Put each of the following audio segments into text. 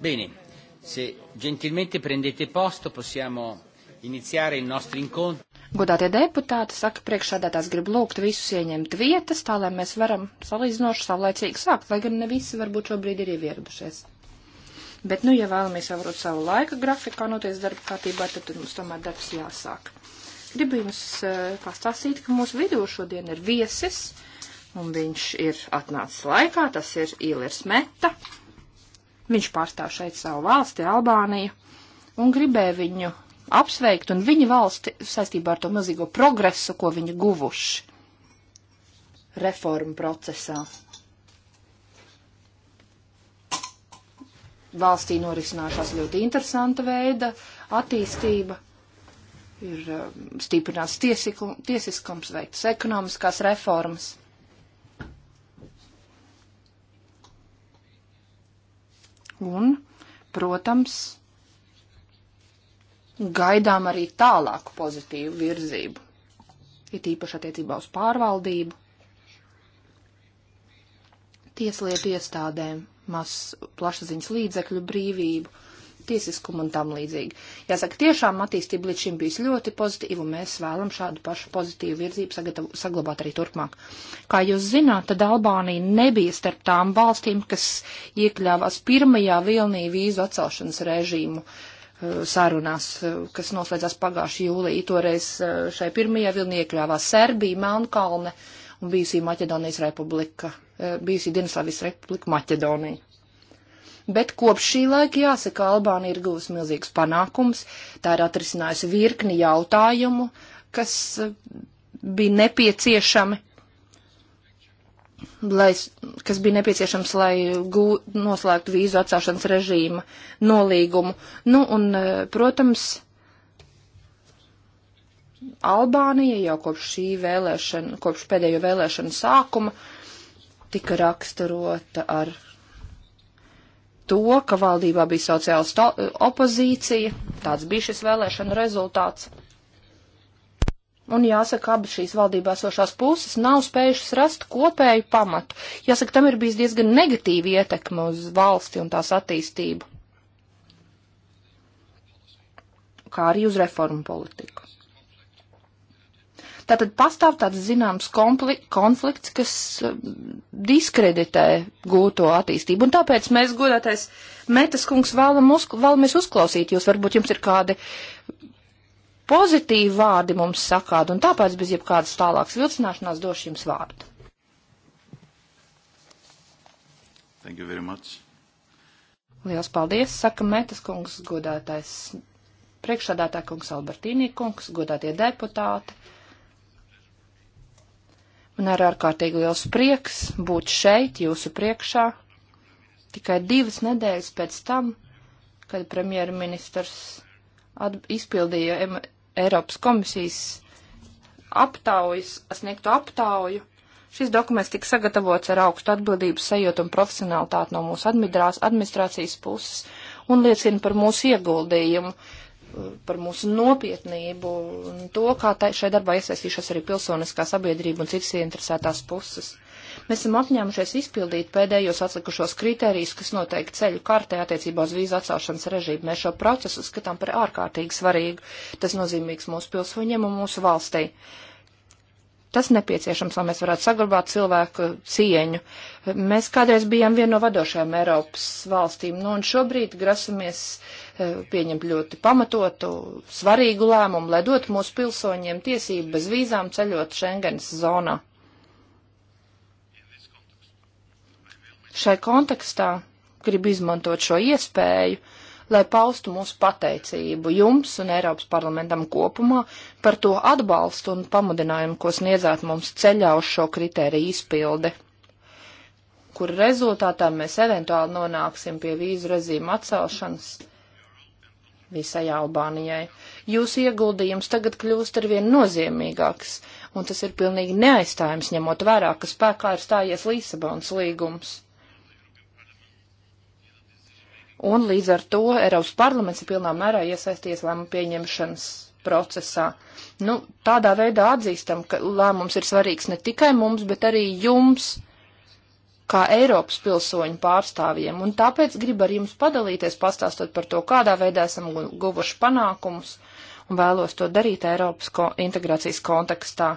Bene, se gentilmente prendete posto possiamo iniziare il nostro incontro. Godātie deputāti, saka priekšādātās, grib lūgt visus ieņemt vietas, tā lai mēs varam salīdzinoši savlaicīgi sākt, lai gan ne visi varbūt šobrīd ir ieviedušies. Bet, nu, ja vēlamies ievērot savu laika grafikā, noties darba kārtībā, tad mums tomēr darbs jāsāk. Gribu jums eh, pastāstīt, ka mūsu vidū šodien ir viesis, un viņš ir atnācis laikā, tas ir Īlers Meta. Viņš pārstāv šeit savu valsti, Albāniju, un gribēja viņu apsveikt un viņa valsti saistībā ar to milzīgo progresu, ko viņi guvuši reformu procesā. Valstī norisināšās ļoti interesanta veida attīstība, ir um, stiprināts tiesiskums, veiktas ekonomiskās reformas. un, protams, gaidām arī tālāku pozitīvu virzību, it īpaši attiecībā uz pārvaldību, tieslietu iestādēm, maz plašsaziņas līdzekļu brīvību tiesiskumu un tam līdzīgi. Jāsaka, tiešām attīstība līdz šim bijusi ļoti pozitīva, un mēs vēlam šādu pašu pozitīvu virzību sagatav, saglabāt arī turpmāk. Kā jūs zināt, tad Albānija nebija starp tām valstīm, kas iekļāvās pirmajā vilnī vīzu atcelšanas režīmu uh, sarunās, uh, kas noslēdzās pagājušajā jūlijā. Toreiz uh, šai pirmajā vilnī iekļāvās Serbija, Melnkalne un bijusī Maķedonijas republika, bijusī Dienaslavijas republika Maķedonija bet kopš šī laika jāsaka, Albāna ir guvusi milzīgs panākums, tā ir atrisinājusi virkni jautājumu, kas eh, bija nepieciešami, lai, kas bija nepieciešams, lai gū, noslēgtu vīzu atcelšanas režīma nolīgumu. Nu, un, eh, protams, Albānija jau kopš šī vēlēšana, kopš pēdējo vēlēšanu sākuma tika raksturota ar to, ka valdībā bija sociāla opozīcija, tāds bija šis vēlēšana rezultāts. Un jāsaka, abi šīs valdībā sošās puses nav spējušas rast kopēju pamatu. Jāsaka, tam ir bijis diezgan negatīva ietekme uz valsti un tās attīstību. Kā arī uz reformu politiku. Tātad pastāv tāds zināms konflikts, kas eh, diskreditē gūto attīstību. Un tāpēc mēs, godātais Metas kungs, vēlam uzk vēlamies uzklausīt jūs. Varbūt jums ir kādi pozitīvi vārdi mums sakādi, un tāpēc bez jebkādas tālākas vilcināšanās došu jums vārdu. Thank you very much. Liels paldies, saka Metas kungs, godātais priekšsādātā kungs Albertīnī kungs, godātie deputāti. Man ir ārkārtīgi liels prieks būt šeit, jūsu priekšā, tikai divas nedēļas pēc tam, kad premjerministrs izpildīja M Eiropas komisijas aptaujas, sniegtu aptauju. Šis dokuments tika sagatavots ar augstu atbildības sajūtu un profesionālitāti no mūsu administrācijas puses un liecina par mūsu ieguldījumu par mūsu nopietnību un to, kā tā, šai darbā iesaistīšas arī pilsoniskā sabiedrība un citas ieinteresētās puses. Mēs esam apņēmušies izpildīt pēdējos atlikušos kritērijus, kas noteikti ceļu kartē attiecībā uz vīzu atcelšanas režīmu. Mēs šo procesu skatām par ārkārtīgi svarīgu, tas nozīmīgs mūsu pilsoņiem un mūsu valstī. Uh, Tas nepieciešams, lai mēs varētu saglabāt cilvēku cieņu. Mēs kādreiz bijām viena no vadošajām Eiropas valstīm, nu un šobrīd grasamies e, pieņemt ļoti pamatotu, svarīgu lēmumu, lai dotu mūsu pilsoņiem tiesību bez vīzām ceļot Schengens zonā. Šai kontekstā gribu izmantot šo iespēju lai paustu mūsu pateicību jums un Eiropas parlamentam kopumā par to atbalstu un pamudinājumu, ko sniedzāt mums ceļā uz šo kritēriju izpildi, kur rezultātā mēs eventuāli nonāksim pie vīzu režīma atcelšanas visai Albānijai. Jūsu ieguldījums tagad kļūst arvien nozīmīgāks, un tas ir pilnīgi neaizstājams, ņemot vērā, ka spēkā ir stājies Līsabonas līgums un līdz ar to Eiropas parlaments ir pilnā mērā iesaisties lēmumu pieņemšanas procesā. Nu, tādā veidā atzīstam, ka lēmums ir svarīgs ne tikai mums, bet arī jums, kā Eiropas pilsoņu pārstāvjiem, un tāpēc gribu ar jums padalīties, pastāstot par to, kādā veidā esam guvuši panākumus, un vēlos to darīt Eiropas ko integrācijas kontekstā.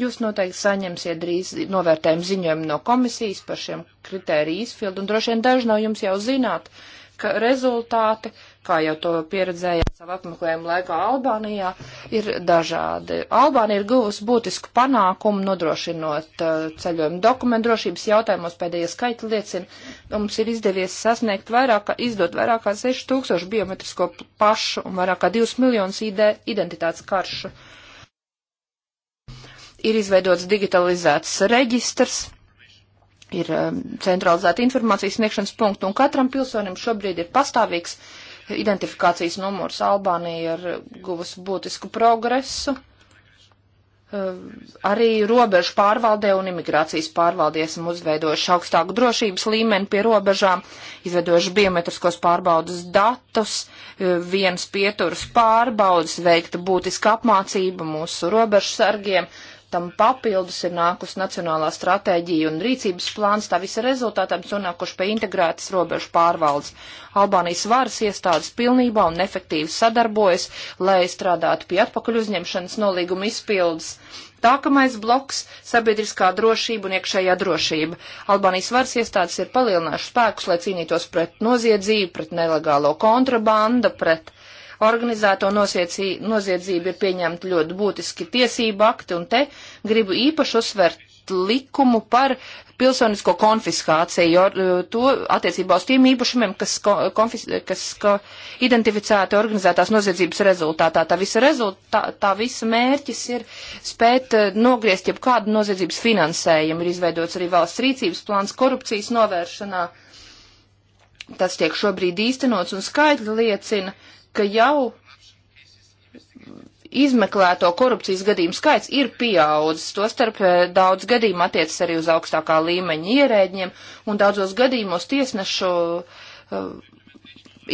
Jūs noteikti saņemsiet drīz novērtējumu ziņojumu no komisijas par šiem kritēriju izpildu, un droši vien daži no jums jau zināt, ka rezultāti, kā jau to pieredzējāt savu apmeklējumu laikā Albānijā, ir dažādi. Albānija ir guvusi būtisku panākumu nodrošinot uh, ceļojumu dokumentu drošības jautājumos pēdējie skaitļi liecina, mums ir izdevies sasniegt vairāk, izdot vairāk kā 6000 biometrisko pašu un vairāk kā 2 miljonus ID identitātes karšu. Uh, Ir izveidots digitalizēts reģistrs, ir um, centralizēta informācijas sniegšanas punkta, un katram pilsonim šobrīd ir pastāvīgs identifikācijas numurs. Albānija ir guvusi būtisku progresu. Um, arī robežu pārvaldē un imigrācijas pārvaldē esam uzveidojuši augstāku drošības līmeni pie robežām, izveidojuši biometriskos pārbaudas datus, um, viens pieturas pārbaudas, veikta būtiska apmācība mūsu robežu sargiem, Tam papildus ir nākus nacionālā stratēģija un rīcības plāns, tā visa rezultātā mēs nonākuši pie integrētas robežu pārvaldes. Albānijas varas iestādes pilnībā un efektīvi sadarbojas, lai strādātu pie atpakaļ uzņemšanas nolīguma izpildes. Tākamais bloks - sabiedriskā drošība un iekšējā drošība. Albānijas varas iestādes ir palielinājušas spēkus, lai cīnītos pret noziedzību, pret nelegālo kontrabandu, pret organizēto noziedzību ir pieņemti ļoti būtiski tiesību akti, un te gribu īpaši uzsvert likumu par pilsonisko konfiskāciju, jo uh, to attiecībā uz tiem īpašumiem, kas, konfis, kas ko, identificēti organizētās noziedzības rezultātā. Tā visa, rezultā, tā visa mērķis ir spēt uh, nogriezt jeb kādu noziedzības finansējumu. Ir izveidots arī valsts rīcības plāns korupcijas novēršanā. Tas tiek šobrīd īstenots un skaidri liecina, ka jau izmeklēto korupcijas gadījumu skaits ir pieaudzis. Tostarp eh, daudz gadījumu attiecas arī uz augstākā līmeņa ierēģiem, un daudzos gadījumos tiesnešu uh,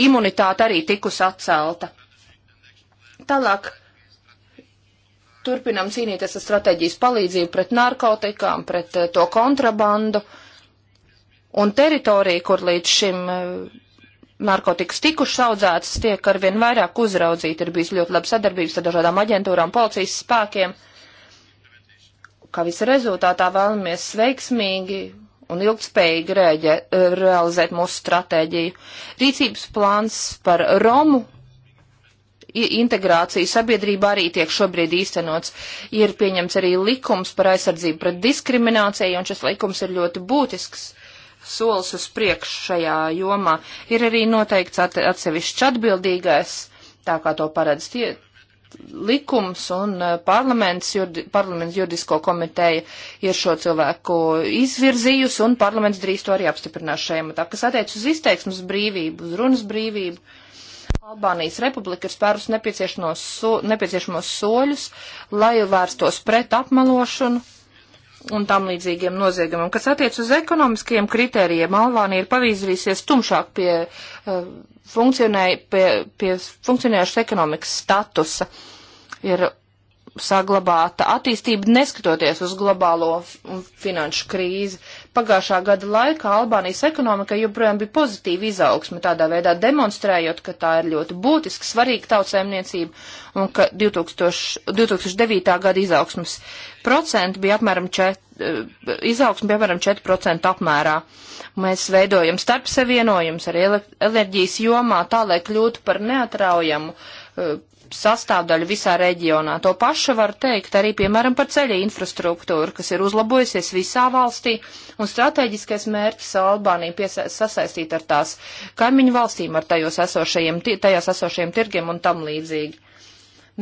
imunitāte arī tikus atcelta. Tālāk turpinām cīnīties ar stratēģijas palīdzību pret narkotikām, pret uh, to kontrabandu, un teritorija, kur līdz šim uh, narkotikas tikušas audzētas, tiek arvien vairāk uzraudzīti. Ir bijis ļoti laba sadarbības ar dažādām aģentūrām, policijas spēkiem. Kā visa rezultātā vēlamies veiksmīgi un ilgspējīgi rēģē, realizēt mūsu stratēģiju. Rīcības plāns par Romu integrācija sabiedrībā arī tiek šobrīd īstenots. Ir pieņemts arī likums par aizsardzību pret diskrimināciju, un šis likums ir ļoti būtisks solis uz priekšu šajā jomā. Ir arī noteikts atsevišķs atbildīgais, tā kā to paredz tie, likums un uh, parlaments, jurdi, parlaments juridisko komiteja ir šo cilvēku izvirzījusi un parlaments drīz to arī apstiprinās šajā matā, kas attiec uz izteiksmes brīvību, uz runas brīvību. Albānijas republika ir spērus nepieciešamos, so, nepieciešamos soļus, lai vērstos pret apmelošanu un tam līdzīgiem noziegumiem. Kas attiec uz ekonomiskajiem kritērijiem, Albānija ir pavīzījusies tumšāk pie, uh, funkcionē, pie, pie funkcionējušas ekonomikas statusa. Ir saglabāta attīstība, neskatoties uz globālo finanšu krīzi. Pagājušā gada laikā Albānijas ekonomika joprojām bija pozitīva izaugsme, tādā veidā demonstrējot, ka tā ir ļoti būtiska, svarīga tautsēmniecība un ka 2000, 2009. gada izaugsmas procenti bija apmēram 4, eh, izaugsme bija apmēram 4% apmērā. Mēs veidojam starp sevienojums arī enerģijas jomā tā, lai kļūtu par neatraujamu eh, sastāvdaļu visā reģionā. To pašu var teikt arī, piemēram, par ceļa infrastruktūru, kas ir uzlabojusies visā valstī, un strateģiskais mērķis Albāniju sasaistīt ar tās kaimiņu valstīm, ar tajos esošajiem, tajās esošajiem tirgiem un tam līdzīgi.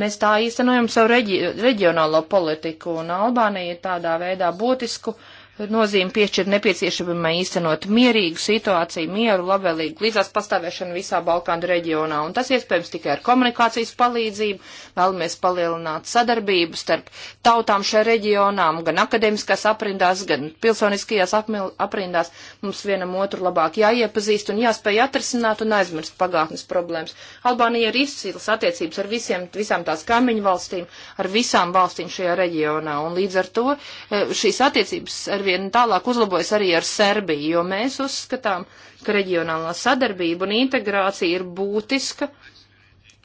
Mēs tā īstenojam savu reģi, reģionālo politiku, un Albānija ir tādā veidā būtisku uh, nozīme piešķir nepieciešamai īstenot mierīgu situāciju, mieru, labvēlīgu līdzās pastāvēšanu visā Balkānu reģionā. Un tas iespējams tikai ar komunikācijas palīdzību. Vēlamies palielināt sadarbību starp tautām šajā reģionā, gan akadēmiskās aprindās, gan pilsoniskajās aprindās. Mums vienam otru labāk jāiepazīst un jāspēj atrisināt un aizmirst pagātnes problēmas. Albānija ir izcils attiecības ar visiem, visām tās kaimiņu valstīm, ar visām valstīm šajā reģionā. Un līdz ar to eh, šīs attiecības ar arvien tālāk uzlabojas arī ar Serbiju, jo mēs uzskatām, ka reģionālā sadarbība un integrācija ir būtiska,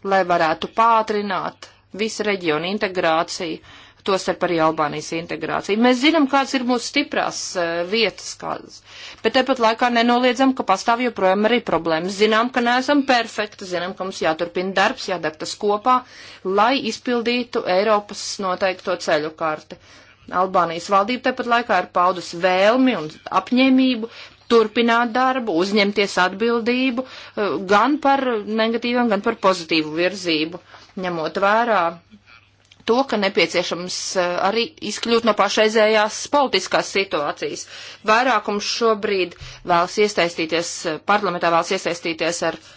lai varētu pātrināt visu reģionu integrāciju, tostarp arī Albānijas integrāciju. Mēs zinām, kāds ir mūsu stiprās uh, vietas, kādas, bet tepat laikā nenoliedzam, ka pastāv joprojām arī problēmas. Zinām, ka neesam perfekti, zinām, ka mums jāturpina darbs, jādara tas kopā, lai izpildītu Eiropas noteikto ceļu karti. Albānijas valdība tepat laikā ir paudusi vēlmi un apņēmību turpināt darbu, uzņemties atbildību eh, gan par negatīvām, gan par pozitīvu virzību, ņemot vērā to, ka nepieciešams eh, arī izkļūt no pašreizējās politiskās situācijas. Vairākums šobrīd vēlas iesaistīties, eh, parlamentā vēlas iesaistīties ar uh,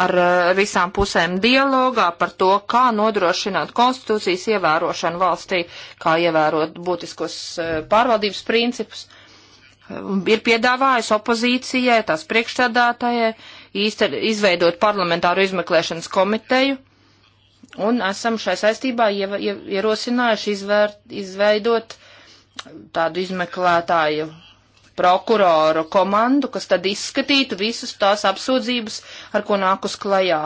ar eh, visām pusēm dialogā par to, kā nodrošināt konstitūcijas ievērošanu valstī, kā ievērot būtiskos eh, pārvaldības principus. Eh, ir piedāvājis opozīcijai, tās priekšstādātājai, izveidot parlamentāru izmeklēšanas komiteju, un esam šai saistībā ierosinājuši izvērt, izveidot tādu izmeklētāju prokuroru komandu, kas tad izskatītu visus tās apsūdzības, ar ko nāk uz klajā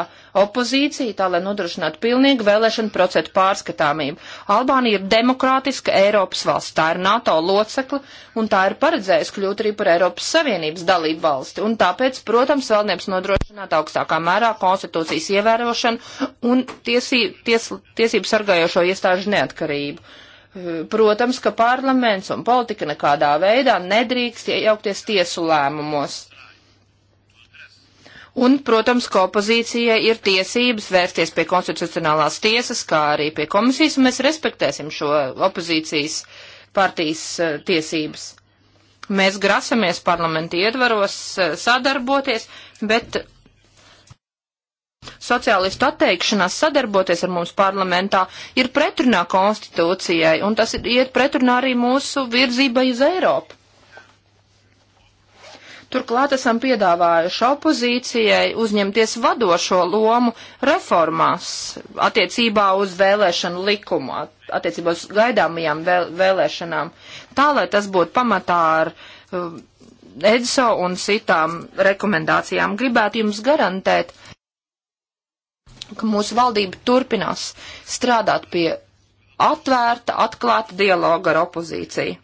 opozīcija, tā lai nodrošinātu pilnīgu vēlēšanu procentu pārskatāmību. Albānija ir demokrātiska Eiropas valsts, tā ir NATO locekla, un tā ir paredzējusi kļūt arī par Eiropas Savienības dalību valsti, un tāpēc, protams, vēlnieks nodrošināt augstākā mērā konstitūcijas ievērošanu un tiesī, ties, tiesību sargājošo iestāžu neatkarību. Protams, ka parlaments un politika nekādā veidā nedrīkst iejaukties tiesu lēmumos. Un, protams, ka opozīcija ir tiesības vērsties pie konstitucionālās tiesas, kā arī pie komisijas, un mēs respektēsim šo opozīcijas partijas eh, tiesības. Mēs grasamies parlamentu iedvaros eh, sadarboties, bet sociālistu atteikšanās sadarboties ar mums parlamentā ir pretrunā konstitūcijai, un tas ir iet pretrunā arī mūsu virzībai uz Eiropu. Turklāt esam piedāvājuši opozīcijai uzņemties vadošo lomu reformās attiecībā uz vēlēšanu likumu, attiecībā uz gaidāmajām vēl, vēlēšanām, tā lai tas būtu pamatā ar uh, um, EDSO un citām rekomendācijām. Gribētu jums garantēt, uh, ka mūsu valdība turpinās strādāt pie atvērta, atklāta dialoga ar opozīciju.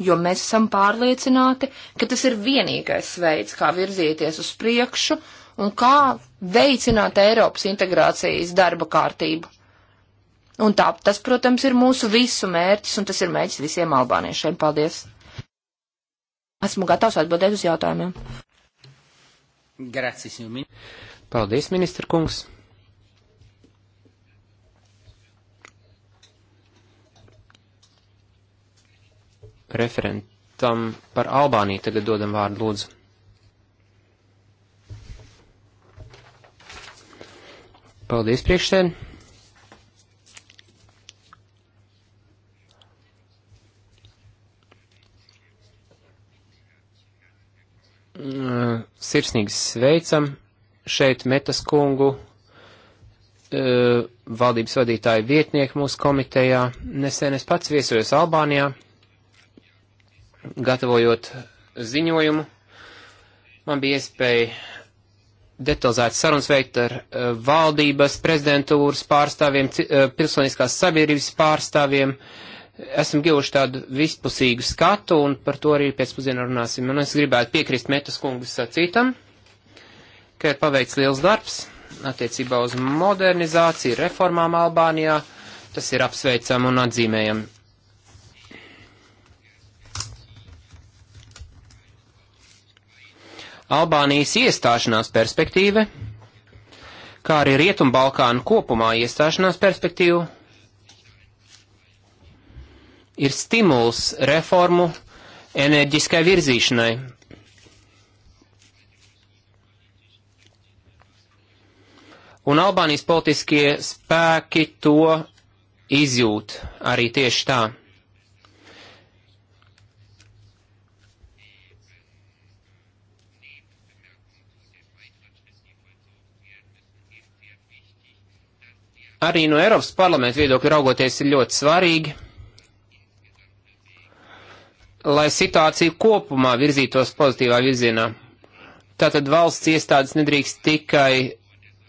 Jo mēs esam pārliecināti, ka tas ir vienīgais veids, kā virzīties uz priekšu un kā veicināt Eiropas integrācijas darba kārtību. Un tā, tas, protams, ir mūsu visu mērķis, un tas ir mērķis visiem albāniešiem. Paldies! Esmu gatavs atbildēt uz jautājumiem. Grazie, Paldies, ministra kungs! Referentam par Albāniju tagad dodam vārdu lūdzu. Paldies, priekšsēd! Sirsnīgi sveicam! šeit Metas kungu, e, valdības vadītāju vietnieku mūsu komitejā. Nesen es pats viesojos Albānijā, gatavojot ziņojumu. Man bija iespēja detalizēt sarunas veikt ar e, valdības, prezidentūras pārstāvjiem, e, pilsoniskās sabiedrības pārstāvjiem. Esam guvuši tādu vispusīgu skatu, un par to arī pēcpusdienā runāsim. Un es gribētu piekrist Metas kungas sacītam. Uh, ka ir paveikts liels darbs attiecībā uz modernizāciju, reformām Albānijā. Tas ir apsveicam un atzīmējam. Albānijas iestāšanās perspektīve, kā arī Rietumbalkānu kopumā iestāšanās perspektīva, ir stimuls reformu enerģiskai virzīšanai, Un Albānijas politiskie spēki to izjūt arī tieši tā. Arī no Eiropas parlamenta viedokļa raugoties ir ļoti svarīgi, lai situācija kopumā virzītos pozitīvā virzienā. Tātad valsts iestādes nedrīkst tikai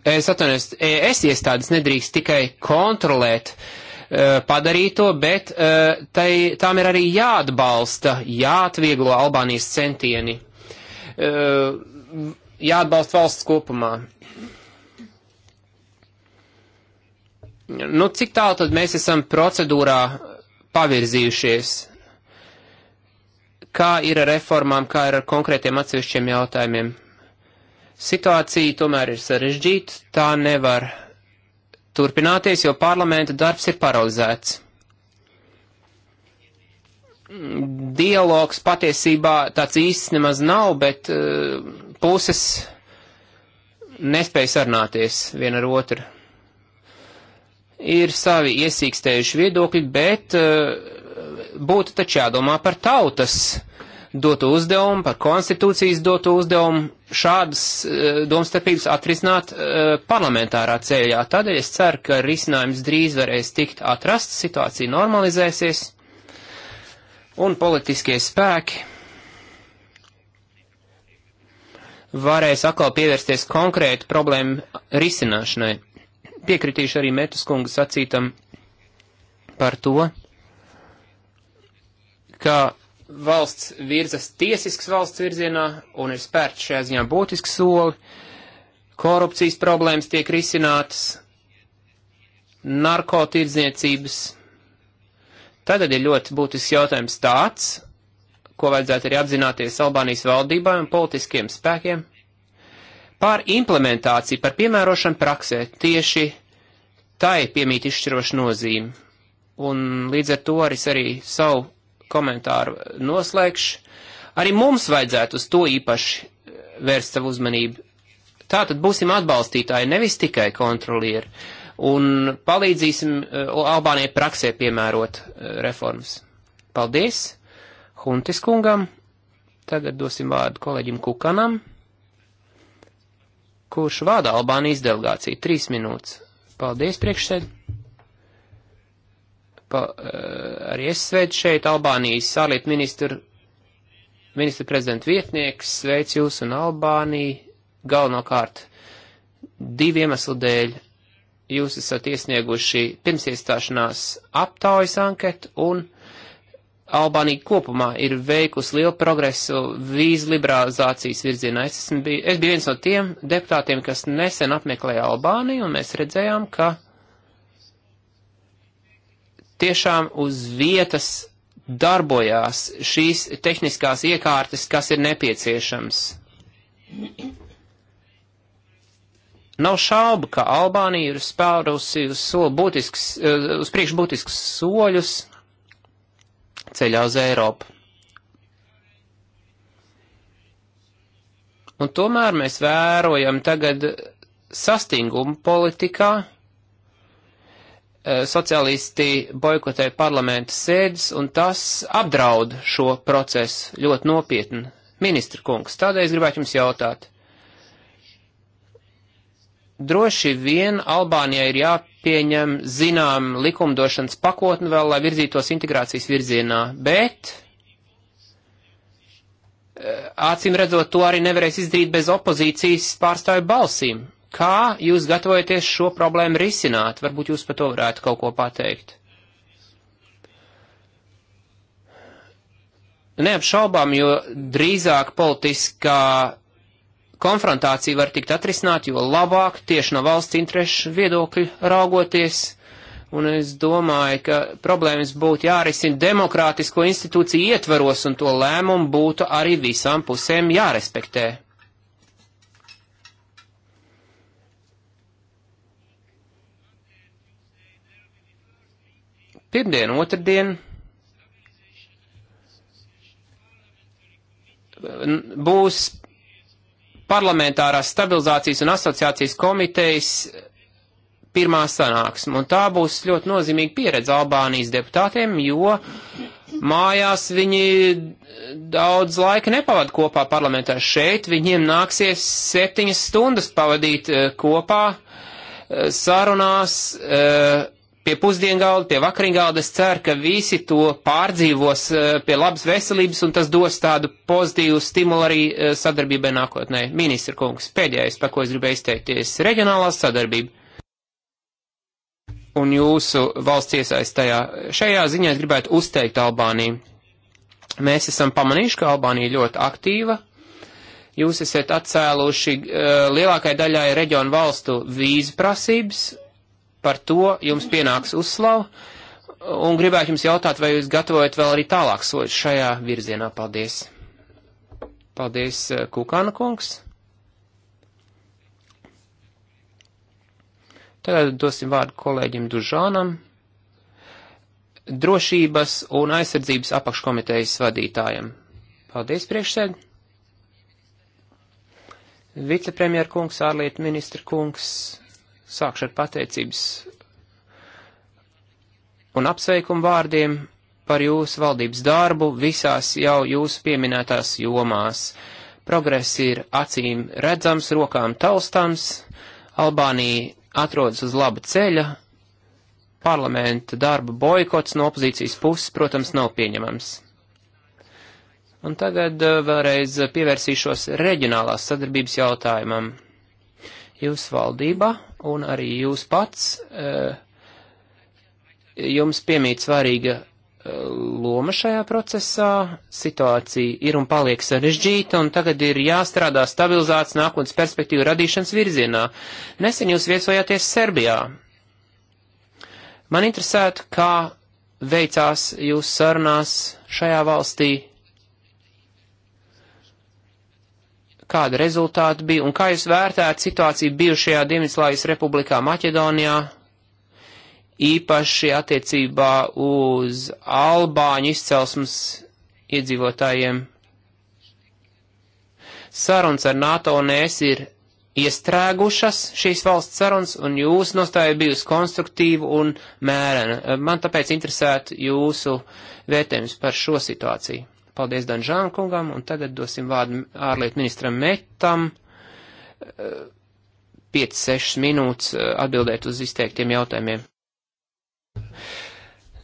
es atvainojos, es iestādes nedrīkst tikai kontrolēt e, padarīto, bet e, tai, tām ir arī jāatbalsta, jāatvieglo Albānijas centieni, e, jāatbalsta valsts kopumā. Nu, cik tālu tad mēs esam procedūrā pavirzījušies? Kā ir ar reformām, kā ir ar konkrētiem atsevišķiem jautājumiem? Situācija tomēr ir sarežģīta, tā nevar turpināties, jo parlamenta darbs ir paralizēts. Dialogs patiesībā tāds īsts nemaz nav, bet uh, puses nespēja sarunāties viena ar otru. Ir savi iesīkstējuši viedokļi, bet uh, būtu taču jādomā par tautas dotu uzdevumu, par konstitūcijas dotu uzdevumu, šādas uh, domstarpības atrisināt uh, parlamentārā ceļā. Tādēļ es ceru, ka risinājums drīz varēs tikt atrasts, situācija normalizēsies un politiskie spēki varēs atkal pievērsties konkrētu problēmu risināšanai. Piekritīšu arī Metus kungu sacītam par to, ka valsts virzas tiesisks valsts virzienā un ir spērts šajā ziņā būtiski soli, korupcijas problēmas tiek risinātas, narkotirdzniecības. Tagad ir ļoti būtisks jautājums tāds, ko vajadzētu arī apzināties Albānijas valdībai un politiskiem spēkiem, pār implementāciju, par piemērošanu praksē tieši tai piemīt izšķirošu nozīmi. Un līdz ar to arī, arī savu komentāru noslēgšu. Arī mums vajadzētu uz to īpaši eh, vērst savu uzmanību. Tātad būsim atbalstītāji, nevis tikai kontrolieri, un palīdzīsim eh, Albānijai praksē piemērot eh, reformas. Paldies Huntis kungam. Tagad dosim vārdu kolēģim Kukanam, kurš vada Albānijas delegāciju. Trīs minūtes. Paldies priekšsēdētājiem pa, eh, arī es sveicu šeit Albānijas ārlietu ministru, ministru prezidentu vietnieks, sveicu jūs un Albāniju galvenokārt divu iemeslu dēļ. Jūs esat iesnieguši pirms iestāšanās aptaujas anketu un Albānija kopumā ir veikusi lielu progresu vīzu liberalizācijas virzienā. Es, biju, es biju viens no tiem deputātiem, kas nesen apmeklēja Albāniju, un mēs redzējām, ka uh, tiešām uz vietas darbojās šīs tehniskās iekārtas, kas ir nepieciešams. Nav šaubu, ka Albānija ir spērusi uz, būtisks, eh, uz priekšu būtiskus soļus ceļā uz Eiropu. Un tomēr mēs vērojam tagad sastingumu politikā, Eh, sociālisti boikotē parlamenta sēdes, un tas apdraud šo procesu ļoti nopietni. Ministra kungs, tādēļ es gribētu jums jautāt. Droši vien Albānijai ir jāpieņem zinām likumdošanas pakotni vēl, lai virzītos integrācijas virzienā, bet eh, acīm redzot, to arī nevarēs izdarīt bez opozīcijas pārstāvju balsīm. Kā jūs gatavojaties šo problēmu risināt? Varbūt jūs par to varētu kaut ko pateikt. Neapšaubām, jo drīzāk politiskā konfrontācija var tikt atrisināt, jo labāk tieši no valsts interešu viedokļu raugoties. Un es domāju, ka problēmas būtu jārisina demokrātisko institūciju ietvaros, un to lēmumu būtu arī visām pusēm jārespektē. Pirmdien, otrdien būs parlamentārās stabilizācijas un asociācijas komitejas pirmā sanāksme, un tā būs ļoti nozīmīga pieredze Albānijas deputātiem, jo mājās viņi daudz laika nepavada kopā parlamentā. Šeit viņiem nāksies septiņas stundas pavadīt eh, kopā eh, sarunās. Uh, pie pusdiengalda, pie vakariņgalda. Es ceru, ka visi to pārdzīvos eh, pie labas veselības un tas dos tādu pozitīvu stimulu arī eh, sadarbībai nākotnē. Ministra kungs, pēdējais, par ko es gribēju izteikties, reģionālās sadarbība. Un jūsu valsts iesaistajā šajā ziņā es gribētu uzteikt Albāniju. Mēs esam pamanījuši, ka Albānija ļoti aktīva. Jūs esat atcēluši uh, lielākai daļai reģionu valstu vīzu prasības, Par to jums pienāks uzslavu. Un gribētu jums jautāt, vai jūs gatavojat vēl arī tālāk soļus šajā virzienā. Paldies! Paldies, eh, Kukāna kungs! Tagad dosim vārdu kolēģim Dužānam, drošības un aizsardzības apakškomitejas vadītājam. Paldies, priekšsēd! Vicepremjerkungs, ārlietu ministra kungs, Sākšu ar pateicības un apsveikumu vārdiem par jūsu valdības darbu visās jau jūsu pieminētās jomās. Progress ir acīm redzams, rokām taustams, Albānija atrodas uz laba ceļa, parlamenta darba boikots no opozīcijas puses, protams, nav pieņemams. Un tagad eh, vēlreiz eh, pievērsīšos reģionālās sadarbības jautājumam jūs valdība un arī jūs pats, e, jums piemīt svarīga e, loma šajā procesā, situācija ir un paliek sarežģīta, un tagad ir jāstrādā stabilizācijas nākotnes perspektīvu radīšanas virzienā. Nesen jūs viesojāties Serbijā. Man interesētu, kā veicās jūs sarunās šajā valstī kāda rezultāta bija un kā jūs vērtējat situāciju bijušajā Dienvidslāvijas republikā Maķedonijā, īpaši attiecībā uz Albāņu izcelsmes iedzīvotājiem. Sarunas ar NATO un ES ir iestrēgušas šīs valsts sarunas, un jūsu nostāja bijusi konstruktīva un mērena. Man tāpēc interesētu jūsu vērtējums par šo situāciju. Paldies Danžāna kungam, un tagad dosim vārdu ārlietu ministram Metam. 5-6 minūtes eh, atbildēt uz izteiktiem jautājumiem.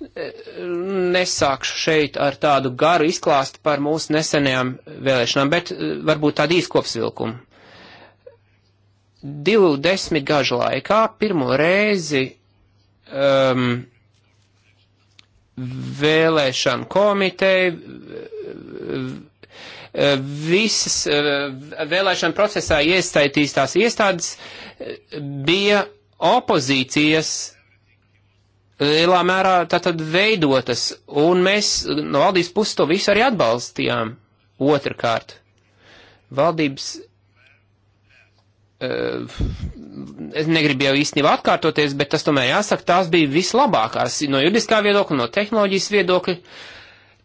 Eh, nesākšu šeit ar tādu garu izklāstu par mūsu nesenajām vēlēšanām, bet eh, varbūt tādu īskopsvilkumu. Divu desmit gažu laikā pirmo reizi um, vēlēšanu komiteja visas eh, vēlēšana procesā iesaistītās iestādes eh, bija opozīcijas lielā mērā tātad veidotas, un mēs no valdības puses to visu arī atbalstījām. Otrakārt, valdības, eh, es negribu jau īstenībā atkārtoties, bet tas tomēr jāsaka, tās bija vislabākās no juridiskā viedokļa, no tehnoloģijas viedokļa.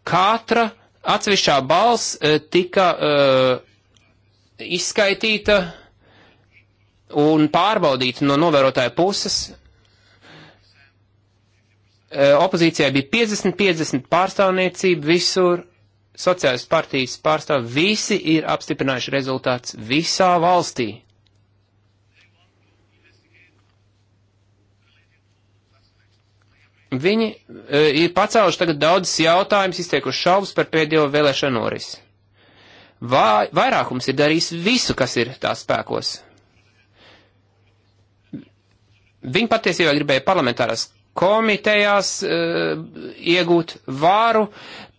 Katra uh, Atsevišķā balss e, tika uh, izskaitīta un pārbaudīta no novērotāja puses. Uh, opozīcijai bija 50-50 pārstāvniecība visur, sociālistu partijas pārstāvi, visi ir apstiprinājuši rezultāts visā valstī. Viņi e, ir pacēluši tagad daudzas jautājumas, izteikuši šaubas par pēdējo vēlēšanu norisi. Vai, vairākums ir darījis visu, kas ir tā spēkos. Viņi patiesībā gribēja parlamentārās komitejās uh, iegūt vāru.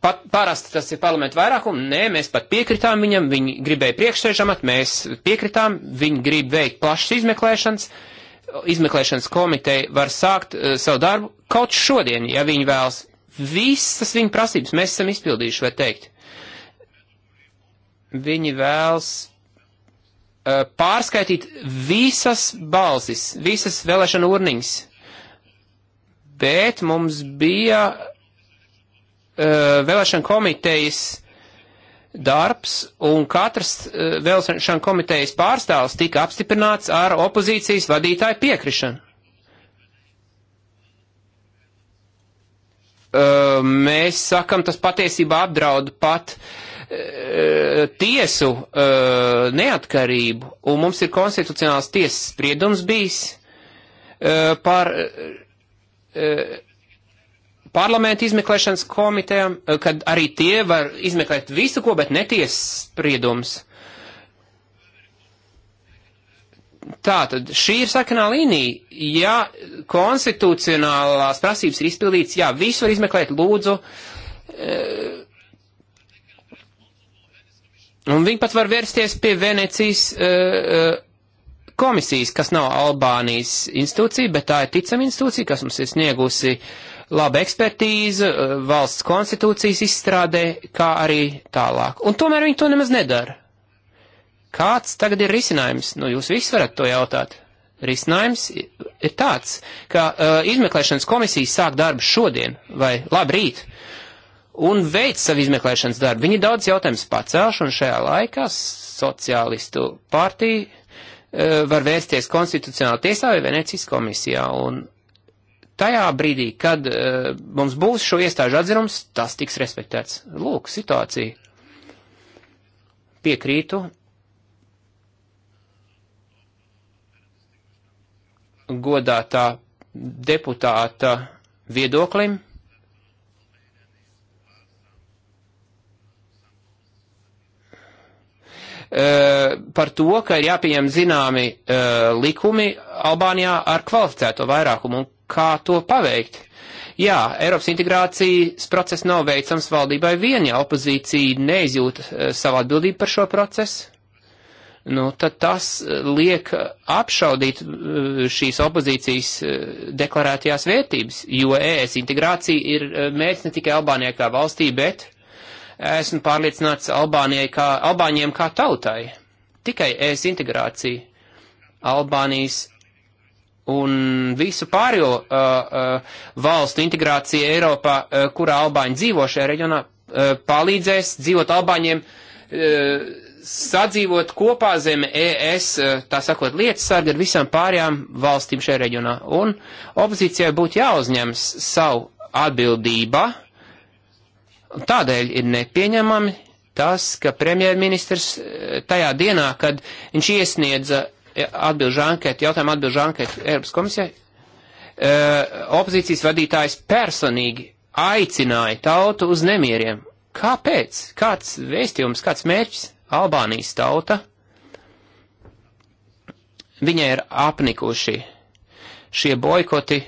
Pat, parasti tas ir parlamentu vairākumu. Nē, mēs pat piekritām viņam. Viņi gribēja priekšsēžamat, mēs piekritām. Viņi grib veikt plašas izmeklēšanas. Uh, izmeklēšanas komiteja var sākt uh, savu darbu kaut šodien, ja viņi vēlas. Visas viņa prasības mēs esam izpildījuši, vai teikt. Viņi vēlas uh, pārskaitīt visas balsis, visas vēlēšana urniņas. Bet mums bija uh, vēlēšana komitejas darbs, un katrs uh, vēlēšana komitejas pārstāvs tika apstiprināts ar opozīcijas vadītāju piekrišanu. Uh, mēs sakam, tas patiesībā apdraud pat uh, tiesu neatkarību, un mums ir konstitucionāls tiesas spriedums bijis par parlamentu izmeklēšanas komitejām, eh, kad arī tie var izmeklēt visu ko, bet netiesas spriedums. Tā tad šī ir sakanā līnija. Ja konstitucionālās prasības ir izpildīts, jā, visu var izmeklēt, lūdzu. Eh, un viņi pat var vērsties pie Venecijas eh, komisijas, kas nav Albānijas institūcija, bet tā ir ticama institūcija, kas mums ir sniegusi uh, laba ekspertīze eh, valsts konstitūcijas izstrādē, kā arī tālāk. Un tomēr viņi to nemaz nedara. Kāds tagad ir risinājums? Nu, jūs visi varat to jautāt. Risinājums ir tāds, ka uh, izmeklēšanas komisijas sāk darbu šodien vai labrīt un veic savu izmeklēšanas darbu. Viņi daudz jautājumus pacēluši un šajā laikā sociālistu partija uh, var vērsties konstitucionāla tiesā vai Venecijas komisijā. Un tajā brīdī, kad uh, mums būs šo iestāžu atzinums, tas tiks respektēts. Lūk, situācija. Piekrītu. Godātā deputāta viedoklim. Eh, par to, ka ir jāpieņem zināmi uh, likumi Albānijā ar kvalificēto vairākumu, un kā to paveikt. Jā, Eiropas integrācijas process nav veicams valdībai vien, ja opozīcija neizjūt eh, savu atbildību par šo procesu. Nu, tad tas eh, liek apšaudīt eh, šīs opozīcijas deklarētajās vērtības, jo ES integrācija ir mērķis ne tikai Albānijai kā valstī, bet esmu pārliecināts Albānijai kā, Albāņiem kā tautai. Tikai ES integrācija Albānijas un visu pārējo uh, uh, valstu integrācija Eiropā, uh, kurā Albāņi dzīvo šajā reģionā, uh, palīdzēs dzīvot Albāņiem, uh, sadzīvot kopā zem ES, uh, tā sakot, lietas sarga ar visām pārējām valstīm šajā reģionā. Un opozīcijai būtu jāuzņems savu atbildība. Tādēļ ir nepieņemami tas, ka premjerministrs uh, tajā dienā, kad viņš iesniedza atbilžu anketu, jautājumu atbilžu anketu Eiropas komisijai, eh, opozīcijas vadītājs personīgi aicināja tautu uz nemieriem. Kāpēc? Kāds vēstījums, kāds mērķis? Albānijas tauta. Viņai ir apnikuši šie boikoti,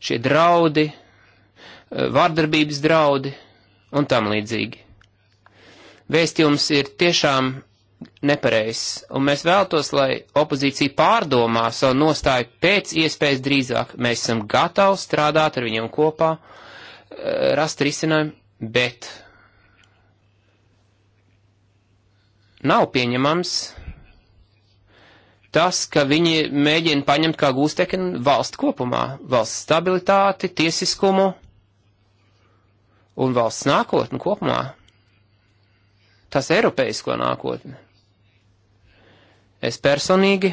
šie draudi, eh, vārdarbības draudi un tam līdzīgi. Vēstījums ir tiešām nepareizs, un mēs vēltos, lai opozīcija pārdomā savu nostāju pēc iespējas drīzāk. Mēs esam gatavi strādāt ar viņiem kopā, eh, rast risinājumu, bet nav pieņemams tas, ka viņi mēģina paņemt kā gūstekni valsts kopumā, valsts stabilitāti, tiesiskumu un valsts nākotni kopumā. Tas Eiropeisko nākotni. Es personīgi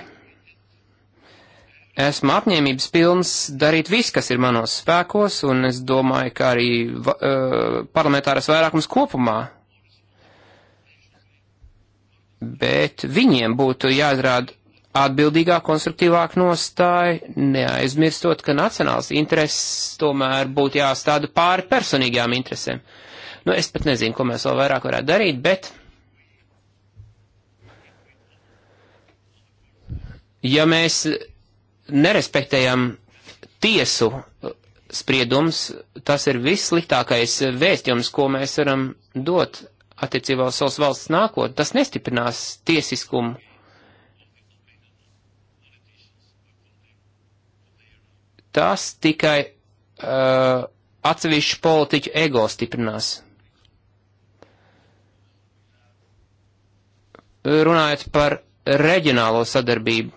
esmu apņēmības pilns darīt visu, kas ir manos spēkos, un es domāju, ka arī va, uh, parlamentāras vairākums kopumā. Bet viņiem būtu jāizrāda atbildīgā, konstruktīvāk nostāja, neaizmirstot, ka nacionāls intereses tomēr būtu jāstāda pāri personīgajām interesēm. Nu, es pat nezinu, ko mēs vēl vairāk varētu darīt, bet ja mēs nerespektējam tiesu spriedums, tas ir vissliktākais vēstījums, ko mēs varam dot attiecībā uz savas valsts nākotni. Tas nestiprinās tiesiskumu. Tas tikai uh, atsevišķu politiķu ego stiprinās. Runājot par reģionālo sadarbību,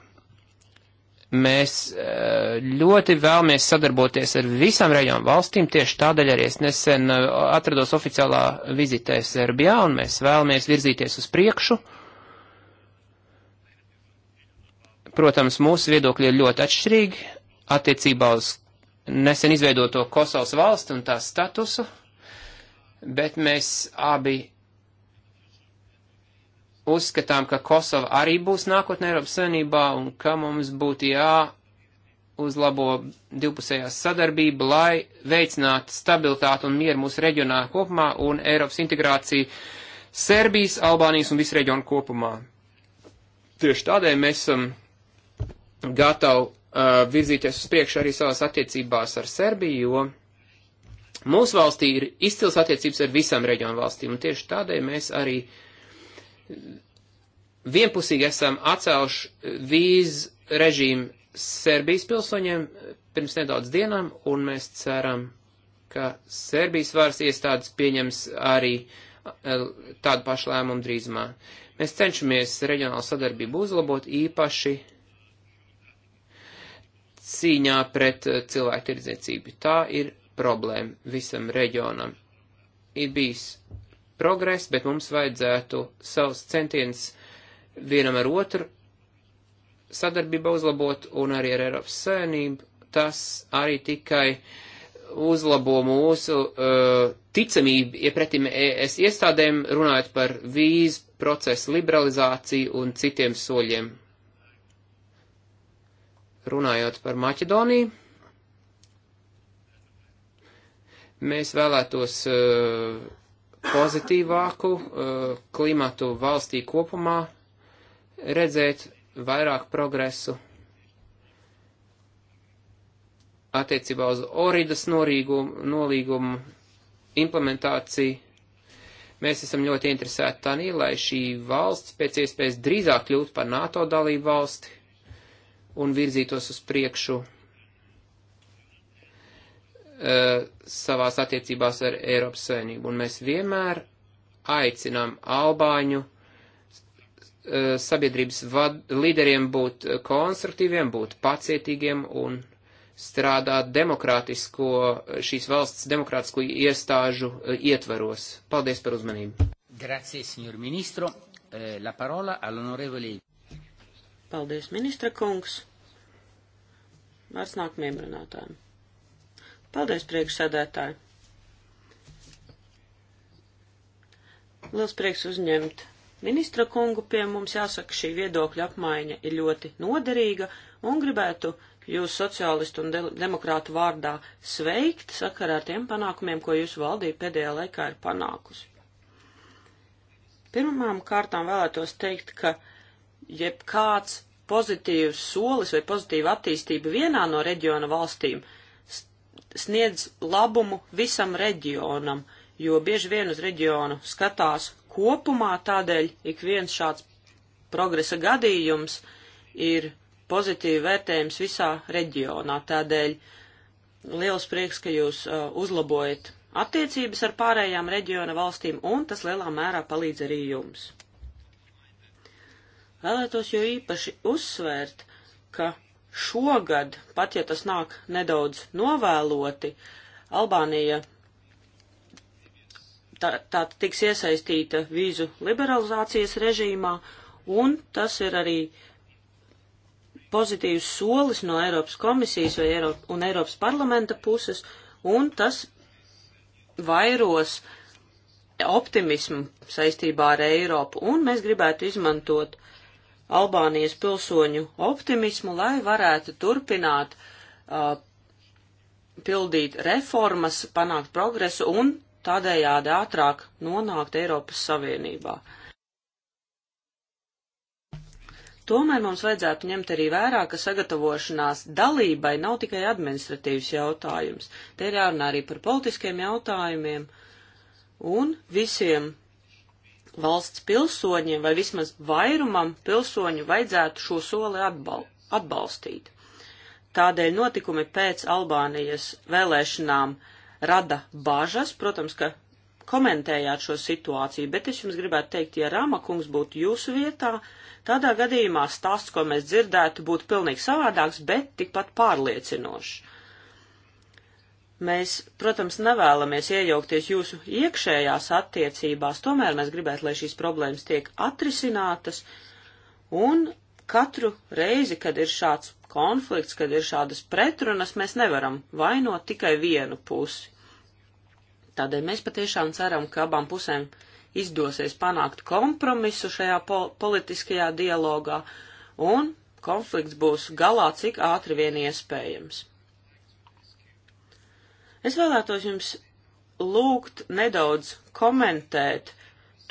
Mēs eh, ļoti vēlamies sadarboties ar visām rajām valstīm, tieši tādēļ arī es nesen eh, atrados oficiālā vizitē Serbijā, un mēs vēlamies virzīties uz priekšu. Protams, mūsu viedokļi ir ļoti atšķirīgi attiecībā uz nesen izveidoto Kosovas valsti un tās statusu, bet mēs abi uzskatām, ka Kosova arī būs nākotnē Eiropas Savienībā un ka mums būtu jāuzlabo divpusējā sadarbība, lai veicinātu stabilitātu un mieru mūsu reģionā kopumā un Eiropas integrāciju Serbijas, Albānijas un visu reģionu kopumā. Tieši tādēļ mēs esam um, gatavi uh, virzīties uz priekšu arī savās attiecībās ar Serbiju, jo mūsu valstī ir izcils attiecības ar visām reģionu valstīm, un tieši tādēļ mēs arī uh, vienpusīgi esam atcēluši vīzu režīmu Serbijas pilsoņiem pirms nedaudz dienām, un mēs ceram, ka Serbijas varas iestādes pieņems arī e, tādu pašu lēmumu drīzumā. Mēs cenšamies reģionālu sadarbību uzlabot īpaši cīņā pret e, cilvēku tirdzniecību. Tā ir problēma visam reģionam. Ir bijis progress, bet mums vajadzētu savus centienus vienam ar otru sadarbību uzlabot un arī ar Eiropas Savienību. Tas arī tikai uzlabo mūsu uh, ticamību iepretim ES iestādēm, runājot par vīzu procesu liberalizāciju un citiem soļiem. Runājot par Maķedoniju, mēs vēlētos uh, pozitīvāku eh, klimatu valstī kopumā, redzēt vairāk progresu attiecībā uz Oridas norīgumu, nolīgumu implementāciju. Mēs esam ļoti interesēti tādī, lai šī valsts pēc iespējas drīzāk kļūtu par NATO dalību valsti un virzītos uz priekšu Eh, savās attiecībās ar Eiropas Savienību, un mēs vienmēr aicinām Albāņu eh, sabiedrības vad, līderiem būt konstruktīviem, būt pacietīgiem un strādāt demokrātisko, šīs valsts demokrātisko iestāžu eh, ietveros. Paldies par uzmanību. Grazie, signor ministro. La parola all'onorevole. Paldies, ministra kungs. Vairs nākamajam runātājiem. Paldies, priekšsēdētāji! Liels prieks uzņemt ministra kungu pie mums. Jāsaka, šī viedokļa apmaiņa ir ļoti noderīga un gribētu jūs sociālistu un de demokrātu vārdā sveikt sakarā ar tiem panākumiem, ko jūsu valdība pēdējā laikā ir panākusi. Pirmām kārtām vēlētos teikt, ka jebkāds pozitīvs solis vai pozitīva attīstība vienā no reģiona valstīm sniedz labumu visam reģionam, jo bieži vien uz reģionu skatās kopumā, tādēļ ik viens šāds progresa gadījums ir pozitīvi vērtējums visā reģionā. Tādēļ liels prieks, ka jūs uh, uzlabojat attiecības ar pārējām reģiona valstīm, un tas lielā mērā palīdz arī jums. Vēlētos jau īpaši uzsvērt, ka šogad, pat ja tas nāk nedaudz novēloti, Albānija tā, tā tiks iesaistīta vīzu liberalizācijas režīmā, un tas ir arī pozitīvs solis no Eiropas komisijas vai Eiropa, un Eiropas parlamenta puses, un tas vairos optimismu saistībā ar Eiropu, un mēs gribētu izmantot uh, Albānijas pilsoņu optimismu, lai varētu turpināt uh, pildīt reformas, panākt progresu un tādējādi ātrāk nonākt Eiropas Savienībā. Tomēr mums vajadzētu ņemt arī vērā, ka sagatavošanās dalībai nav tikai administratīvs jautājums. Te ir jārunā arī par politiskiem jautājumiem, un visiem valsts pilsoņiem vai vismaz vairumam pilsoņu vajadzētu šo soli atbal atbalstīt. Tādēļ notikumi pēc Albānijas vēlēšanām rada bažas, protams, ka komentējāt šo situāciju, bet es jums gribētu teikt, ja Rāma kungs būtu jūsu vietā, tādā gadījumā stāsts, ko mēs dzirdētu, būtu pilnīgi savādāks, bet tikpat pārliecinošs. Mēs, protams, nevēlamies iejaukties jūsu iekšējās attiecībās, tomēr mēs gribētu, lai šīs problēmas tiek atrisinātas, un katru reizi, kad ir šāds konflikts, kad ir šādas pretrunas, mēs nevaram vainot tikai vienu pusi. Tādēļ mēs patiešām ceram, ka abām pusēm izdosies panākt kompromisu šajā pol politiskajā dialogā, un konflikts būs galā cik ātri vien iespējams. Es vēlētos jums lūgt nedaudz komentēt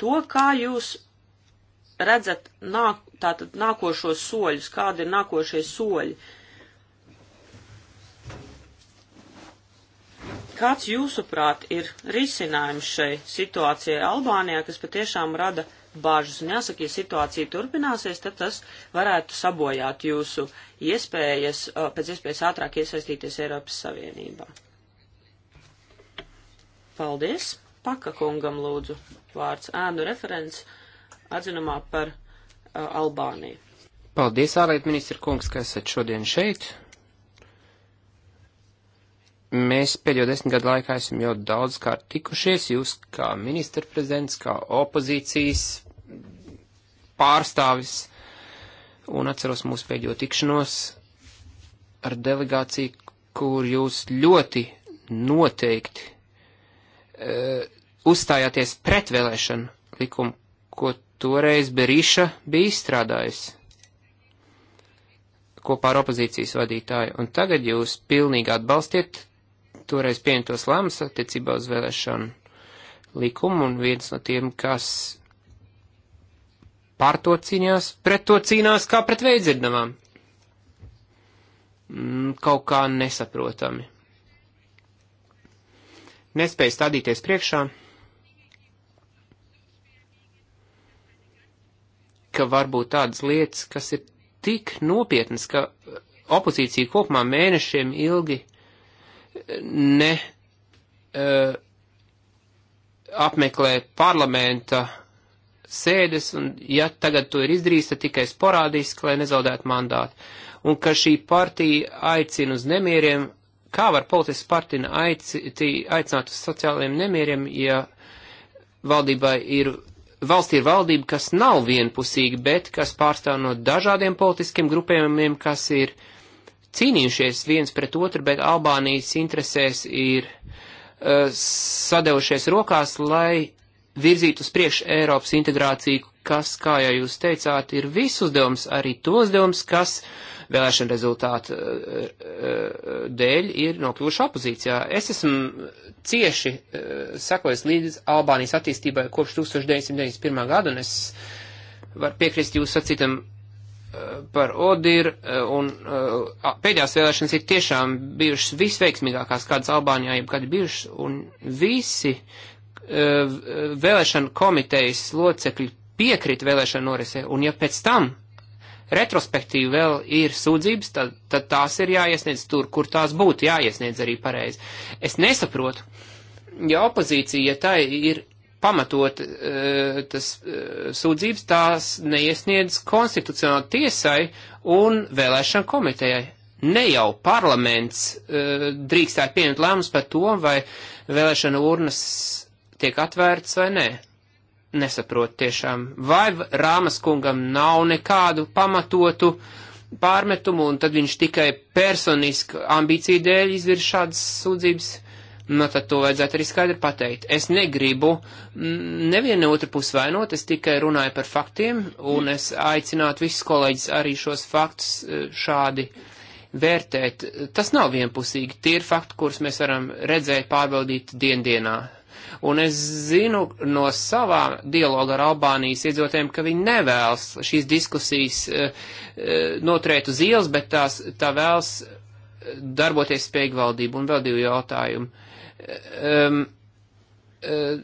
to, kā jūs redzat nāk, tātad nākošos soļus, kādi ir nākošie soļi. Kāds jūsuprāt ir risinājums šai situācijai Albānijā, kas patiešām rada bāžas? Un jāsaka, ja situācija turpināsies, tad tas varētu sabojāt jūsu iespējas uh, pēc iespējas ātrāk iesaistīties Eiropas Savienībā. Paldies! Paka kungam lūdzu vārds ēnu referents atzinumā par uh, Albāniju. Paldies, ārlietu ministra kungs, ka esat šodien šeit. Mēs pēdējo desmit gadu laikā esam jau daudz kārt tikušies, jūs kā ministra prezidents, kā opozīcijas pārstāvis, un atceros mūsu pēdējo tikšanos ar delegāciju, kur jūs ļoti noteikti Uh, uzstājāties pret vēlēšanu likumu, ko toreiz Berīša bija izstrādājis kopā ar opozīcijas vadītāju, un tagad jūs pilnīgi atbalstiet toreiz pieņemtos lēmumus attiecībā uz vēlēšanu likumu, un viens no tiem, kas pār to cīnījās, pret to cīnās kā pret veidzirdamām. Mm, kaut kā nesaprotami nespēja stādīties priekšā, ka var būt tādas lietas, kas ir tik nopietnas, ka opozīcija kopumā mēnešiem ilgi ne uh, apmeklē parlamenta sēdes, un ja tagad to ir izdarījis, tad tikai sporādiski, lai nezaudētu mandātu. Un ka šī partija aicina uz nemieriem, kā var politiska partija aicināt uz sociālajiem nemieriem, ja valdībai ir, valstī ir valdība, kas nav vienpusīga, bet kas pārstāv no dažādiem politiskiem grupējumiem, kas ir cīnījušies viens pret otru, bet Albānijas interesēs ir uh, sadevušies rokās, lai virzītu uz priekšu Eiropas integrāciju, kas, kā jau jūs teicāt, ir visus devums, arī tos devums, kas uh, vēlēšana rezultātu eh, eh, dēļ ir nokļuvuši opozīcijā. Es esmu cieši eh, sekojis līdz Albānijas attīstībai kopš 1991. gada, un es varu piekrist jūsu sacītam par Odiru, un pēdējās vēlēšanas ir tiešām bijušas visveiksmīgākās, kādas Albānijā jebkad ir bijušas, un visi vēlēšana komitejas locekļi piekrīt vēlēšana norisē, un ja pēc tam retrospektīvi vēl ir sūdzības, tad, tad tās ir jāiesniedz tur, kur tās būtu jāiesniedz arī pareizi. Es nesaprotu, ja opozīcija, ja tai ir pamatot eh, tas eh, sūdzības, tās neiesniedz konstitucionāli tiesai un vēlēšana komitejai. Ne jau parlaments eh, drīkstētu pieņemt lēmums par to, vai vēlēšana urnas tiek atvērts vai nē nesaprot tiešām. Vai Rāmas kungam nav nekādu pamatotu pārmetumu, un tad viņš tikai personisku ambīciju dēļ izvirz šādas sūdzības? Nu, tad to vajadzētu arī skaidri pateikt. Es negribu nevienu otru pusi vainot, es tikai runāju par faktiem, un es aicinātu visus kolēģis arī šos faktus e, šādi vērtēt. Tas nav vienpusīgi, tie ir fakti, kurus mēs varam redzēt, pārbaudīt diendienā Un es zinu no savām dialogu ar Albānijas iedzīvotājiem, ka viņi nevēlas šīs diskusijas eh, eh, noturēt uz ielas, bet tās, tā vēlas eh, darboties spējgvaldību un vēl divu jautājumu. Um, ehm,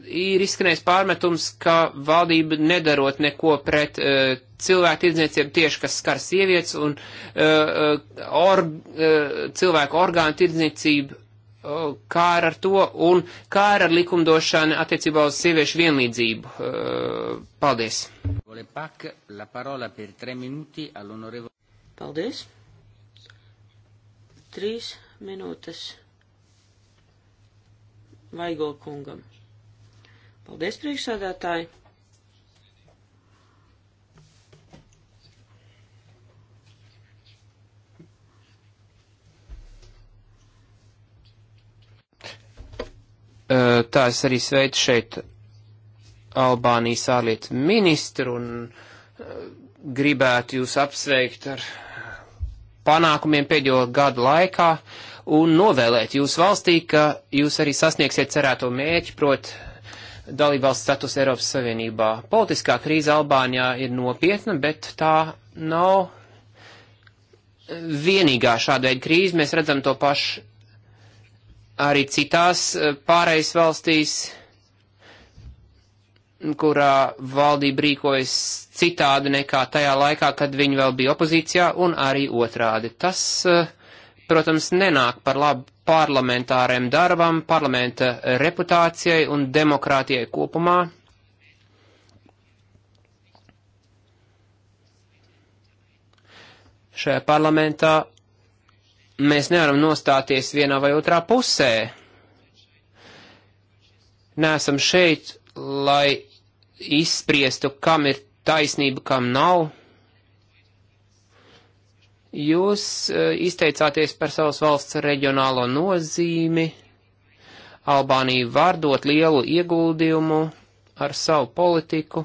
ir izskanējis pārmetums, ka valdība nedarot neko pret uh, cilvēku tirdzniecību tieši, kas skar sievietes, un uh, or, uh, cilvēku orgānu tirdzniecību kā ar to un kā ar likumdošanu attiecībā uz sieviešu vienlīdzību. Paldies. Paldies. Trīs minūtes Vaigo kungam. Paldies, priekšsādātāji! Tā es arī sveicu šeit Albānijas ārlietu ministru un gribētu jūs apsveikt ar panākumiem pēdējo gadu laikā un novēlēt jūs valstī, ka jūs arī sasniegsiet cerēto mērķi, prot dalībvalsts status Eiropas Savienībā. Politiskā krīze Albānijā ir nopietna, bet tā nav vienīgā šāda veida krīze. Mēs redzam to pašu arī citās eh, pārējais valstīs, kurā valdība rīkojas citādi nekā tajā laikā, kad viņi vēl bija opozīcijā, un arī otrādi. Tas, eh, protams, nenāk par labu parlamentāriem darbam, parlamenta reputācijai un demokrātijai kopumā. Šajā parlamentā mēs nevaram nostāties vienā vai otrā pusē. Nesam šeit, lai izspriestu, kam ir taisnība, kam nav. Jūs e, izteicāties par savas valsts reģionālo nozīmi. Albānija var dot lielu ieguldījumu ar savu politiku.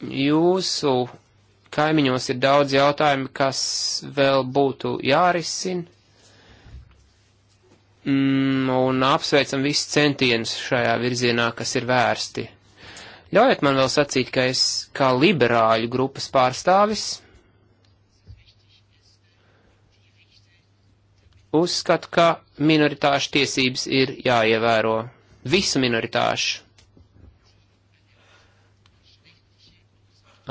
Jūsu kaimiņos ir daudz jautājumu, kas vēl būtu jārisina. Mm, un apsveicam visus centienus šajā virzienā, kas ir vērsti. Ļaujiet man vēl sacīt, ka es kā liberāļu grupas pārstāvis uzskatu, ka minoritāšu tiesības ir jāievēro. Visu minoritāšu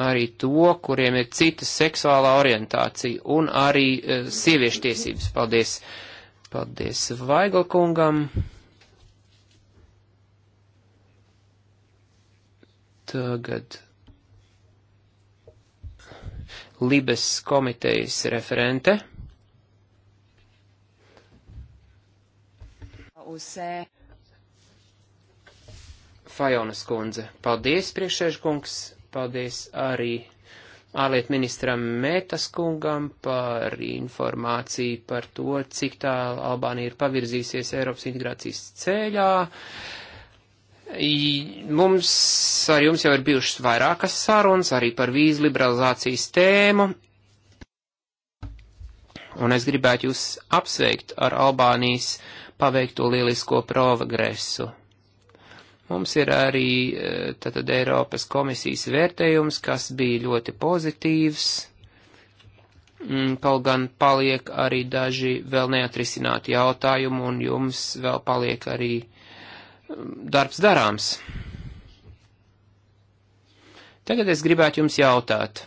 arī to, kuriem ir cita seksuālā orientācija un arī uh, sieviešu tiesības. Paldies! Paldies Vaiglkungam! Tagad Libes komitejas referente. Uz, uh... Fajonas kundze. Paldies, priekšsēžkungs. Paldies arī ārlietu ministram Mētas kungam par informāciju par to, cik tālu Albānija ir pavirzīsies Eiropas integrācijas ceļā. Mums ar jums jau ir bijušas vairākas sarunas arī par vīzu liberalizācijas tēmu. Un es gribētu jūs apsveikt ar Albānijas paveikto lielisko progresu. Mums ir arī e, tātad Eiropas komisijas vērtējums, kas bija ļoti pozitīvs, mm, kaut gan paliek arī daži vēl neatrisināti jautājumi, un jums vēl paliek arī mm, darbs darāms. Tagad es gribētu jums jautāt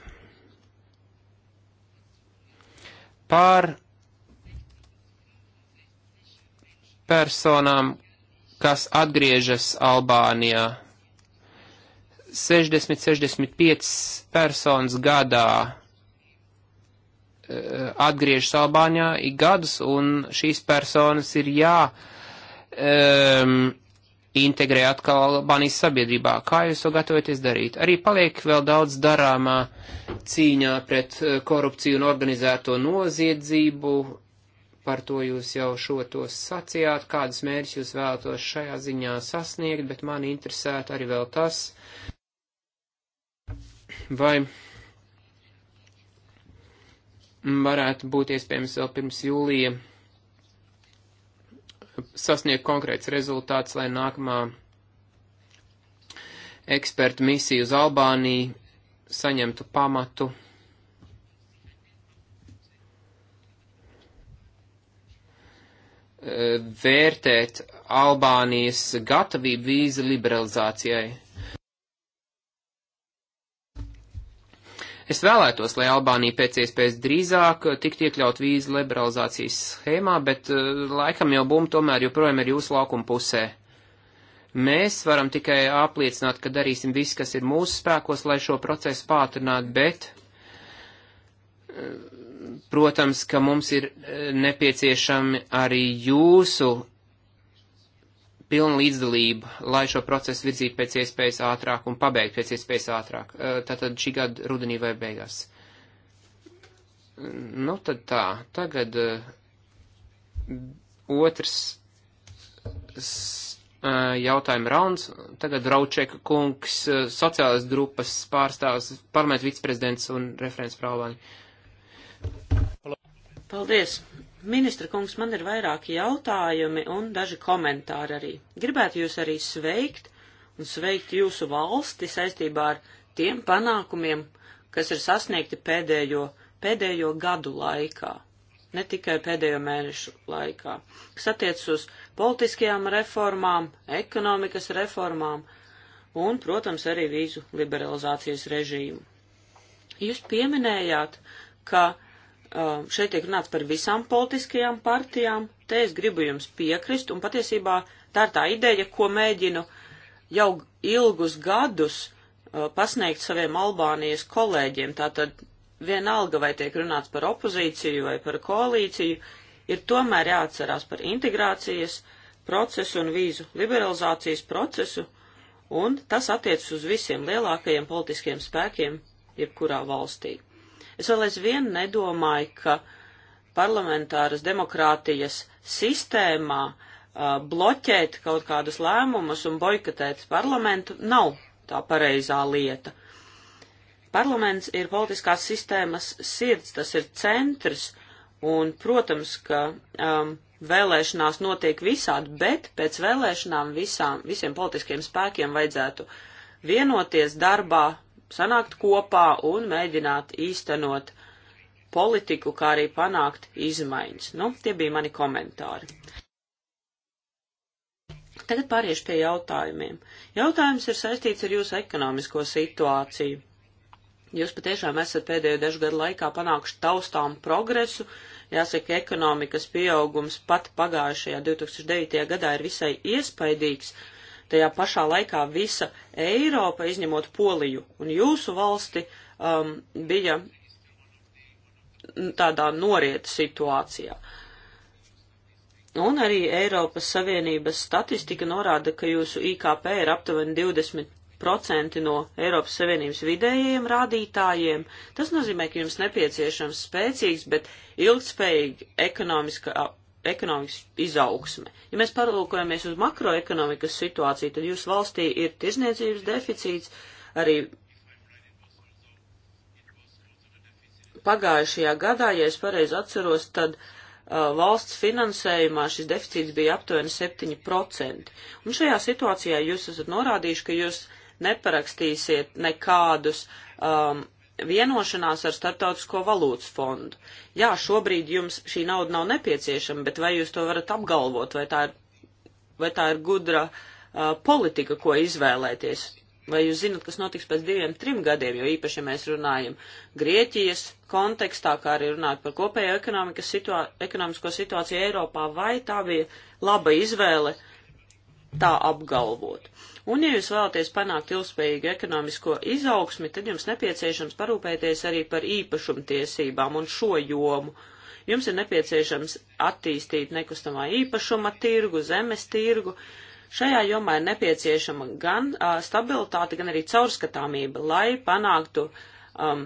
par personām, kas atgriežas Albānijā. 60-65 personas gadā eh, atgriežas Albāņā ik gadus, un šīs personas ir jā um, integrē atkal Albānijas sabiedrībā. Kā jūs to gatavojaties darīt? Arī paliek vēl daudz darāmā cīņā pret eh, korupciju un organizēto noziedzību, Par to jūs jau šo to sacījāt, kādas mērķis jūs vēlatos šajā ziņā sasniegt, bet man interesētu arī vēl tas, vai varētu būt iespējams vēl pirms jūlija sasniegt konkrēts rezultāts, lai nākamā ekspertu misija uz Albāniju saņemtu pamatu vērtēt Albānijas gatavību vīzu liberalizācijai. Es vēlētos, lai Albānija pēc iespējas drīzāk tiktu iekļaut vīzu liberalizācijas schēmā, bet eh, laikam jau bumba tomēr joprojām ir jūsu laukuma pusē. Mēs varam tikai apliecināt, ka darīsim visu, kas ir mūsu spēkos, lai šo procesu pātrinātu, bet eh, Protams, ka mums ir e, nepieciešami arī jūsu pilna līdzdalība, lai šo procesu virzītu pēc iespējas ātrāk un pabeigtu pēc iespējas ātrāk. E, tātad šī gada rudenī vai beigās. Nu, tad tā. Tagad e, otrs jautājuma rauns. Tagad Raučeka kungs, sociālās grupas pārstāvs, parlamentu viceprezidents un referents Fraulāņa. Paldies! Ministra kungs, man ir vairāki jautājumi un daži komentāri arī. Gribētu jūs arī sveikt un sveikt jūsu valsti saistībā ar tiem panākumiem, kas ir sasniegti pēdējo, pēdējo gadu laikā, ne tikai pēdējo mēnešu laikā, kas attiecas uz politiskajām reformām, ekonomikas reformām un, protams, arī vīzu liberalizācijas režīmu. Jūs pieminējāt, ka Um, šeit tiek runāts par visām politiskajām partijām. Te es gribu jums piekrist, un patiesībā tā ir tā ideja, ko mēģinu jau ilgus gadus uh, pasniegt saviem Albānijas kolēģiem. Tātad vienalga, vai tiek runāts par opozīciju vai par koalīciju, ir tomēr jāatcerās par integrācijas procesu un vīzu liberalizācijas procesu, un tas attiecas uz visiem lielākajiem politiskiem spēkiem jebkurā valstī. Es vēl aizvien nedomāju, ka parlamentāras demokrātijas sistēmā uh, bloķēt kaut kādus lēmumus un boikotēt parlamentu nav tā pareizā lieta. Parlaments ir politiskās sistēmas sirds, tas ir centrs, un, protams, ka um, vēlēšanās notiek visādi, bet pēc vēlēšanām visām, visiem politiskiem spēkiem vajadzētu vienoties darbā sanākt kopā un mēģināt īstenot politiku, kā arī panākt izmaiņas. Nu, tie bija mani komentāri. Tagad pāriešu pie jautājumiem. Jautājums ir saistīts ar jūsu ekonomisko situāciju. Jūs patiešām esat pēdējo dažu gadu laikā panākuši taustām progresu. Jāsaka, ekonomikas pieaugums pat pagājušajā 2009. gadā ir visai iespaidīgs, tajā pašā laikā visa Eiropa, izņemot Poliju un jūsu valsti, um, bija tādā norieta situācijā. Un arī Eiropas Savienības statistika norāda, ka jūsu IKP ir aptuveni 20% no Eiropas Savienības vidējiem rādītājiem. Tas nozīmē, ka jums nepieciešams spēcīgs, bet ilgspējīgi ekonomiskā ekonomikas izaugsme. Ja mēs paralūkojamies uz makroekonomikas situāciju, tad jūsu valstī ir tirzniecības deficīts, arī pagājušajā gadā, ja es pareizi atceros, tad uh, valsts finansējumā šis deficīts bija aptuveni 7%. Un šajā situācijā jūs esat norādījuši, ka jūs neparakstīsiet nekādus um, vienošanās ar Startautisko valūtas fondu. Jā, šobrīd jums šī nauda nav nepieciešama, bet vai jūs to varat apgalvot, vai tā ir, vai tā ir gudra uh, politika, ko izvēlēties? Vai jūs zinat, kas notiks pēc diviem, trim gadiem, jo īpaši, ja mēs runājam Grieķijas kontekstā, kā arī runājot par kopējo situā ekonomisko situāciju Eiropā, vai tā bija laba izvēle tā apgalvot? Uh, Un, ja jūs vēlaties panākt ilgspējīgu ekonomisko izaugsmi, tad jums nepieciešams parūpēties arī par īpašumtiesībām un šo jomu. Jums ir nepieciešams attīstīt nekustamā īpašuma tirgu, zemes tirgu. Šajā jomā ir nepieciešama gan uh, stabilitāte, gan arī caurskatāmība, lai panāktu um,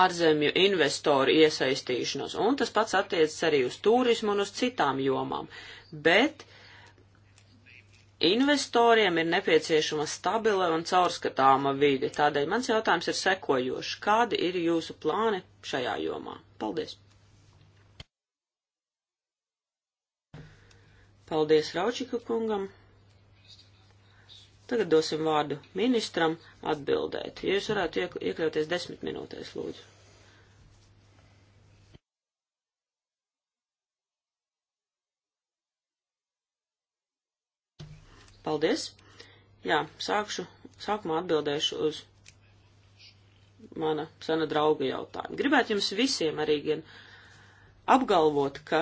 ārzemju investoru iesaistīšanos, un tas pats attiecas arī uz turismu un uz citām jomām. Bet investoriem ir nepieciešama stabila un caurskatāma vide. Tādēļ mans jautājums ir sekojošs. Kādi ir jūsu plāni šajā jomā? Paldies! Paldies Raučika kungam. Tagad dosim vārdu ministram atbildēt. Ja jūs varētu iekļauties desmit minūtēs, lūdzu. Paldies! Jā, sākšu, sākumā atbildēšu uz mana sena drauga jautājumu. Gribētu jums visiem arī gan apgalvot, ka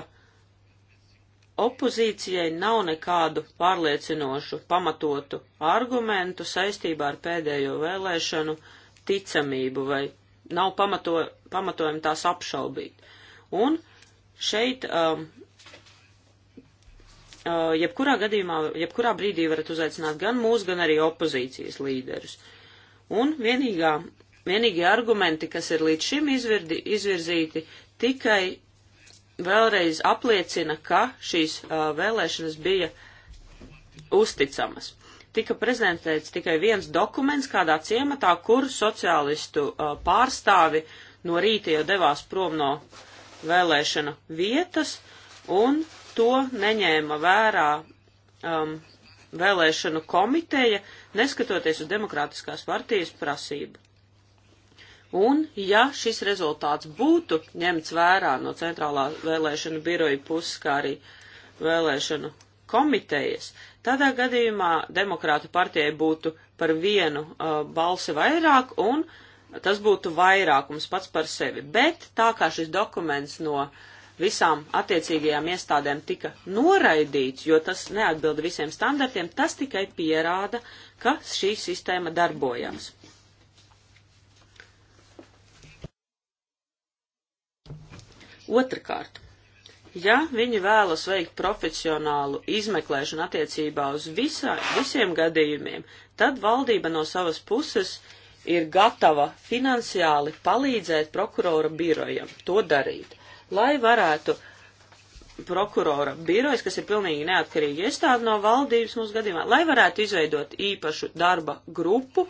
opozīcijai nav nekādu pārliecinošu pamatotu argumentu saistībā ar pēdējo vēlēšanu ticamību vai nav pamato, pamatojumi tās apšaubīt. Un šeit um, Uh, jebkurā gadījumā, jebkurā brīdī varat uzaicināt gan mūs, gan arī opozīcijas līderus. Un vienīgā, vienīgie argumenti, kas ir līdz šim izvirdi, izvirzīti, tikai vēlreiz apliecina, ka šīs uh, vēlēšanas bija uzticamas. Tika prezentēts tikai viens dokuments kādā ciematā, kur sociālistu uh, pārstāvi no rīta jau devās prom no vēlēšana vietas, un uh, to neņēma vērā um, vēlēšanu komiteja, neskatoties uz demokrātiskās partijas prasību. Un, ja šis rezultāts būtu ņemts vērā no centrālā vēlēšana biroja puses, kā arī vēlēšanu komitejas, tādā gadījumā demokrāta partijai būtu par vienu uh, balsi vairāk un tas būtu vairākums pats par sevi. Bet tā kā šis dokuments no uh, visām attiecīgajām iestādēm tika noraidīts, jo tas neatbilda visiem standartiem, tas tikai pierāda, ka šī sistēma darbojās. Otrakārt, ja viņi vēlas veikt profesionālu izmeklēšanu attiecībā uz visā, visiem gadījumiem, tad valdība no savas puses ir gatava finansiāli palīdzēt prokurora birojam to darīt lai varētu prokurora birojas, kas ir pilnīgi neatkarīgi iestādi no valdības mūsu gadījumā, lai varētu izveidot īpašu darba grupu,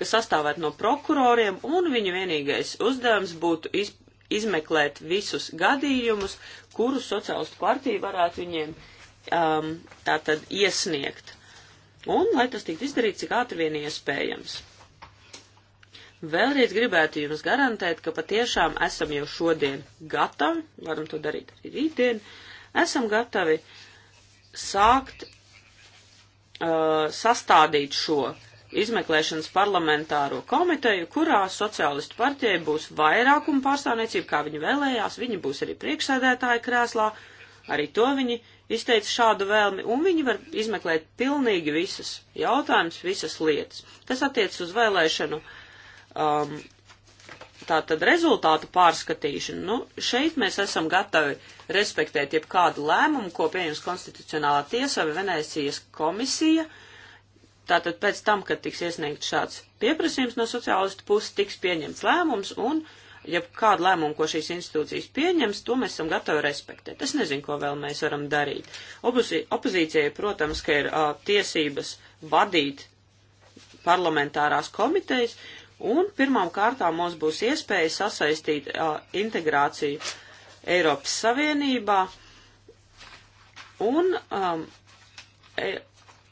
kas sastāvētu no prokuroriem, un viņa vienīgais uzdevums būtu iz, izmeklēt visus gadījumus, kurus sociālistu partija varētu viņiem um, tātad iesniegt. Un lai tas tiktu izdarīts cik ātri vien iespējams. Vēlreiz gribētu jums garantēt, ka patiešām esam jau šodien gatavi, varam to darīt arī rītdien, esam gatavi sākt uh, sastādīt šo izmeklēšanas parlamentāro komiteju, kurā sociālistu partijai būs vairākuma pārstāvniecība, kā viņi vēlējās, viņi būs arī priekšsēdētāja krēslā, arī to viņi izteica šādu vēlmi, un viņi var izmeklēt pilnīgi visas jautājumas, visas lietas, kas attiec uz vēlēšanu uh, um, tātad rezultātu pārskatīšanu, nu, šeit mēs esam gatavi respektēt jebkādu lēmumu, ko pieņems Konstitucionālā tiesa vai Venēcijas komisija. Tātad pēc tam, kad tiks iesniegts šāds pieprasījums no sociālistu puses, tiks pieņemts lēmums un jebkādu lēmumu, ko šīs institūcijas pieņems, to mēs esam gatavi respektēt. Es nezinu, ko vēl mēs varam darīt. Opozī opozīcijai, protams, ka ir uh, tiesības vadīt parlamentārās komitejas, uh, Un pirmām kārtām mums būs iespēja sasaistīt uh, integrāciju Eiropas Savienībā un um, e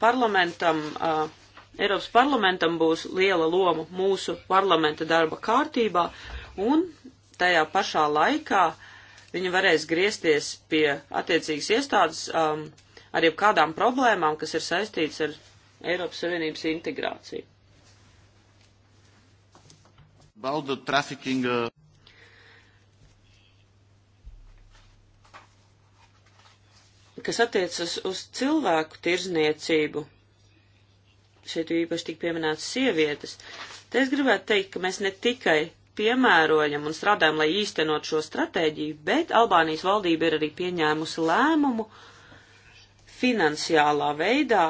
parlamentam, uh, Eiropas parlamentam būs liela loma mūsu parlamenta darba kārtībā un tajā pašā laikā viņi varēs griezties pie attiecīgas iestādes um, ar jebkādām problēmām, kas ir saistīts ar Eiropas Savienības integrāciju. About the trafficking. Uh... Kas attiecas uz cilvēku tirzniecību, šeit īpaši tik pieminētas sievietes, te es gribētu teikt, ka mēs ne tikai piemērojam un strādājam, lai īstenot šo stratēģiju, bet Albānijas valdība ir arī pieņēmusi lēmumu finansiālā veidā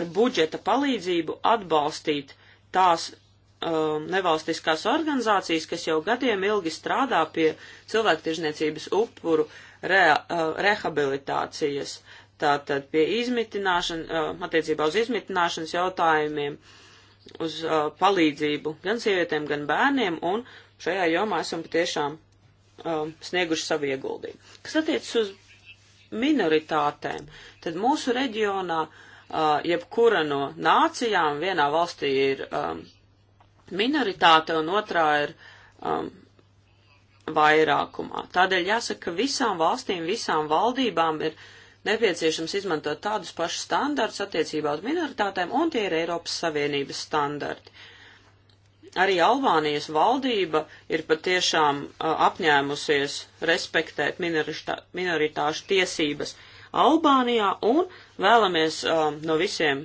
ar budžeta palīdzību atbalstīt tās um, nevalstiskās organizācijas, kas jau gadiem ilgi strādā pie cilvēktirzniecības upuru re, uh, rehabilitācijas, tātad pie izmitināšana, uh, attiecībā uz izmitināšanas jautājumiem, uz uh, palīdzību gan sievietēm, gan bērniem, un šajā jomā esam patiešām um, snieguši savu ieguldījumu. Kas attiecas uz minoritātēm, tad mūsu reģionā uh, jebkura no nācijām vienā valstī ir um, minoritāte un otrā ir um, vairākumā. Tādēļ jāsaka, ka visām valstīm, visām valdībām ir nepieciešams izmantot tādus pašus standartus attiecībā uz minoritātēm, un tie ir Eiropas Savienības standarti. Arī Albānijas valdība ir patiešām uh, apņēmusies respektēt minoritā, minoritāšu tiesības Albānijā un vēlamies um, no visiem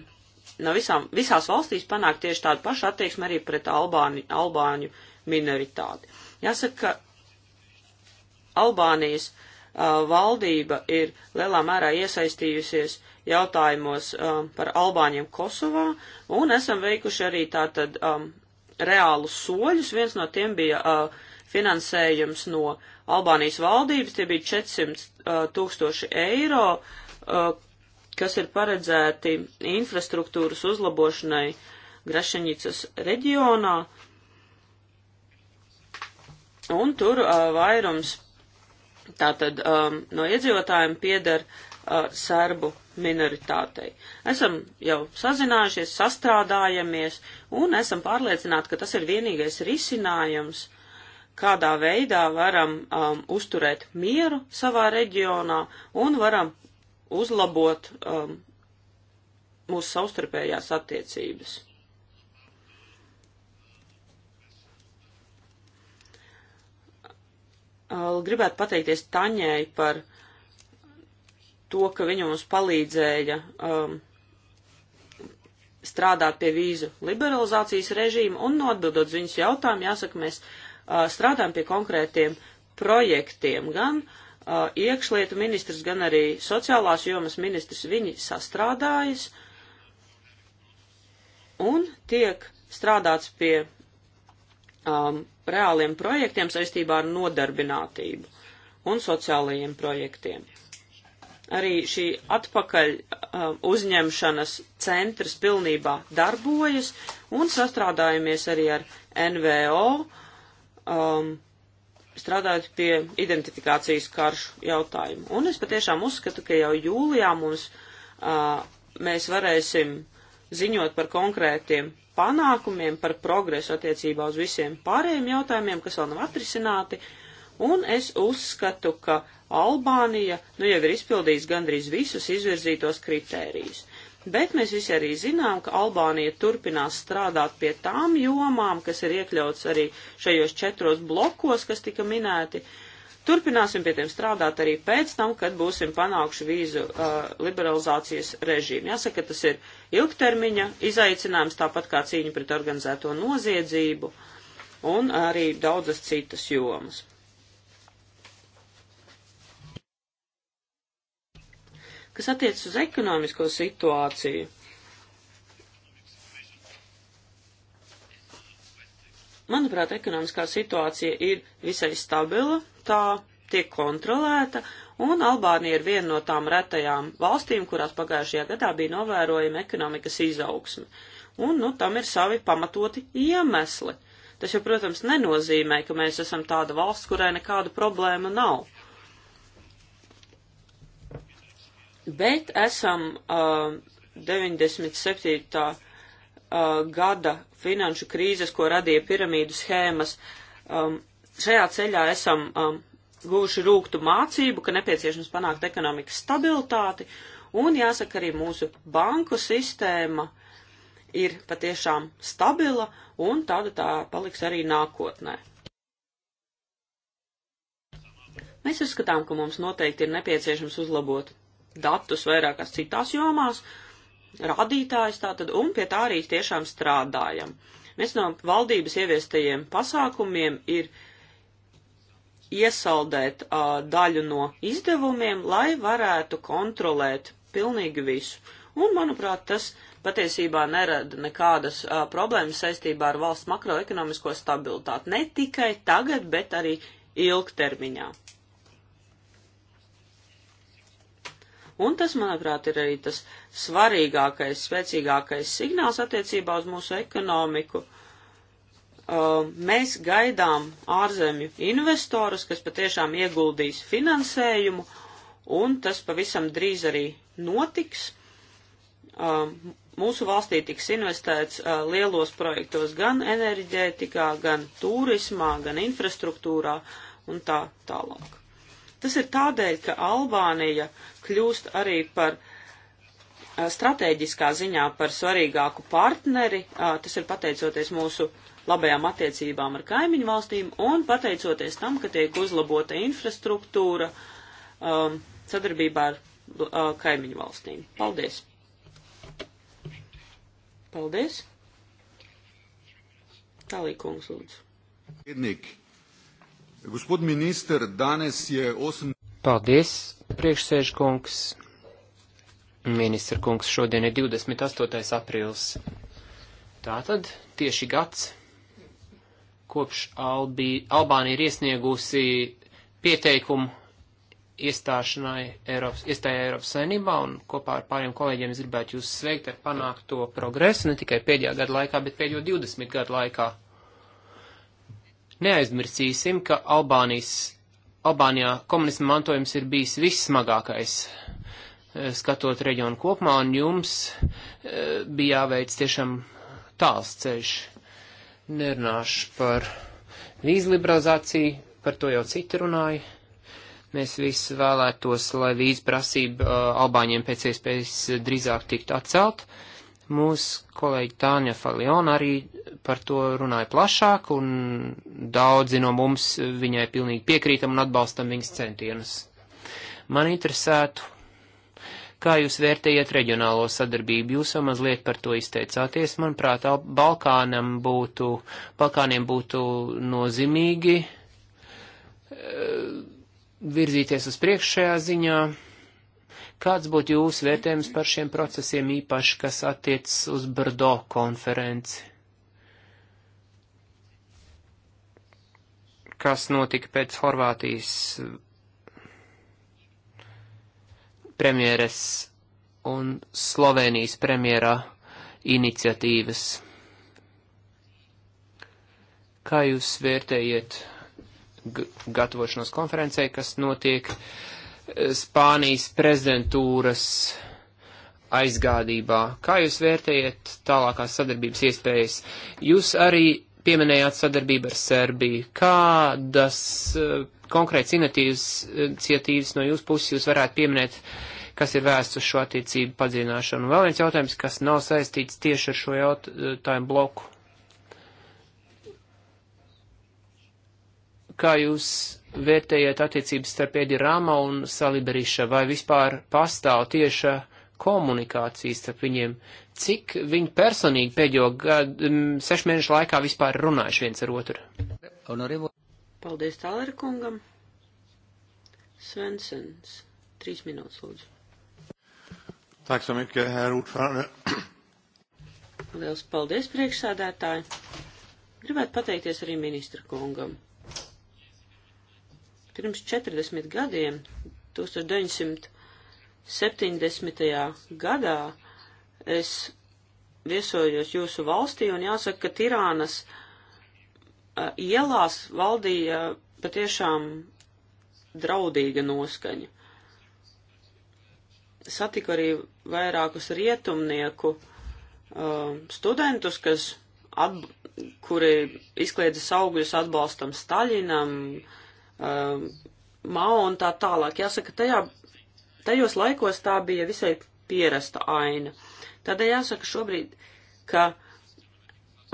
no visām, visās valstīs panākt tieši tādu pašu attieksmi arī pret Albāni, Albāņu minoritāti. Jāsaka, ka Albānijas uh, valdība ir lielā mērā iesaistījusies jautājumos um, par Albāņiem Kosovā, un esam veikuši arī tātad um, reālus soļus. Viens no tiem bija uh, finansējums no Albānijas valdības, tie bija 400 uh, tūkstoši eiro, uh, kas ir paredzēti infrastruktūras uzlabošanai Grašaņicas reģionā. Un tur uh, vairums tātad um, no iedzīvotājiem pieder uh, serbu minoritātei. Esam jau sazinājušies, sastrādājamies un esam pārliecināti, ka tas ir vienīgais risinājums uh, kādā veidā varam um, uzturēt mieru savā reģionā un varam uzlabot um, mūsu savstarpējās attiecības. Gribētu pateikties Taņai par to, ka viņa mums palīdzēja um, strādāt pie vīzu liberalizācijas režīma un atbildot viņas jautājumu, jāsaka, mēs uh, strādājam pie konkrētiem projektiem, gan uh, iekšlietu ministrs, gan arī sociālās jomas ministrs, viņi sastrādājas un tiek strādāts pie um, reāliem projektiem saistībā ar nodarbinātību un sociālajiem projektiem. Arī šī atpakaļ um, uzņemšanas centrs pilnībā darbojas un sastrādājamies arī ar NVO um, strādājot pie identifikācijas karšu jautājumu. Un es patiešām uzskatu, ka jau jūlijā mums, uh, mēs varēsim ziņot par konkrētiem panākumiem, par progresu attiecībā uz visiem pārējiem jautājumiem, kas vēl nav atrisināti. Un es uzskatu, ka Albānija nu jau ir izpildījusi gandrīz visus izvirzītos kritērijus. Bet mēs visi arī zinām, ka Albānija turpinās strādāt pie tām jomām, kas ir iekļauts arī šajos četros blokos, kas tika minēti. Turpināsim pie tiem strādāt arī pēc tam, kad būsim panākuši vīzu uh, liberalizācijas režīmu. Jāsaka, tas ir ilgtermiņa izaicinājums, tāpat kā cīņa pret organizēto noziedzību un arī daudzas citas jomas. Kas attiecas uz ekonomisko situāciju, manuprāt, ekonomiskā situācija ir visai stabila, tā tiek kontrolēta, un Albānija ir viena no tām retajām valstīm, kurās pagājušajā gadā bija novērojama ekonomikas izaugsme. Un, nu, tam ir savi pamatoti iemesli. Tas jau, protams, nenozīmē, ka mēs esam tāda valsts, kurai nekādu problēmu nav. bet esam uh, 97. Uh, gada finanšu krīzes, ko radīja piramīdu schēmas. Um, šajā ceļā esam um, gūši rūktu mācību, ka nepieciešams panākt ekonomikas stabilitāti, un jāsaka arī mūsu banku sistēma ir patiešām stabila, un tāda tā paliks arī nākotnē. Mēs uzskatām, ka mums noteikti ir nepieciešams uzlabot datus vairākās citās jomās, radītājs tātad, un pie tā arī tiešām strādājam. Viens no valdības ieviestajiem pasākumiem ir iesaldēt uh, daļu no izdevumiem, lai varētu kontrolēt pilnīgi visu. Un, manuprāt, tas patiesībā nerada nekādas uh, problēmas saistībā ar valsts makroekonomisko stabilitāti. Ne tikai tagad, bet arī ilgtermiņā. Un tas, manuprāt, ir arī tas svarīgākais, spēcīgākais signāls attiecībā uz mūsu ekonomiku. Uh, mēs gaidām ārzemju investorus, kas patiešām ieguldīs finansējumu, un tas pavisam drīz arī notiks. Uh, mūsu valstī tiks investēts uh, lielos projektos gan enerģētikā, gan turismā, gan infrastruktūrā un tā tālāk. Tas ir tādēļ, ka Albānija kļūst arī par stratēģiskā ziņā par svarīgāku partneri, tas ir pateicoties mūsu labajām attiecībām ar kaimiņu valstīm un pateicoties tam, ka tiek uzlabota infrastruktūra um, sadarbībā ar uh, kaimiņu valstīm. Paldies! Paldies! Tālīkums lūdzu. Iednieki. Gospod minister, danes je 8. Paldies, priekšsēžkungs. Ministra kungs, šodien ir 28. aprīls. Tātad tieši gads kopš Albī, Albānija ir iesniegusi pieteikumu iestāšanai Eiropas, iestājai Eiropas saimnībā un kopā ar pāriem kolēģiem es gribētu jūs sveikt ar panākto progresu ne tikai pēdējā gada laikā, bet pēdējo 20 gadu laikā. Neaizmirsīsim, ka Albānijas, Albānijā komunisma mantojums ir bijis vissmagākais eh, skatot reģionu kopumā, un jums eh, bija jāveic tiešām tāls ceļš. Nerunāšu par vīzu liberalizāciju, par to jau citi runāja. Mēs visi vēlētos, lai vīzu prasība eh, Albāņiem pēc iespējas drīzāk tiktu atcelt. Uh, Mūsu kolēģi Tāņa Faliona arī par to runāja plašāk, un daudzi no mums viņai pilnīgi piekrītam un atbalstam viņas centienus. Man interesētu, kā jūs vērtējat reģionālo sadarbību, jūs jau mazliet par to izteicāties. Manuprāt, Balkānam būtu, Balkāniem būtu nozīmīgi eh, virzīties uz priekšējā ziņā. Kāds būtu jūsu vērtējums par šiem procesiem īpaši, kas attiecas uz Brdo konferenci? Kas notika pēc Horvātijas premjeres un Slovenijas premjerā iniciatīvas? Kā jūs vērtējat gatavošanos konferencei, kas notiek uh, Spānijas prezidentūras aizgādībā. Kā jūs vērtējat tālākās sadarbības iespējas? Jūs arī pieminējāt sadarbību ar Serbiju. Kādas uh, konkrēts iniciatīvas no jūsu puses jūs varētu pieminēt, kas ir vērsts uz šo attiecību padziļināšanu? Vēl viens jautājums, kas nav saistīts tieši ar šo jautājumu bloku. Kā jūs vērtējat attiecības starp Edi Rama un Saliberiša, vai vispār pastāv tieša komunikācija starp viņiem? Cik viņi personīgi pēdējo gadu, sešu mēnešu laikā vispār runājuši viens ar otru? Paldies Tālera kungam. Svensens, trīs minūtes lūdzu. Tack så mycket, herr ordförande. Liels paldies, priekšsādātāji. Gribētu pateikties arī ministra kungam Pirms 40 gadiem, 1970. gadā, es viesojos jūsu valstī un jāsaka, ka Tirānas uh, ielās valdīja patiešām draudīga noskaņa. Satiku arī vairākus rietumnieku uh, studentus, kas, at, kuri izkliedza augļus atbalstam Staļinam, uh, um, Mao un tā tālāk. Jāsaka, tajā, tajos laikos tā bija visai pierasta aina. Tādēļ jāsaka šobrīd, ka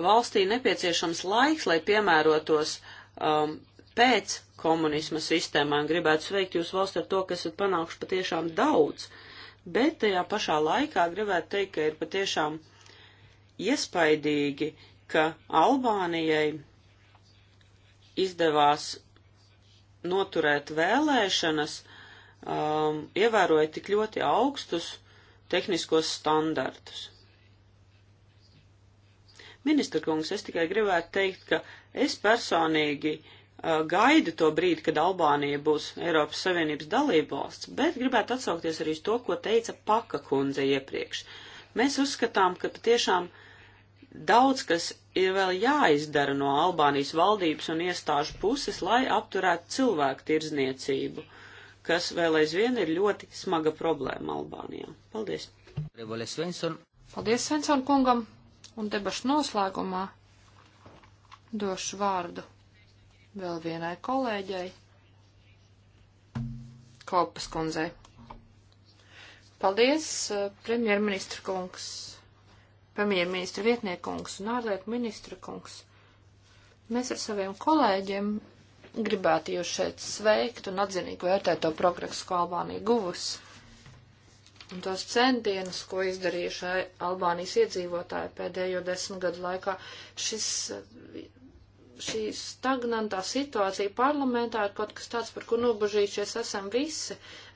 valstī nepieciešams laiks, lai piemērotos um, pēc komunisma sistēmām. Gribētu sveikt jūs valsts ar to, ka esat panākuši patiešām daudz, bet tajā pašā laikā gribētu teikt, ka ir patiešām iespaidīgi, ka Albānijai izdevās noturēt vēlēšanas, um, ievēroja tik ļoti augstus tehniskos standartus. Ministra kungs, es tikai gribētu teikt, ka es personīgi uh, gaidu to brīdi, kad Albānija būs Eiropas Savienības dalībvalsts, bet gribētu atsaukties arī uz to, ko teica Paka kundze iepriekš. Mēs uzskatām, ka patiešām daudz kas ir vēl jāizdara no Albānijas valdības un iestāžu puses, lai apturētu cilvēku tirzniecību, kas vēl aizvien ir ļoti smaga problēma Albānijā. Paldies! Paldies Svensson kungam un debašu noslēgumā došu vārdu vēl vienai kolēģei, Kopas kundzei. Paldies, eh, premjerministra kungs! premjerministra vietniekungs un ārlietu ministra kungs. Mēs ar saviem kolēģiem gribētu jūs šeit sveikt un atzinīgi vērtēt to progresu, ko Albānija guvusi. Un tos centienus, ko izdarījuši Albānijas iedzīvotāji pēdējo desmit gadu laikā, šis šī stagnantā situācija parlamentā ir kaut kas tāds, par ko nobažījušies esam visi.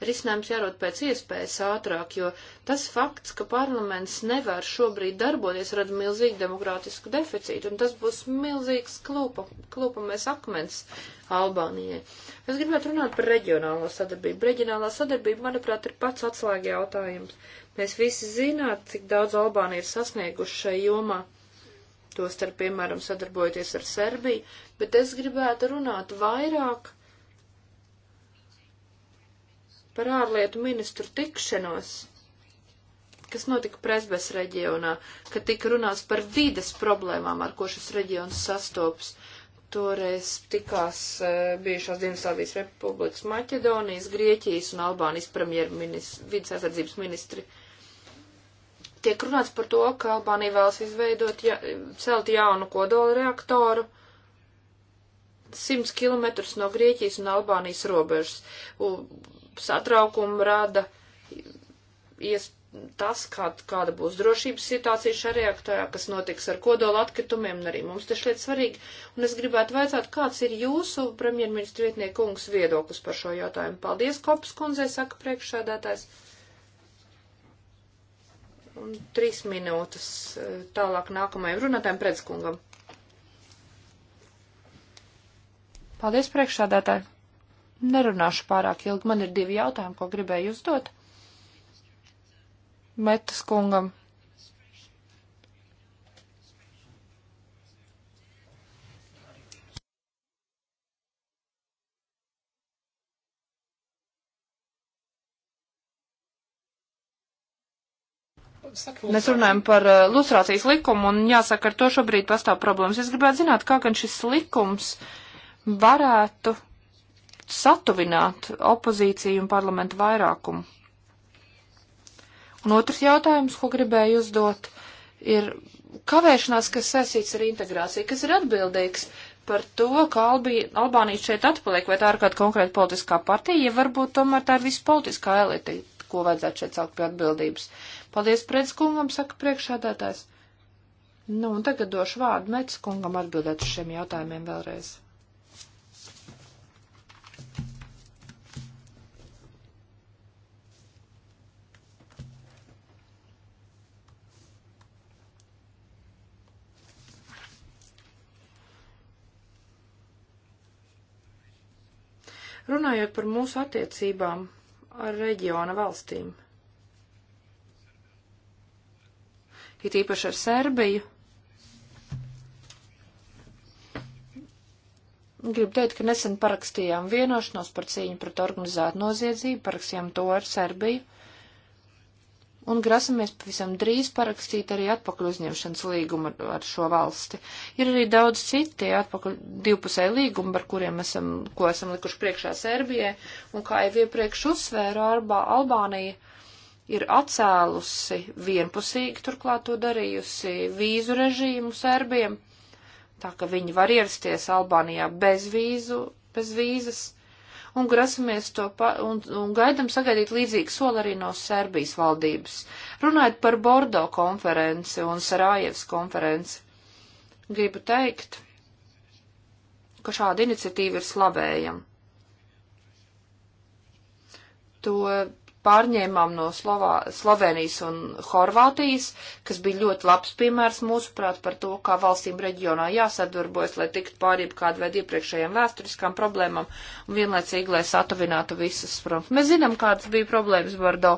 Risinājums jārod pēc iespējas ātrāk, jo tas fakts, ka parlaments nevar šobrīd darboties, rada milzīgu demokrātisku deficītu, un tas būs milzīgs klūpa, klūpamies akmens Albānijai. Es gribētu runāt par reģionālo sadarbību. Reģionālā sadarbība, manuprāt, ir pats atslēgi jautājums. Mēs visi zināt, cik daudz Albāni ir sasnieguši šai jomā tostarp, piemēram, sadarbojoties ar Serbiju, bet es gribētu runāt vairāk par ārlietu ministru tikšanos, kas notika Presbes reģionā, kad tika runāts par vides problēmām, ar ko šis reģions sastopas. Toreiz tikās uh, bijušās Dienasāvijas republikas Maķedonijas, Grieķijas un Albānijas premjerministri, vidas aizsardzības ministri. Uh, tiek runāts par to, ka Albānija vēlas izveidot, ja, celt jaunu kodola reaktoru 100 km no Grieķijas un Albānijas robežas. Satraukumu rada ies, tas, kā, kāda būs drošības situācija šajā reaktorā, kas notiks ar kodola atkritumiem, un arī mums tas šķiet svarīgi. Un es gribētu vaicāt, kāds ir jūsu premjerministra vietniekungs viedoklis par šo jautājumu. Paldies, Kopas kundzei, saka priekšsādātājs un trīs minūtes e, tālāk nākamajam runātājam predskungam. Paldies, priekšsādātāji! Nerunāšu pārāk ilgi, man ir divi jautājumi, ko gribēju uzdot. Metas kungam Mēs runājam par uh, lustrācijas likumu un jāsaka, ar to šobrīd pastāv problēmas. Es gribētu zināt, kā gan šis likums varētu satuvināt opozīciju un parlamentu vairākumu. Un otrs jautājums, ko gribēju uzdot, ir kavēšanās, kas saistīts ar integrāciju, kas ir atbildīgs par to, ka Albija, Albānija šeit atpaliek, vai tā ir kāda konkrēta politiskā partija, ja varbūt tomēr tā ir visu politiskā elite, ko vajadzētu šeit saukt pie atbildības. Paldies predskungam, saka priekšādātājs. Nu, un tagad došu vārdu Mets kungam atbildēt uz šiem jautājumiem vēlreiz. runājot par mūsu attiecībām ar reģiona valstīm. it īpaši ar Serbiju. Gribu teikt, ka nesen parakstījām vienošanos par cīņu pret organizētu noziedzību, parakstījām to ar Serbiju, un grasamies pavisam drīz parakstīt arī atpakaļ uzņemšanas līgumu ar, ar šo valsti. Ir arī daudz citi atpakaļ divpusēji līgumi, par kuriem esam, ko esam likuši priekšā Serbijai, un kā jau iepriekš uzsvēra Arbā, Albānija ir atcēlusi vienpusīgi, turklāt to darījusi vīzu režīmu serbiem, tā ka viņi var ierasties Albānijā bez vīzu, bez vīzas, un grasamies to pa, un, un gaidam sagaidīt līdzīgu soli arī no Serbijas valdības. Runājot par Bordo konferenci un Sarajevas konferenci, gribu teikt, ka šāda iniciatīva ir slavējama. To pārņēmām no Slovā, Slovenijas un Horvātijas, kas bija ļoti labs piemērs mūsuprāt par to, kā valstīm reģionā jāsadarbojas, lai tiktu pārība kādu veidu iepriekšējām vēsturiskām problēmām un vienlaicīgi, lai satuvinātu visas fronts. Mēs zinām, kādas bija problēmas Bordo,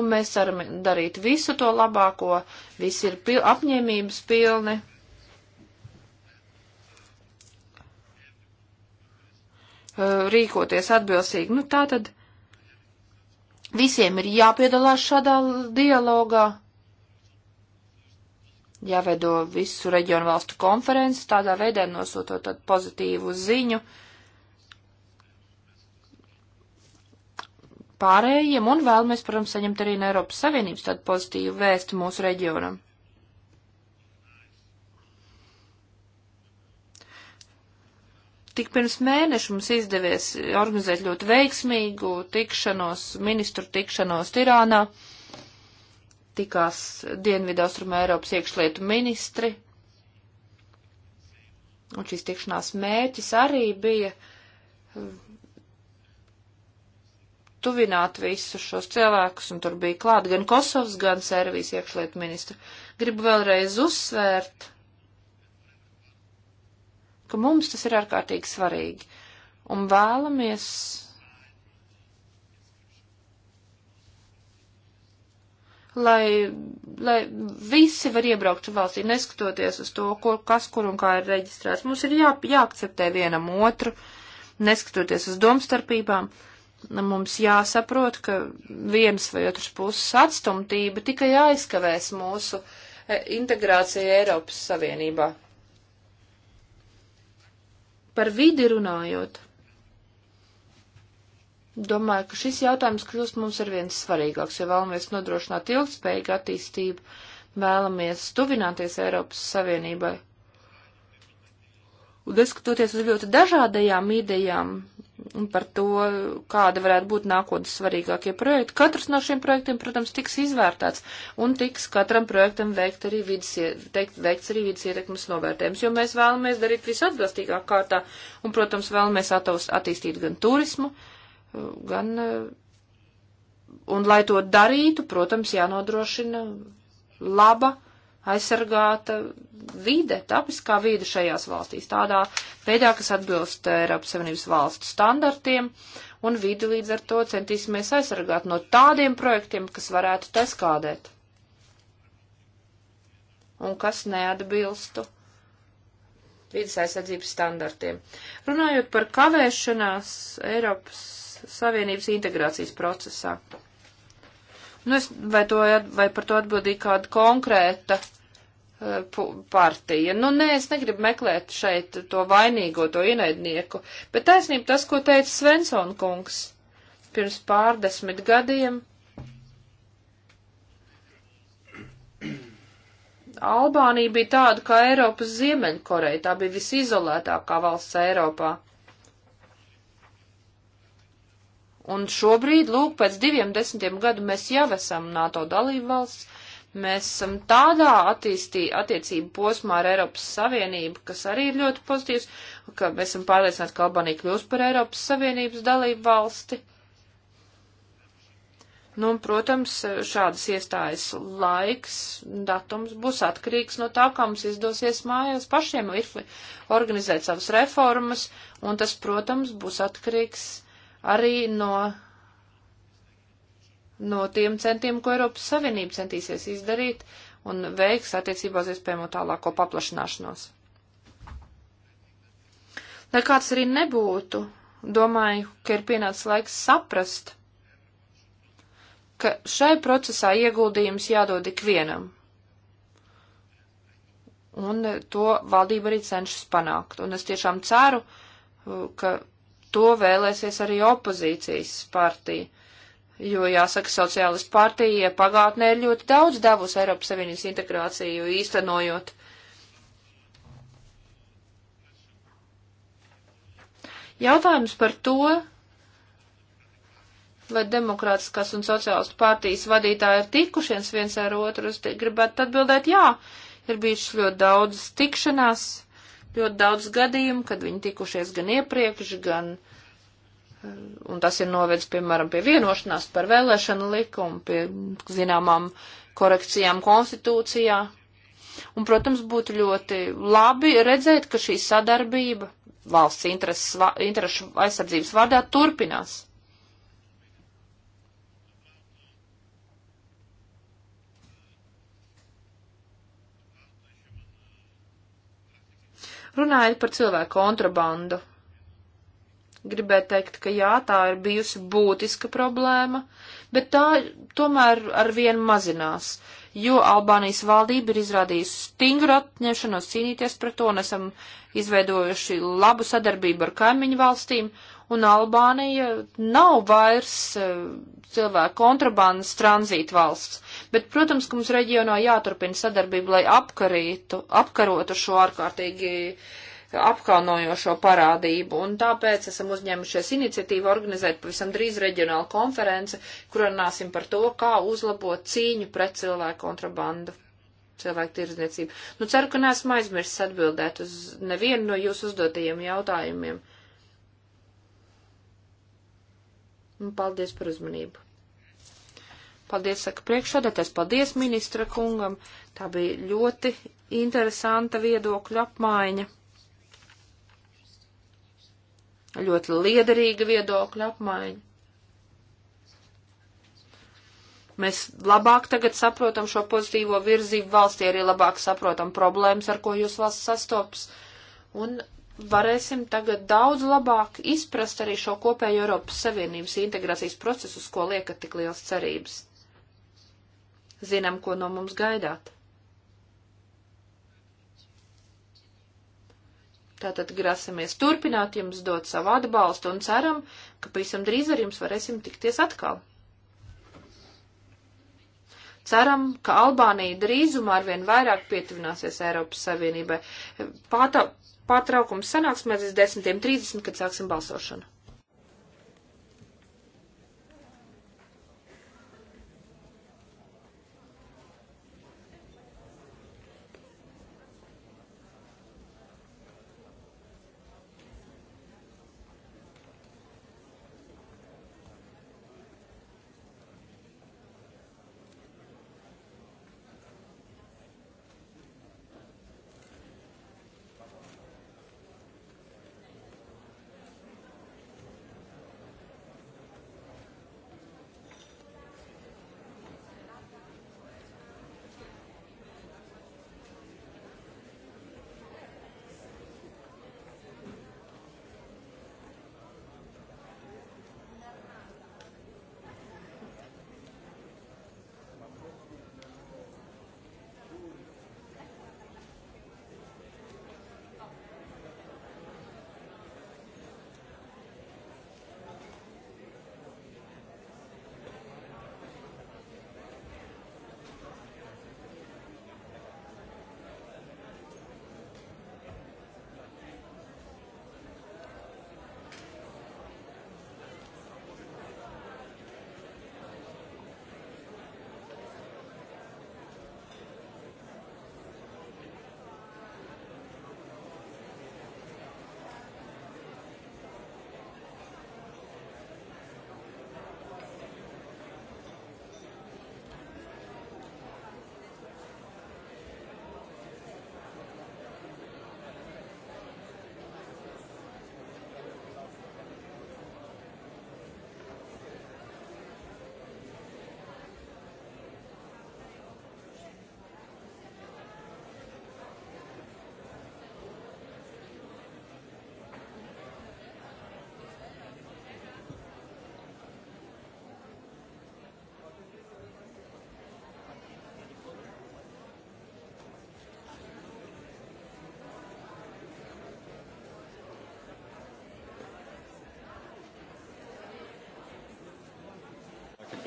un mēs ceram darīt visu to labāko, visi ir pil apņēmības pilni. Rīkoties atbilstīgi, nu tā tad Visiem ir jāpiedalās šādā dialogā, jāveido visu reģionu valstu konferences, tādā veidā nosūtot tādu pozitīvu ziņu pārējiem, un vēlamies, protams, saņemt arī no Eiropas Savienības tādu pozitīvu vēstu mūsu reģionam. Tik pirms mēneša mums izdevies organizēt ļoti veiksmīgu tikšanos, ministru tikšanos Tirānā. Tikās Dienvidaustruma Eiropas iekšlietu ministri. Un šīs tikšanās mērķis arī bija um, tuvināt visus šos cilvēkus, un tur bija klāt gan Kosovas, gan Servijas iekšlietu ministru. Gribu vēlreiz uzsvērt, ka mums tas ir ārkārtīgi svarīgi. Un vēlamies lai, lai visi var iebraukt valstī, neskatoties uz to, kur, kas kur un kā ir reģistrēts. Mums ir jā, jāakceptē vienam otru, neskatoties uz domstarpībām. Mums jāsaprot, ka viens vai otrs puses atstumtība tikai aizkavēs mūsu eh, integrāciju Eiropas Savienībā. Par vidi runājot, domāju, ka šis jautājums kļūst mums ar viens svarīgāks, jo vēlamies nodrošināt ilgspējīgu attīstību, vēlamies tuvināties Eiropas Savienībai. Un neskatoties uz ļoti dažādajām idejām, par to, kāda varētu būt nākotnes svarīgākie projekti. Katrs no šiem projektiem, protams, tiks izvērtēts un tiks katram projektam veikt arī vidas, teikt, veikts arī vidas ietekmes novērtējums, jo mēs vēlamies darīt visu atbilstīgāk kārtā un, protams, vēlamies atavs, attīstīt gan turismu, gan. Un, lai to darītu, protams, jānodrošina laba aizsargāta vide, tapiskā vide šajās valstīs, tādā veidā, kas atbilst Eiropas Savienības valstu standartiem, un vidi līdz ar to centīsimies aizsargāt no tādiem projektiem, kas varētu teskādēt un kas neatbilstu vidas aizsardzības standartiem. Runājot par kavēšanās Eiropas Savienības integrācijas procesā. Nu, es, vai, to, vai par to atbildīja kāda konkrēta eh, partija. Nu, nē, es negribu meklēt šeit to vainīgo, to ienaidnieku, bet taisnība tas, ko teica Svensson kungs pirms pārdesmit gadiem. Albānija bija tāda kā Eiropas Ziemeņkoreja, tā bija visizolētākā valsts Eiropā. Un šobrīd, lūk, pēc diviem desmitiem gadu mēs jau esam NATO dalībvalsts, mēs esam tādā attīstī, attiecību posmā ar Eiropas Savienību, kas arī ir ļoti pozitīvs, ka mēs esam pārliecināti, ka Albanija kļūs par Eiropas Savienības dalībvalsti. Nu, un, protams, šādas iestājas laiks, datums būs atkarīgs no tā, kā mums izdosies mājās pašiem organizēt savas reformas, un tas, protams, būs atkarīgs arī no, no tiem centiem, ko Eiropas Savienība centīsies izdarīt un veiks attiecībā uz iespējamo tālāko paplašināšanos. Lai kāds arī nebūtu, domāju, ka ir pienācis laiks saprast, ka šai procesā ieguldījums jādod ikvienam. Un to valdība arī cenšas panākt. Un es tiešām ceru, ka to vēlēsies arī opozīcijas partija. Jo, jāsaka, sociālistu partija pagātnē ir ļoti daudz devusi Eiropas Savienības integrāciju īstenojot. Jautājums par to, vai demokrātiskās un sociālistu partijas vadītāji ir tikušies viens ar otru, es gribētu atbildēt jā. Ir bijušas ļoti daudzas tikšanās, ļoti daudz gadījumu, kad viņi tikušies gan iepriekš, gan, eh, un tas ir novedis, piemēram, pie vienošanās par vēlēšanu likumu, pie zināmām korekcijām konstitūcijā. Un, protams, būtu ļoti labi redzēt, ka šī sadarbība valsts interesu aizsardzības vārdā turpinās. Runājot par cilvēku kontrabandu, gribētu teikt, ka jā, tā ir bijusi būtiska problēma, bet tā tomēr arvien mazinās, jo Albānijas valdība ir izrādījusi stingru atņemšanos cīnīties par to, un esam izveidojuši labu sadarbību ar kaimiņu valstīm, un Albānija nav vairs eh, cilvēku kontrabandas tranzīta valsts. Bet, protams, ka mums reģionā jāturpina sadarbība, lai apkarītu, apkarotu šo ārkārtīgi apkaunojošo parādību, un tāpēc esam uzņēmušies iniciatīvu organizēt pavisam drīz reģionālu konferenci, kur runāsim par to, kā uzlabot cīņu pret cilvēku kontrabandu, cilvēku tirdzniecību. Nu, ceru, ka neesmu aizmirsis atbildēt uz nevienu no jūsu uzdotajiem jautājumiem. Un paldies par uzmanību. Paldies, saka priekšsādētājs, paldies ministra kungam. Tā bija ļoti interesanta viedokļu apmaiņa. Ļoti liederīga viedokļu apmaiņa. Mēs labāk tagad saprotam šo pozitīvo virzību valstī, arī labāk saprotam problēmas, ar ko jūs valsts sastopas. Un varēsim tagad daudz labāk izprast arī šo kopējo Eiropas Savienības integrācijas procesu, uz ko liekat tik liels cerības zinām, ko no mums gaidāt. Tātad grasamies turpināt jums dot savu atbalstu un ceram, ka pavisam drīz ar jums varēsim tikties atkal. Ceram, ka Albānija drīzumā arvien vairāk pietuvināsies Eiropas Savienībai. Pārtraukums sanāksmēs 10.30, kad sāksim balsošanu.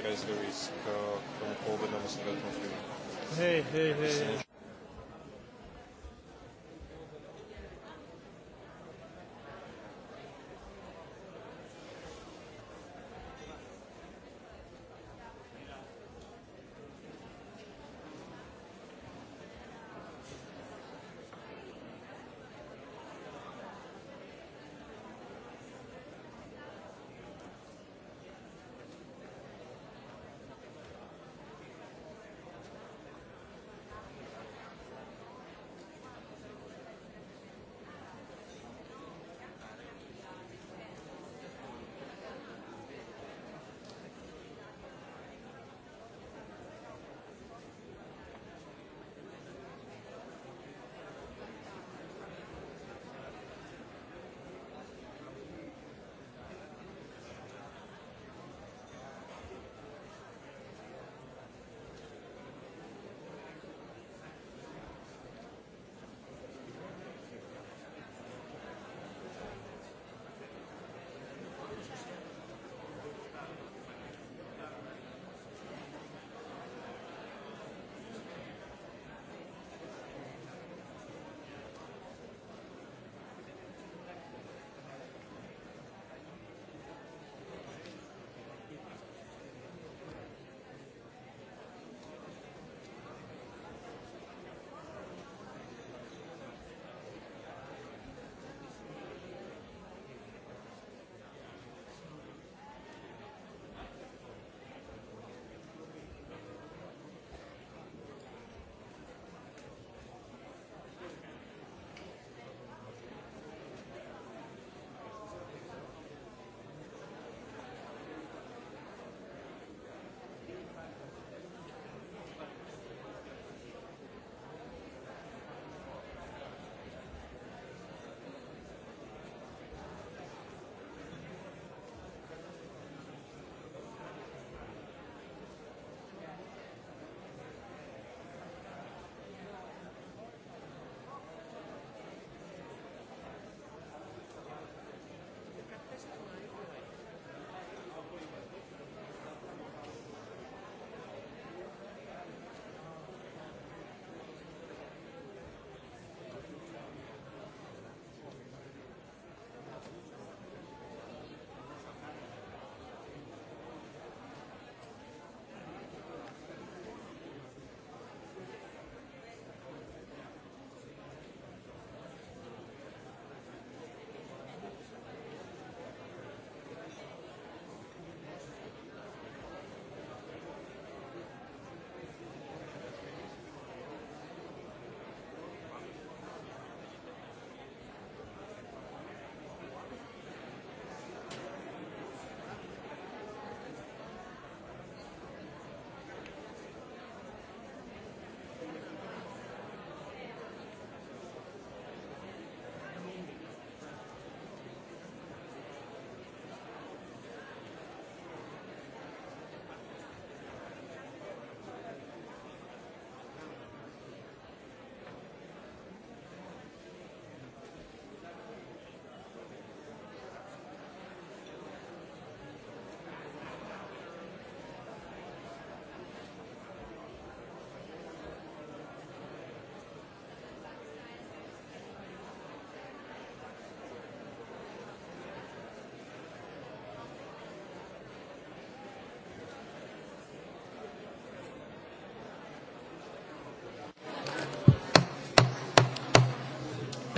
reizes risk uh, tomu pôvodnému svetu. Hej, hej, hej.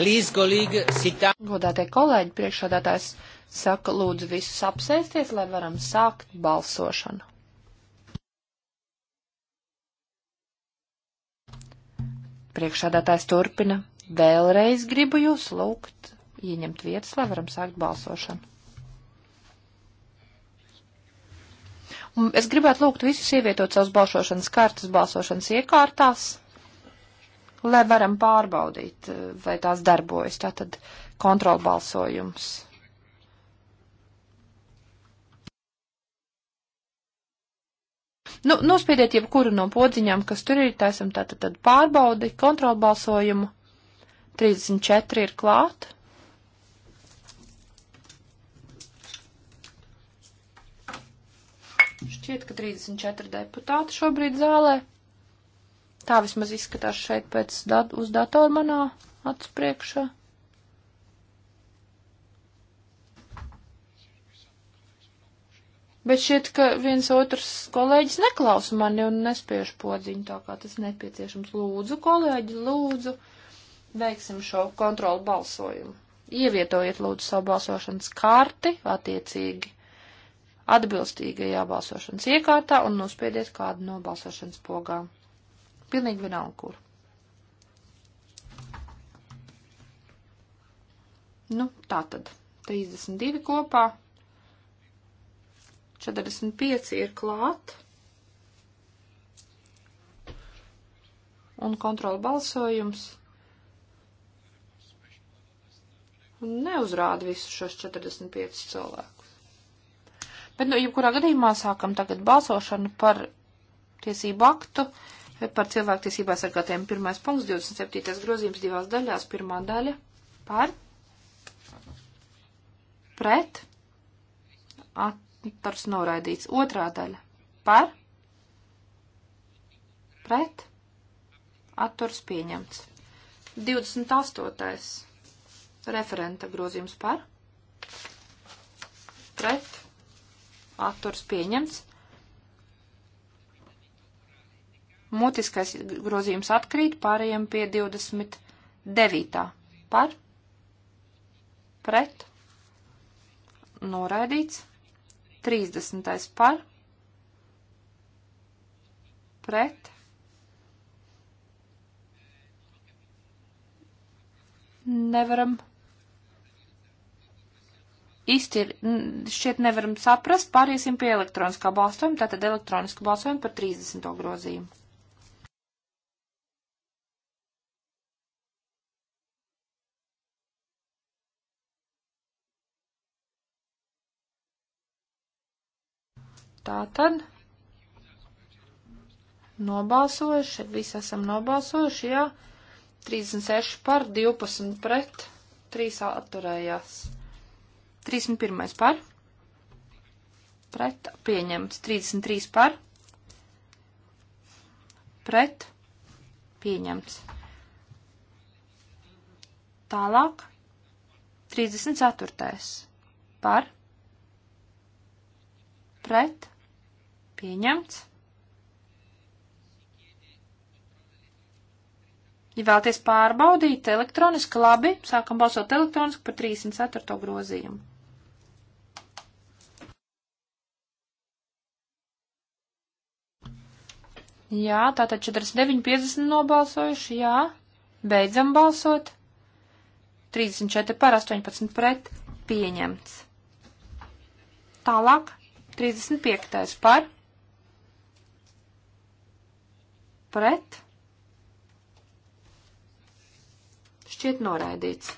Godātie kolēģi, priekšādātājs saka, lūdzu visus apsēsties, lai varam sākt balsošanu. Priekšādātājs turpina. Vēlreiz gribu jūs lūgt ieņemt vietas, lai varam sākt balsošanu. Un es gribētu lūgt visus ievietot savus balsošanas kartas balsošanas iekārtās lai varam pārbaudīt, eh, vai tās darbojas. Tātad kontrolbalsojums. Nu, nospiediet jebkuru no podziņām, kas tur ir, tā esam tātad tad pārbaudi, kontrolbalsojumu. 34 ir klāt. Šķiet, ka 34 deputāti šobrīd zālē. Tā vismaz izskatās šeit pēc dat uz datoru manā acu priekšā. Bet šķiet, ka viens otrs kolēģis neklausa mani un nespiež podziņu tā kā tas nepieciešams. Lūdzu, kolēģi, lūdzu, veiksim šo kontrolu balsojumu. Ievietojiet lūdzu savu balsošanas karti attiecīgi atbilstīgajā balsošanas iekārtā un nospiediet kādu no balsošanas pogām. Pilnīgi vienalga, kur. Nu, tā tad. 32 kopā. 45 ir klāt. Un kontrola balsojums. Un neuzrāda visus šos 45 cilvēkus. Bet, nu, jebkurā gadījumā sākam tagad balsošanu par tiesību aktu. Uh, par cilvēktiesībā sargātiem. Pirmais punkts, 27. grozījums divās daļās. Pirmā daļa par, pret, atturs noraidīts. Otrā daļa par, pret, atturs pieņemts. 28. referenta grozījums par, pret, atturs pieņemts. Mutiskais grozījums atkrīt, pārējiem pie 29. Par? Pret? Noraidīts. 30. Par? Pret? Nevaram īsti ir, šķiet nevaram saprast, pāriesim pie elektroniskā balsojuma, tātad elektronisku balsojumu par 30. grozījumu. Tātad nobalsojuši, visi esam nobalsojuši, jā, 36 par, 12 pret, 3 atturējās. 31 par, pret, pieņemts, 33 par, pret, pieņemts. Tālāk, 34 par, pret, pieņemts Pieņemts. Ja vēlaties pārbaudīt elektroniski, labi, sākam balsot elektroniski par 304. grozījumu. Jā, tātad 49,50 nobalsojuši, jā, beidzam balsot. 34 par 18 pret pieņemts. Tālāk 35. par pret, šķiet noraidīts.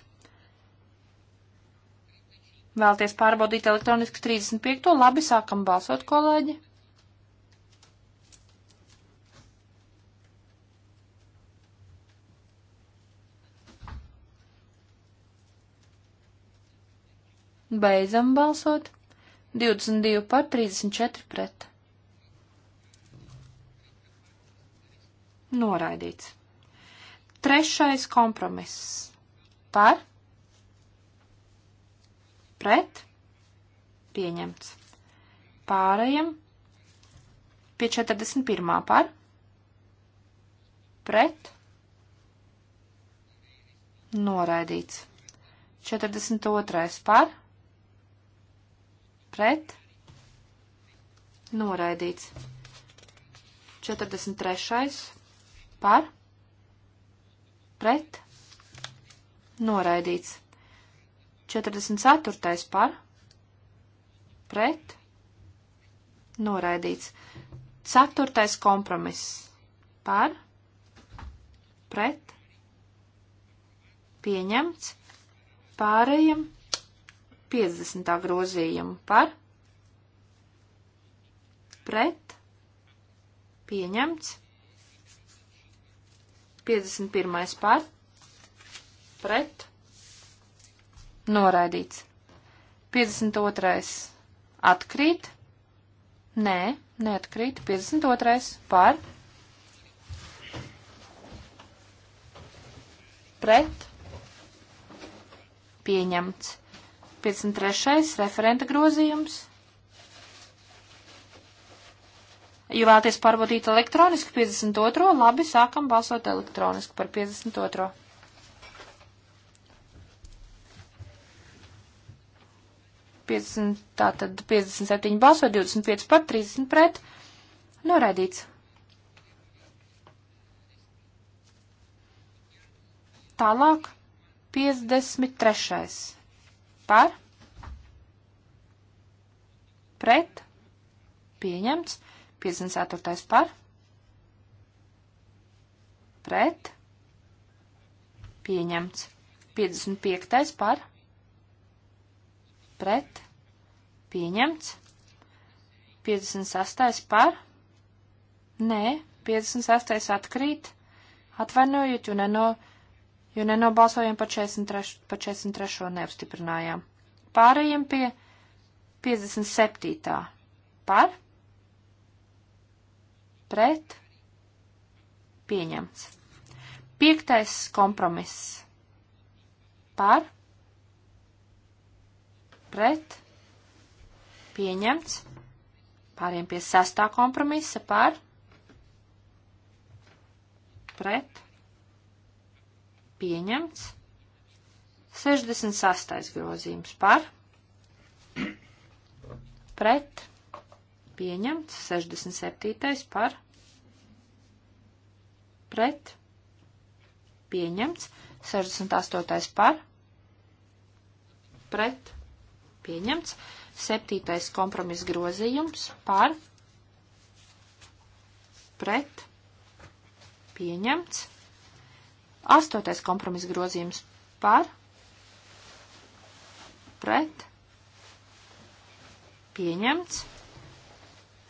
Vēlties pārbaudīt elektroniski 35. Labi, sākam balsot, kolēģi. Beidzam balsot. 22 par 34 pret. Noraidīts. Trešais kompromiss. Par. Pret. Pieņemts. Pārējiem. Pie 41. par. Pret. Noraidīts. 42. par. Pret. Noraidīts. 43 par, pret, noraidīts. 44. par, pret, noraidīts. 4. kompromiss par, pret, pieņemts. Pārējiem 50. grozījumu par, pret, pieņemts. 51. par, pret, noraidīts. 52. atkrīt, nē, neatkrīt, 52. par, pret, pieņemts. 53. referenta grozījums Ja vēlaties pārbaudīt elektroniski 52. labi, sākam balsot elektroniski par 52. Tātad 57 balso, 25 par, 30 pret. Noraidīts. Tālāk 53. Par. Pret. Pieņemts. 54. par, pret, pieņemts. 55. par, pret, pieņemts. 56. par, nē, 56. atkrīt, atvainojot, jo, neno, jo nenobalsojam par 43. par 43. neapstiprinājām. Pārējiem pie 57. par, pret pieņemts. Piektais kompromiss par pret pieņemts. Pāriem pie sastā kompromisa par pret pieņemts. 68. grozījums par pret pieņemts pieņemts, 67. par pret pieņemts, 68. par pret pieņemts, 7. kompromis grozījums par pret pieņemts, 8. kompromis grozījums par pret pieņemts.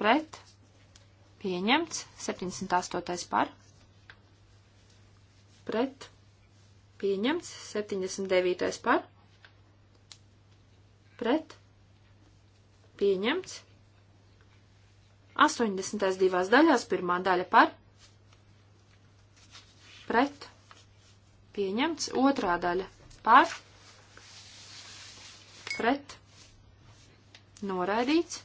pret, pieņemts, 78. par, pret, pieņemts, 79. par, pret, pieņemts, 80. divās daļās, pirmā daļa par, pret, pieņemts, otrā daļa par, pret, noraidīts,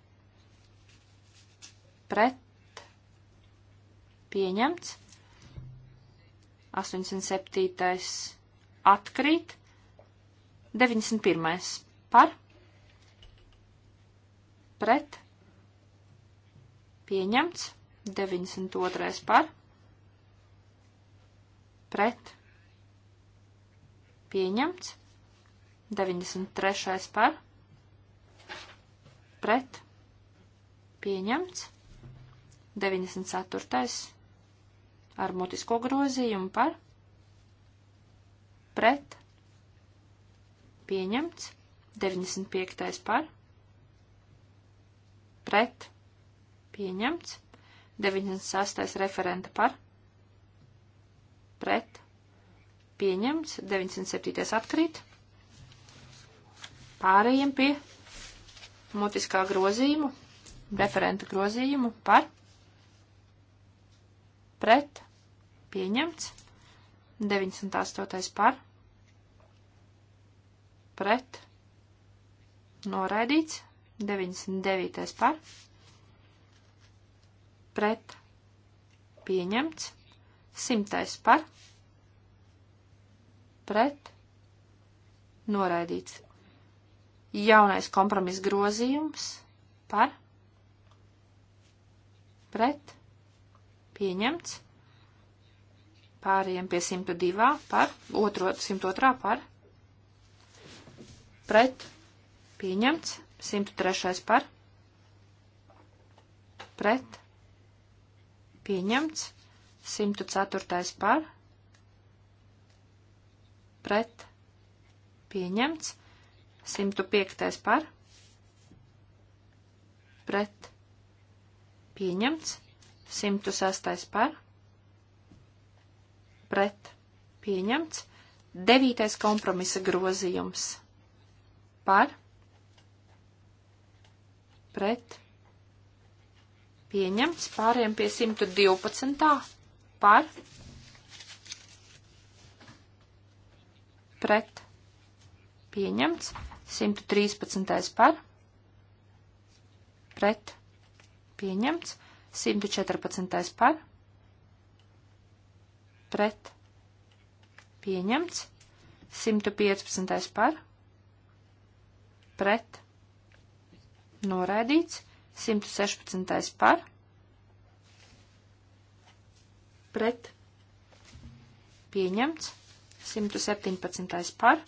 pret pieņemts. 87. atkrīt. 91. par pret pieņemts. 92. par pret pieņemts. 93. par pret pieņemts. 94. ar mutisko grozījumu par pret pieņemts. 95. par pret pieņemts. 96. referenta par pret pieņemts. 97. atkrīt. Pārējiem pie mutiskā grozījumu, referenta grozījumu par pret pret, pieņemts, 98. par, pret, noraidīts, 99. par, pret, pieņemts, 100. par, pret, noraidīts. Jaunais kompromis grozījums par, pret, pieņemts. Pāriem pie 102 par, otro 102 par, pret, pieņemts, 103 par, pret, pieņemts, 104 par, pret, pieņemts, 105 par, pret, pieņemts, 106. par, pret, pieņemts. 9. kompromisa grozījums par, pret, pieņemts. Pāriem pie 112. par, pret, pieņemts. 113. par, pret, pieņemts. 114. par, pret, pieņemts, 115. par, pret, noraidīts, 116. par, pret, pieņemts, 117. par,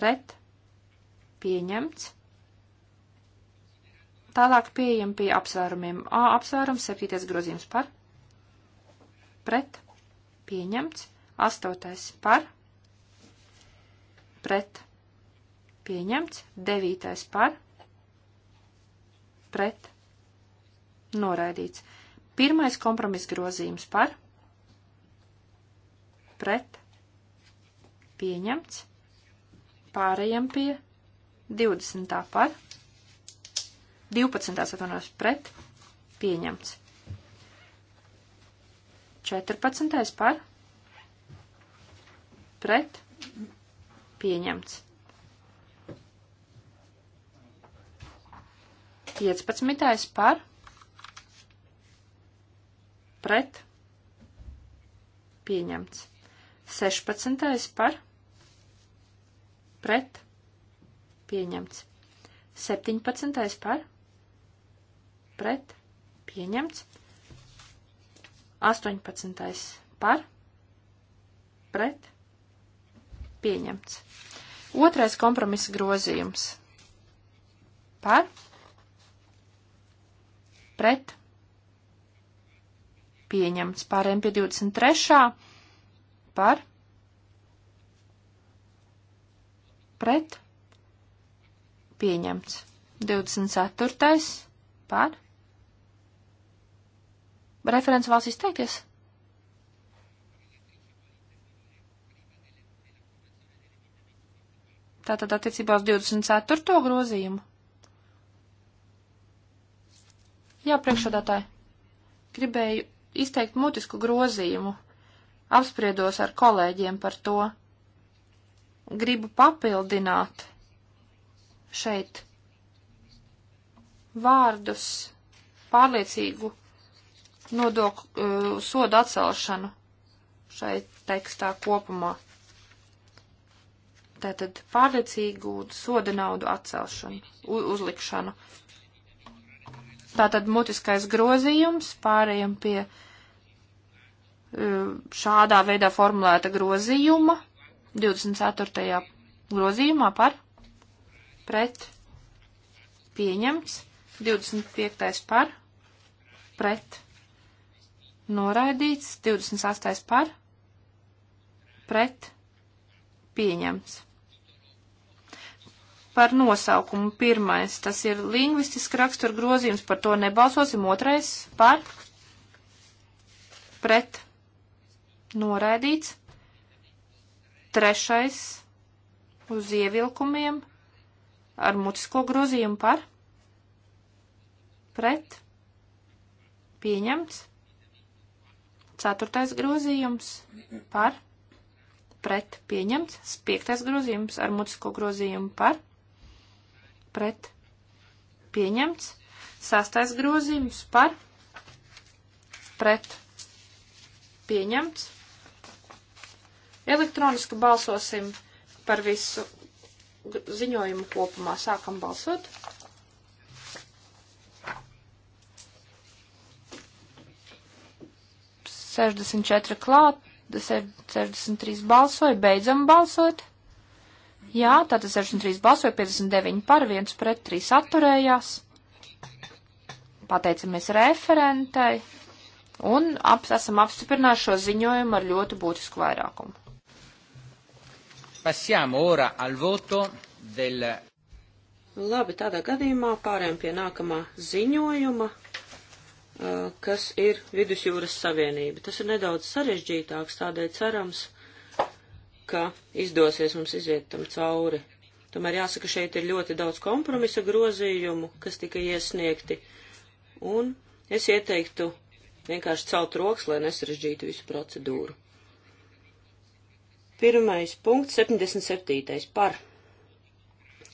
pret, pieņemts, Tālāk pieejam pie apsvērumiem. A apsvērums, septītais grozījums par, pret, pieņemts, astotais par, pret, pieņemts, devītais par, pret, noraidīts. Pirmais kompromiss grozījums par, pret, pieņemts, pārējiem pie 20. par, pret, 12. atvainojos pret pieņemts. 14. par pret pieņemts. 15. par pret pieņemts. 16. par pret pieņemts. 17. par pret pieņemts. 18. par pret pieņemts. Otrais kompromisa grozījums par pret pieņemts. Pārējiem pie 23. par pret pieņemts. 24. par pret Referents vēlas izteikties? Tātad attiecībā uz 24. grozījumu. Jā, priekšsādātāji, gribēju izteikt mutisku grozījumu. Apspriedos ar kolēģiem par to. Gribu papildināt šeit vārdus pārliecīgu nodok, uh, sodu atcelšanu šai tekstā kopumā. Tātad pārliecīgu soda naudu atcelšanu, uzlikšanu. Tātad mutiskais grozījums pārējiem pie uh, šādā veidā formulēta grozījuma 24. grozījumā par pret pieņemts 25. par pret noraidīts, 28 par, pret, pieņemts. Par nosaukumu pirmais, tas ir lingvistiski rakstur grozījums, par to nebalsosim, otrais par, pret, noraidīts, trešais uz ievilkumiem ar mutisko grozījumu par, pret, pieņemts. Ceturtais grozījums par pret pieņemts. Piektais grozījums ar mutisko grozījumu par pret pieņemts. Sastais grozījums par pret pieņemts. Elektroniski balsosim par visu ziņojumu kopumā. Sākam balsot. 64 klāt, 63 balsoja, beidzam balsot. Jā, tātad 63 balsoja, 59 par, 1 pret, 3 atturējās. Pateicamies referentai un ap, esam apstiprinājuši šo ziņojumu ar ļoti būtisku vairākumu. Passiamo ora al voto del Labi, tādā gadījumā pārējām pie nākamā ziņojuma, kas ir Vidusjūras Savienība. Tas ir nedaudz sarežģītāks, tādēļ cerams, ka izdosies mums iziet tam cauri. Tomēr jāsaka, šeit ir ļoti daudz kompromisa grozījumu, kas tika iesniegti, un es ieteiktu vienkārši celt rokas, lai nesarežģītu visu procedūru. Pirmais punkts, 77. par,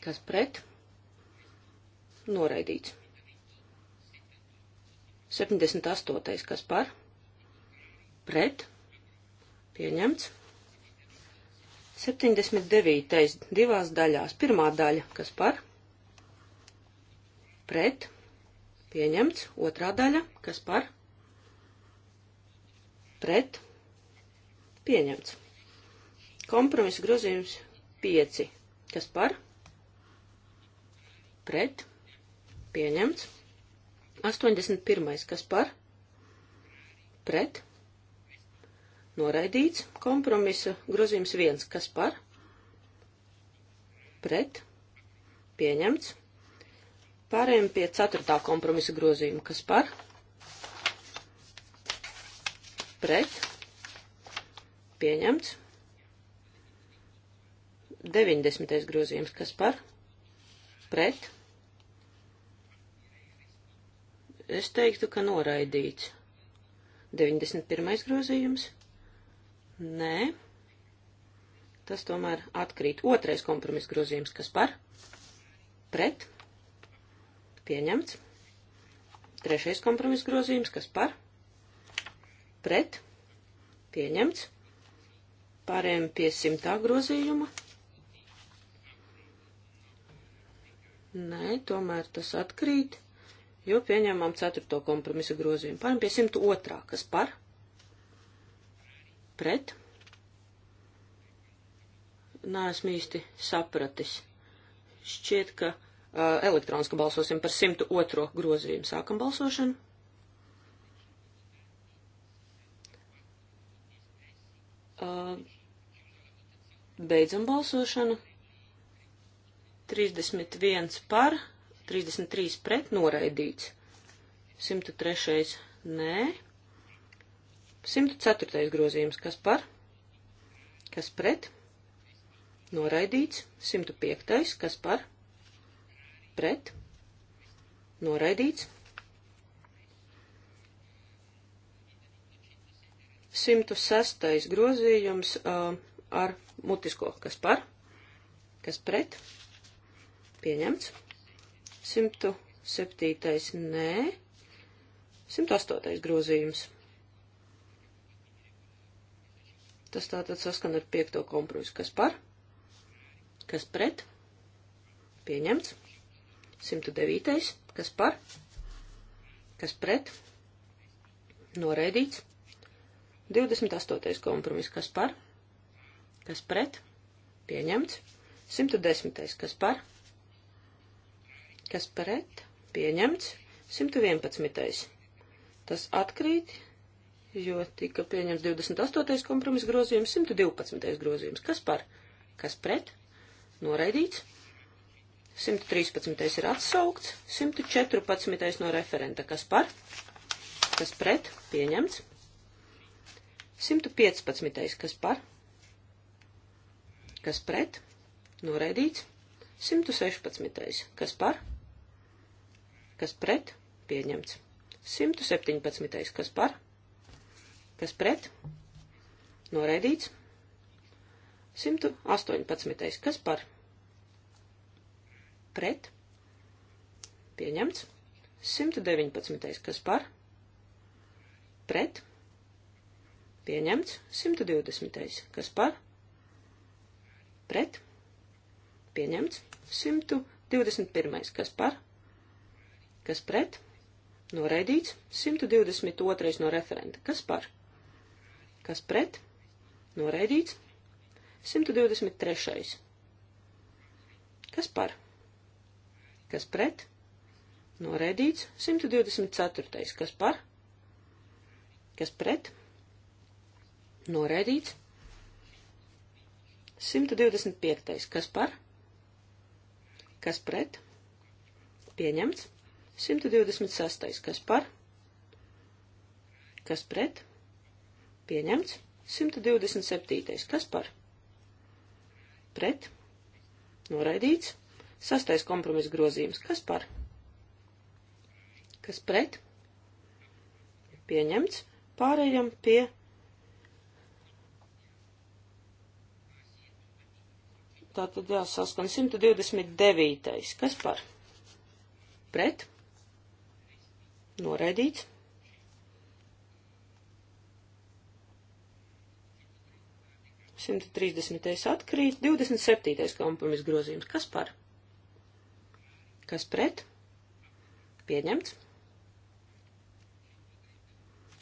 kas pret, noraidīts. 78. kas par? Pret. Pieņemts. 79. divās daļās. Pirmā daļa, kas par? Pret. Pieņemts. Otrā daļa, kas par? Pret. Pieņemts. Kompromisa grozījums 5. Kas par? Pret. Pieņemts. 81. kas par? Pret. Noraidīts. Kompromisa grozījums 1. kas par? Pret. Pieņemts. Pārējiem pie 4. kompromisa grozījuma. Kas par? Pret. Pieņemts. 90. grozījums. Kas par? Pret Es teiktu, ka noraidīts. 91. grozījums? Nē. Tas tomēr atkrīt. Otrais kompromiss grozījums, kas par? Pret. Pieņemts. Trešais kompromiss grozījums, kas par? Pret. Pieņemts. Pārējiem pie simtā grozījuma. Nē, tomēr tas atkrīt jo pieņēmām 4. kompromisa grozījumu. Pārim pie 102. kas par? Pret? Nēsmu īsti sapratis. Šķiet, ka uh, elektroniski balsosim par 102. grozījumu. Sākam balsošanu. Uh, beidzam balsošanu. 31 par, 33 pret noraidīts. 103. Nē. 104. grozījums. Kas par? Kas pret? Noraidīts. 105. Kas par? Pret? Noraidīts. 106. grozījums uh, ar mutisko. Kas par? Kas pret? Pieņemts. 107. nē. 108. grozījums. Tas tātad saskan ar 5. kompromisu. Kas par? Kas pret? Pieņemts. 109. Kas par? Kas pret? Noraidīts. 28. kompromiss. Kas par? Kas pret? Pieņemts. 110. Kas par? Kas pret? Pieņemts. 111. Tas atkrīt, jo tika pieņemts 28. kompromis grozījums, 112. grozījums. Kas par? Kas pret? Noraidīts. 113. ir atsaukts, 114. no referenta. Kas par? Kas pret? Pieņemts. 115. Kas par? Kas pret? Noraidīts. 116. Kas par? kas pret, pieņemts. 117. kas par, kas pret, noraidīts. 118. kas par, pret, pieņemts. 119. kas par, pret, pieņemts. 120. kas par, pret, pieņemts. 121. kas par, pret Kas pret? Noraidīts. 122. no referenta. Kas par? Kas pret? Noraidīts. 123. Kas par? Kas pret? Noraidīts. 124. Kas par? Kas pret? Noraidīts. 125. Kas par? Kas pret? Pieņemts. 126. Kas par? Kas pret? Pieņemts. 127. Kas par? Pret? Noraidīts. Sastais kompromiss grozījums. Kas par? Kas pret? Pieņemts. Pārējam pie tātad jāsaskan 129. Kas par? Pret? Noraidīts. Simt trīsdesmitais atkrīt. Divdesmit septītais kompromis grozījums. Kas par? Kas pret? Pieņemts.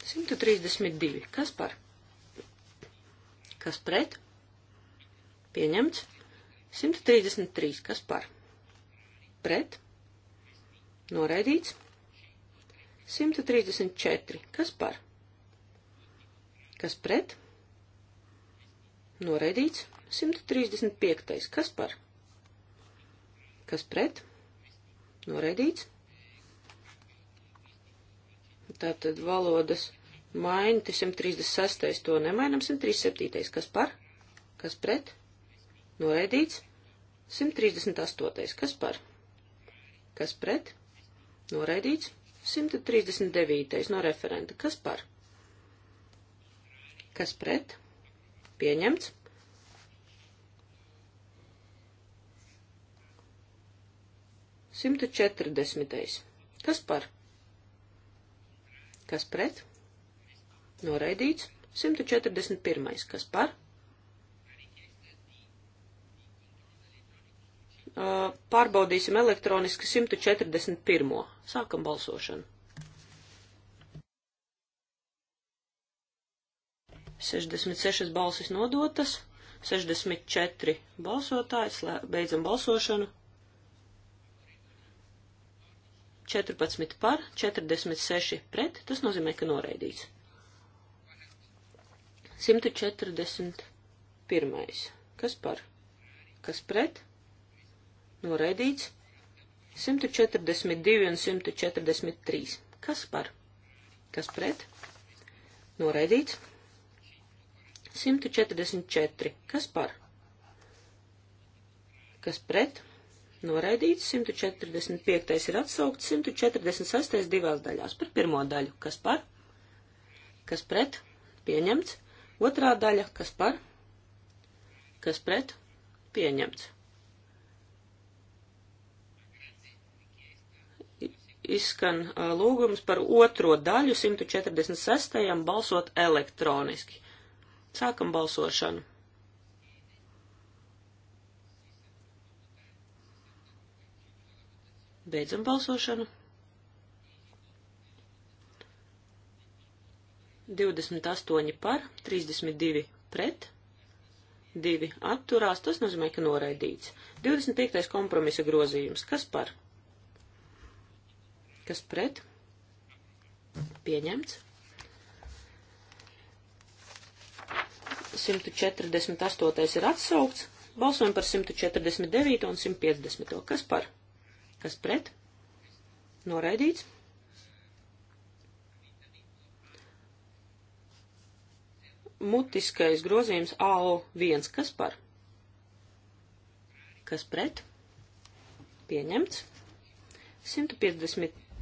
132. Kas par? Kas pret? Pieņemts. 133. Kas par? Pret? Noraidīts. 134. Kas par? Kas pret? Noraidīts. 135. Kas par? Kas pret? Noraidīts. Tātad valodas maini 136. to nemainam. 137. Kas par? Kas pret? Noraidīts. 138. Kas par? Kas pret? Noraidīts. 139. no referenta. Kas par? Kas pret? Pieņemts. Simta četrdesmitais. Kas par? Kas pret? Noraidīts. 141. Kas par? Uh, pārbaudīsim elektroniski 141. Sākam balsošanu. 66 balsis nodotas, 64 balsotāji, beidzam balsošanu. 14 par, 46 pret, tas nozīmē, ka noraidīts. 141. Kas par? Kas pret? Noraidīts. 142 un 143. Kas par? Kas pret? Noraidīts. 144. Kas par? Kas pret? Noraidīts. 145. ir atsaukts. 146. divās daļās. Par pirmo daļu. Kas par? Kas pret? Pieņemts. Otrā daļa. Kas par? Kas pret? Pieņemts. izskan uh, lūgums par otro daļu 146. balsot elektroniski. Sākam balsošanu. Beidzam balsošanu. 28 par, 32 pret, 2 atturās, tas nozīmē, ka noraidīts. 25. kompromisa grozījums. Kas par? Kas pret? Pieņemts. 148. ir atsaukts. Balsojam par 149. un 150. Kas par? Kas pret? Noraidīts. Mutiskais grozījums AO1. Kas par? Kas pret? Pieņemts. 150.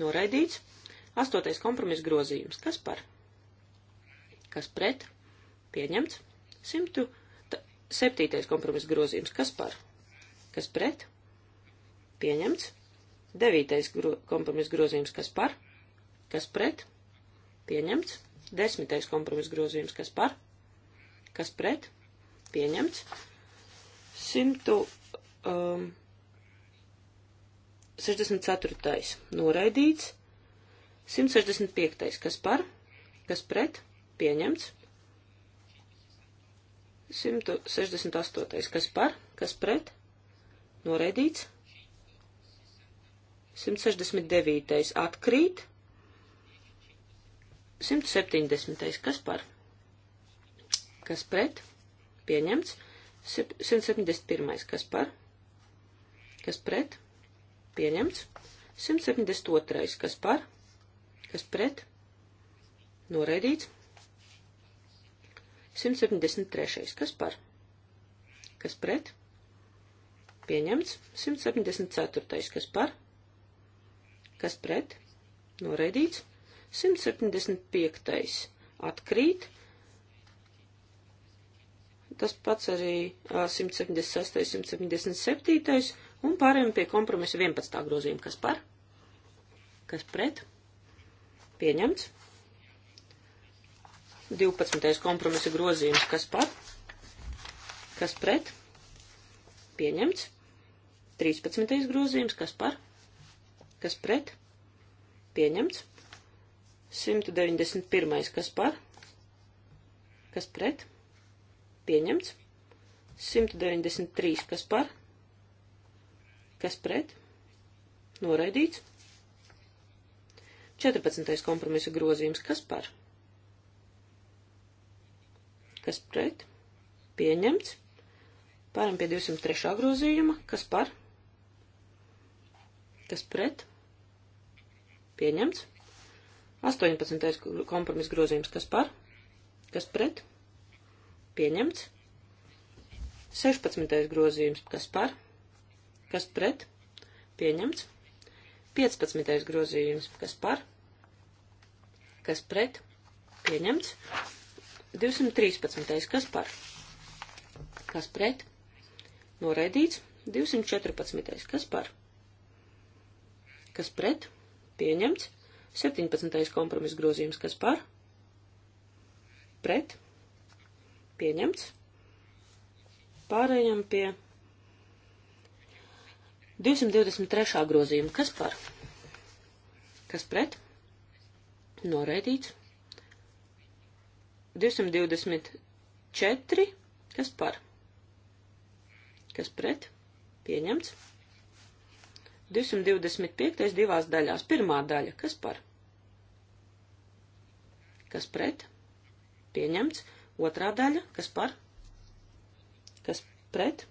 Noraidīts. Astotais kompromiss grozījums. Kas par? Kas pret? Pieņemts. 107. kompromiss grozījums. Kas par? Kas pret? Pieņemts. 9. Gro kompromiss grozījums. Kas par? Kas pret? Pieņemts. 10. kompromiss grozījums. Kas par? Kas pret? Pieņemts. 100. Um, 64. noraidīts, 165. kas par, kas pret, pieņemts, 168. kas par, kas pret, noraidīts, 169. atkrīt, 170. kas par, kas pret, pieņemts, 171. kas par, kas pret, Pieņemts. 172. Kas par? Kas pret? Noraidīts. 173. Kas par? Kas pret? Pieņemts. 174. Kas par? Kas pret? Noraidīts. 175. Atkrīt. Tas pats arī 176, 177 un pārējām pie kompromisa 11. grozījuma. Kas par? Kas pret? Pieņemts. 12. kompromisa grozījums. Kas par? Kas pret? Pieņemts. 13. grozījums. Kas par? Kas pret? Pieņemts. 191. Kas par? Kas pret? Pieņemts. 193. Kas par? Kas pret? Noraidīts. 14. kompromisa grozījums. Kas par? Kas pret? Pieņemts. Pāram pie 203. grozījuma. Kas par? Kas pret? Pieņemts. 18. kompromisa grozījums. Kas par? Kas pret? Pieņemts. 16. grozījums, kas par, kas pret, pieņemts. 15. grozījums, kas par, kas pret, pieņemts. 213. kas par, kas pret, noraidīts. 214. kas par, kas pret, pieņemts. 17. kompromis grozījums, kas par, pret, pieņemts Pieņemts. Pārējām pie 223. grozījuma. Kas par? Kas pret? Noraidīts. 224. Kas par? Kas pret? Pieņemts. 225. divās daļās. Pirmā daļa. Kas par? Kas pret? Pieņemts. Otrā daļa, kas par, kas pret.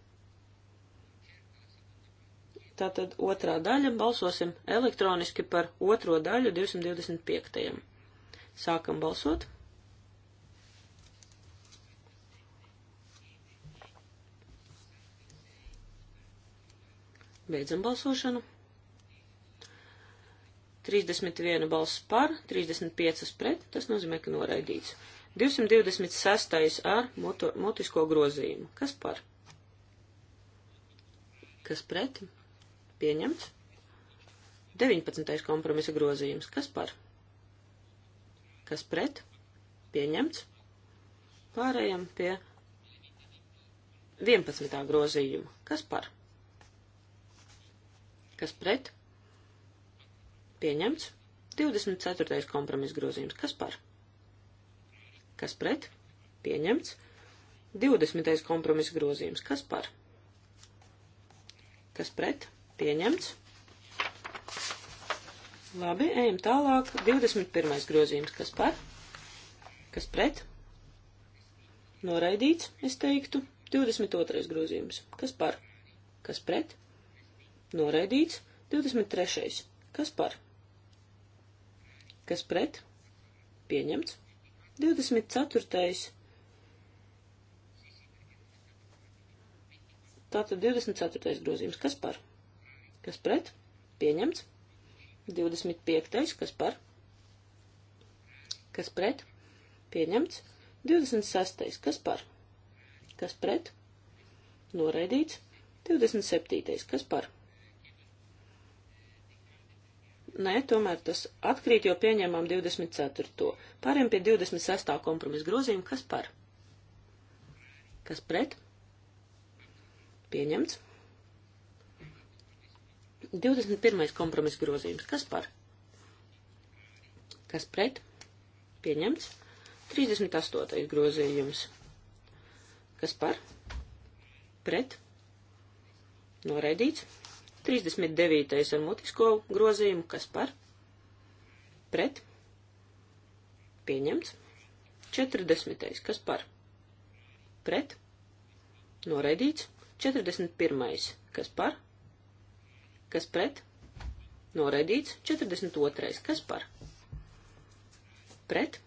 Tātad otrā daļa, balsosim elektroniski par otro daļu 225. Sākam balsot. Beidzam balsošanu. 31 balss par, 35 pret, tas nozīmē, ka noraidīts. 226. ar mutu, mutisko grozījumu. Kas par? Kas pret? Pieņemts. 19. kompromisa grozījums. Kas par? Kas pret? Pieņemts. Pārējām pie 11. grozījuma. Kas par? Kas pret? Pieņemts. 24. kompromisa grozījums. Kas par? Kas pret? Pieņemts. 20. kompromisa grozījums. Kas par? Kas pret? Pieņemts. Labi, ejam tālāk. 21. grozījums. Kas par? Kas pret? Noraidīts, es teiktu. 22. grozījums. Kas par? Kas pret? Noraidīts. 23. Kas par? Kas pret? Pieņemts. 24. Tātad 24. grozījums. Kas par? Kas pret? Pieņemts. 25. Kas par? Kas pret? Pieņemts. 26. Kas par? Kas pret? Noraidīts. 27. Kas par? Nē, tomēr tas atkrīt, jo pieņēmām 24. Pāriem pie 26. kompromisa grozījuma, kas par? Kas pret? Pieņemts. 21. kompromisa grozījums, kas par? Kas pret? Pieņemts. 38. grozījums, kas par? Pret? Noraidīts. 39. ar mutisko grozījumu, kas par? Pret. Pieņemts. 40. kas par? Pret. Noraidīts. 41. kas par? Kas pret? Noraidīts. 42. kas par? Pret.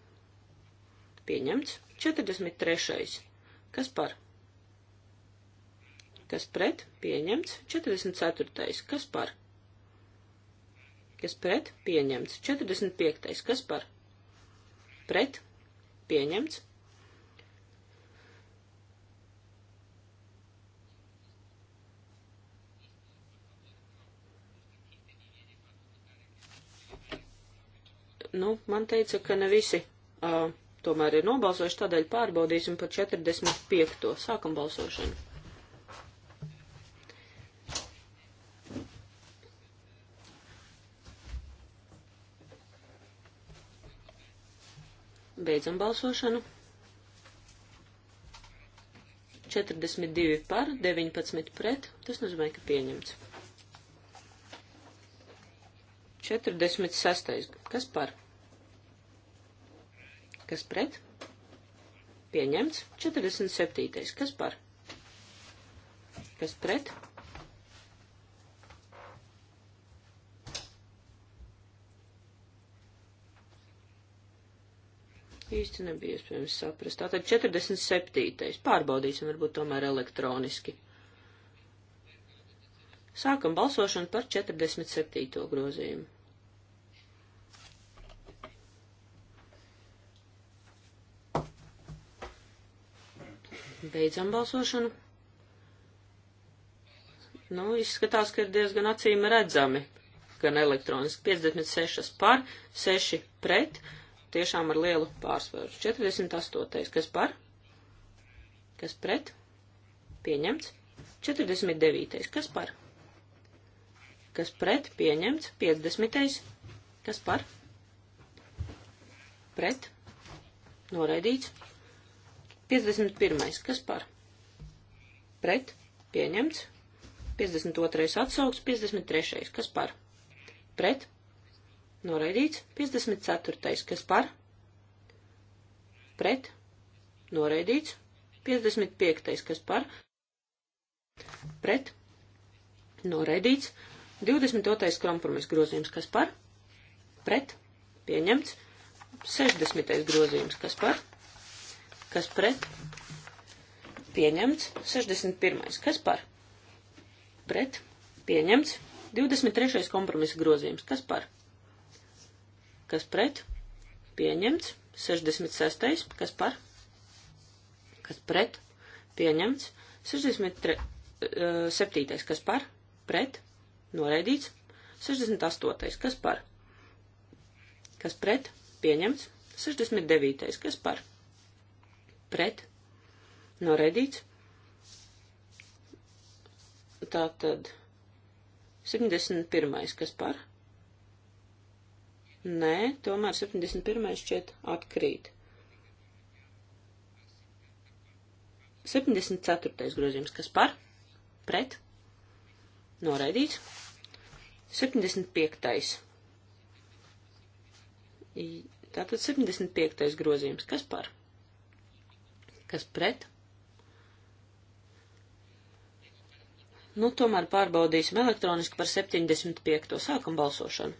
Pieņemts. 43. kas par? Kas pret? Pieņemts. 44. Kas par? Kas pret? Pieņemts. 45. Kas par? Pret? Pieņemts. Nu, man teica, ka ne visi uh, tomēr ir nobalsojuši, tādēļ pārbaudīsim par 45. Sākam balsošanu. Beidzam balsošanu. 42 par, 19 pret. Tas nozīmē, ka pieņemts. 46. Kas par? Kas pret? Pieņemts. 47. Kas par? Kas pret? īsti nebija iespējams saprast. Tātad 47. pārbaudīsim varbūt tomēr elektroniski. Sākam balsošanu par 47. grozījumu. Beidzam balsošanu. Nu, izskatās, ka ir diezgan acīm redzami, gan elektroniski 56 par, 6 pret, tiešām ar lielu pārsvaru. 48. kas par, kas pret, pieņemts. 49. kas par, kas pret, pieņemts. 50. kas par, pret, noraidīts. 51. kas par, pret, pieņemts. 52. atsaugs, 53. kas par, pret, Noraidīts. 54. Kas par? Pret. Noraidīts. 55. Kas par? Pret. Noraidīts. 22. kompromis grozījums. Kas par? Pret. Pieņemts. 60. grozījums. Kas par? Kas pret? Pieņemts. 61. Kas par? Pret. Pieņemts. 23. kompromisa grozījums. Kas par? kas pret, pieņemts. 66. kas par, kas pret, pieņemts. 67. Eh, kas par, pret, noraidīts. 68. kas par, kas pret, pieņemts. 69. kas par, pret, noraidīts. Tātad 71. kas par, Nē, tomēr 71. šķiet atkrīt. 74. grozījums, kas par, pret, noraidīts. 75. Tātad 75. grozījums, kas par, kas pret. Nu, tomēr pārbaudīsim elektroniski par 75. sākam balsošanu.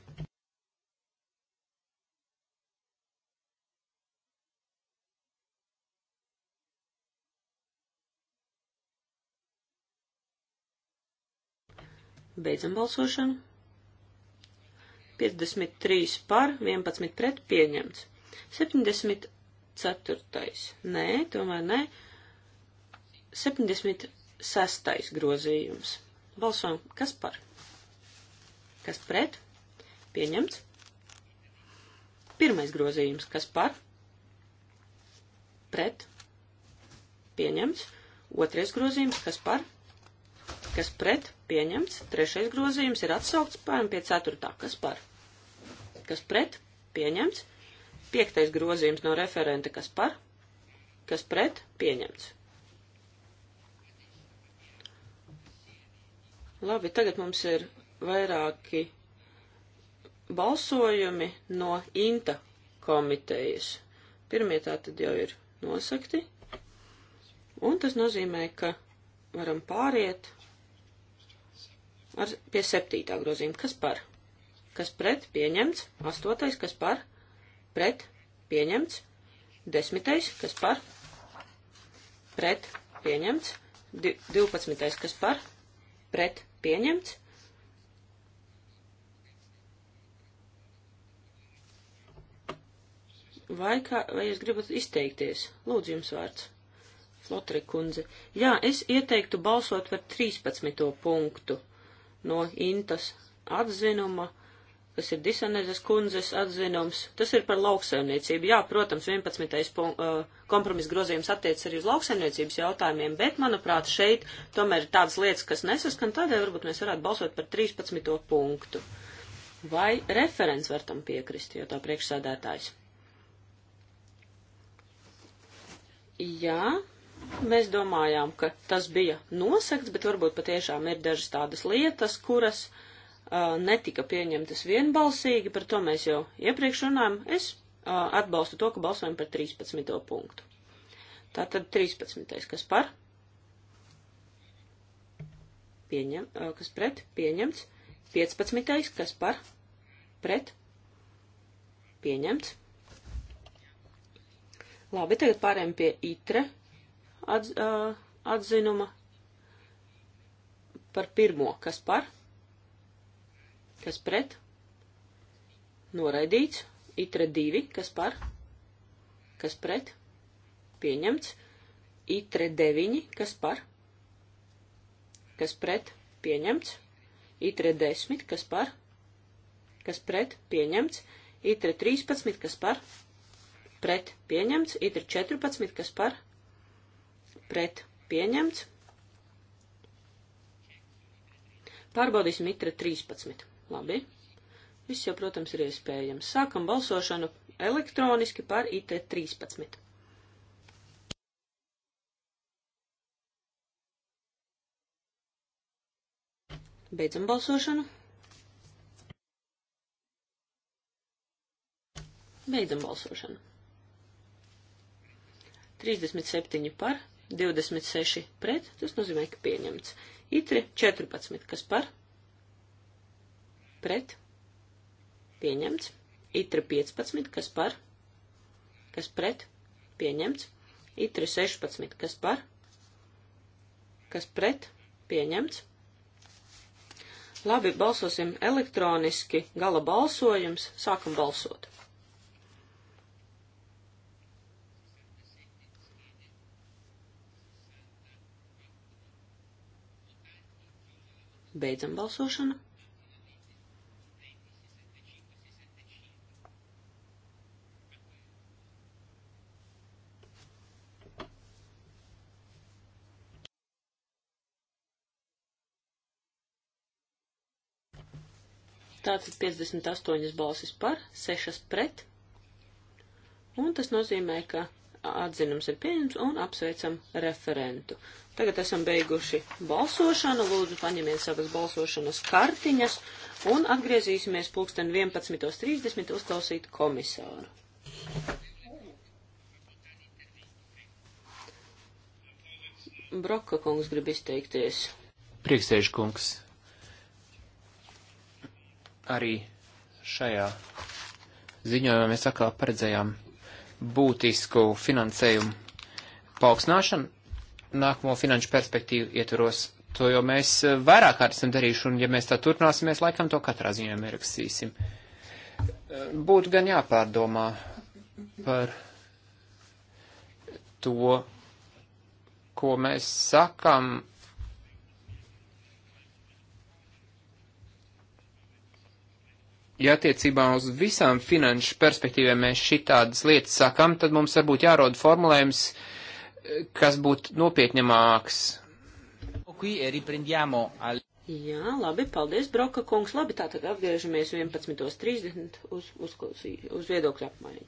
Beidzam balsošanu. 53 par, 11 pret pieņemts. 74. Nē, tomēr nē. 76. grozījums. Balsojam, kas par? Kas pret? Pieņemts. Pirmais grozījums, kas par? Pret. Pieņemts. Otrais grozījums, kas par? Kas pret? pieņemts, trešais grozījums ir atsaukts, pārējām pie ceturtā, kas par, kas pret, pieņemts, piektais grozījums no referenta, kas par, kas pret, pieņemts. Labi, tagad mums ir vairāki balsojumi no INTA komitejas. Pirmie tā tad jau ir nosakti, un tas nozīmē, ka varam pāriet ar pie septītā grozījuma. Kas par? Kas pret? Pieņemts. Astotais. Kas par? Pret. Pieņemts. Desmitais. Kas par? Pret. Pieņemts. Divpadsmitais. Kas par? Pret. Pieņemts. Vai, kā, vai jūs gribat izteikties? Lūdzu, jums vārds. Flotri kundze. Jā, es ieteiktu balsot par 13. punktu no Intas atzinuma, kas ir Disanezes kundzes atzinums. Tas ir par lauksaimniecību. Jā, protams, 11. kompromisa grozījums attiec arī uz lauksaimniecības jautājumiem, bet, manuprāt, šeit tomēr ir tādas lietas, kas nesaskan, tādēļ varbūt mēs varētu balsot par 13. punktu. Vai referents var tam piekrist, jo tā priekšsēdētājs? Jā, Mēs domājām, ka tas bija nosakts, bet varbūt patiešām ir dažas tādas lietas, kuras uh, netika pieņemtas vienbalsīgi, par to mēs jau iepriekš runājam. Es uh, atbalstu to, ka balsojam par 13. punktu. Tātad 13. kas par? Pieņem, uh, kas pret? Pieņemts. 15. kas par? Pret? Pieņemts. Labi, tagad pārējām pie itre atz, uh, atzinuma par pirmo, kas par, kas pret, noraidīts, itre divi, kas par, kas pret, pieņemts, itre deviņi, kas par, kas pret, pieņemts, itre desmit, kas par, kas pret, pieņemts, itre trīspadsmit, kas par, pret, pieņemts, itre četrpadsmit, kas par, pret pieņemts. Pārbaudīsim itra 13. Labi. Viss jau, protams, ir iespējams. Sākam balsošanu elektroniski par IT 13. Beidzam balsošanu. Beidzam balsošanu. 37 par, 26 pret, tas nozīmē, ka pieņemts. Itri 14, kas par? Pret. Pieņemts. Itri 15, kas par? Kas pret? Pieņemts. Itri 16, kas par? Kas pret? Pieņemts. Labi, balsosim elektroniski. Gala balsojums. Sākam balsot. Beidzam balsošanu. Tātad 58 balsis par, 6 pret, un tas nozīmē, ka Atzinums ir pieņems un apsveicam referentu. Tagad esam beiguši balsošanu. Lūdzu, paņemiet savas balsošanas kartiņas un atgriezīsimies pulksten 11.30 uzklausīt komisāru. Broka kungs grib izteikties. Priekstēžu kungs. Arī šajā ziņojumā mēs atkal paredzējām būtisku finansējumu paaugstināšanu nākamo finanšu perspektīvu ietvaros. To jau mēs eh, vairāk kārt esam darījuši, un ja mēs tā turpināsimies, laikam to katrā ziņā ierakstīsim. Eh, būtu gan jāpārdomā par to, ko mēs sakam ja attiecībā uz visām finanšu perspektīvām mēs šitādas lietas sakam, tad mums varbūt jāroda formulējums, kas būtu nopietņamāks. E, Jā, labi, paldies, Broka kungs. Labi, tā tad atgriežamies 11.30 uz, uz, uz viedokļu apmaiņu.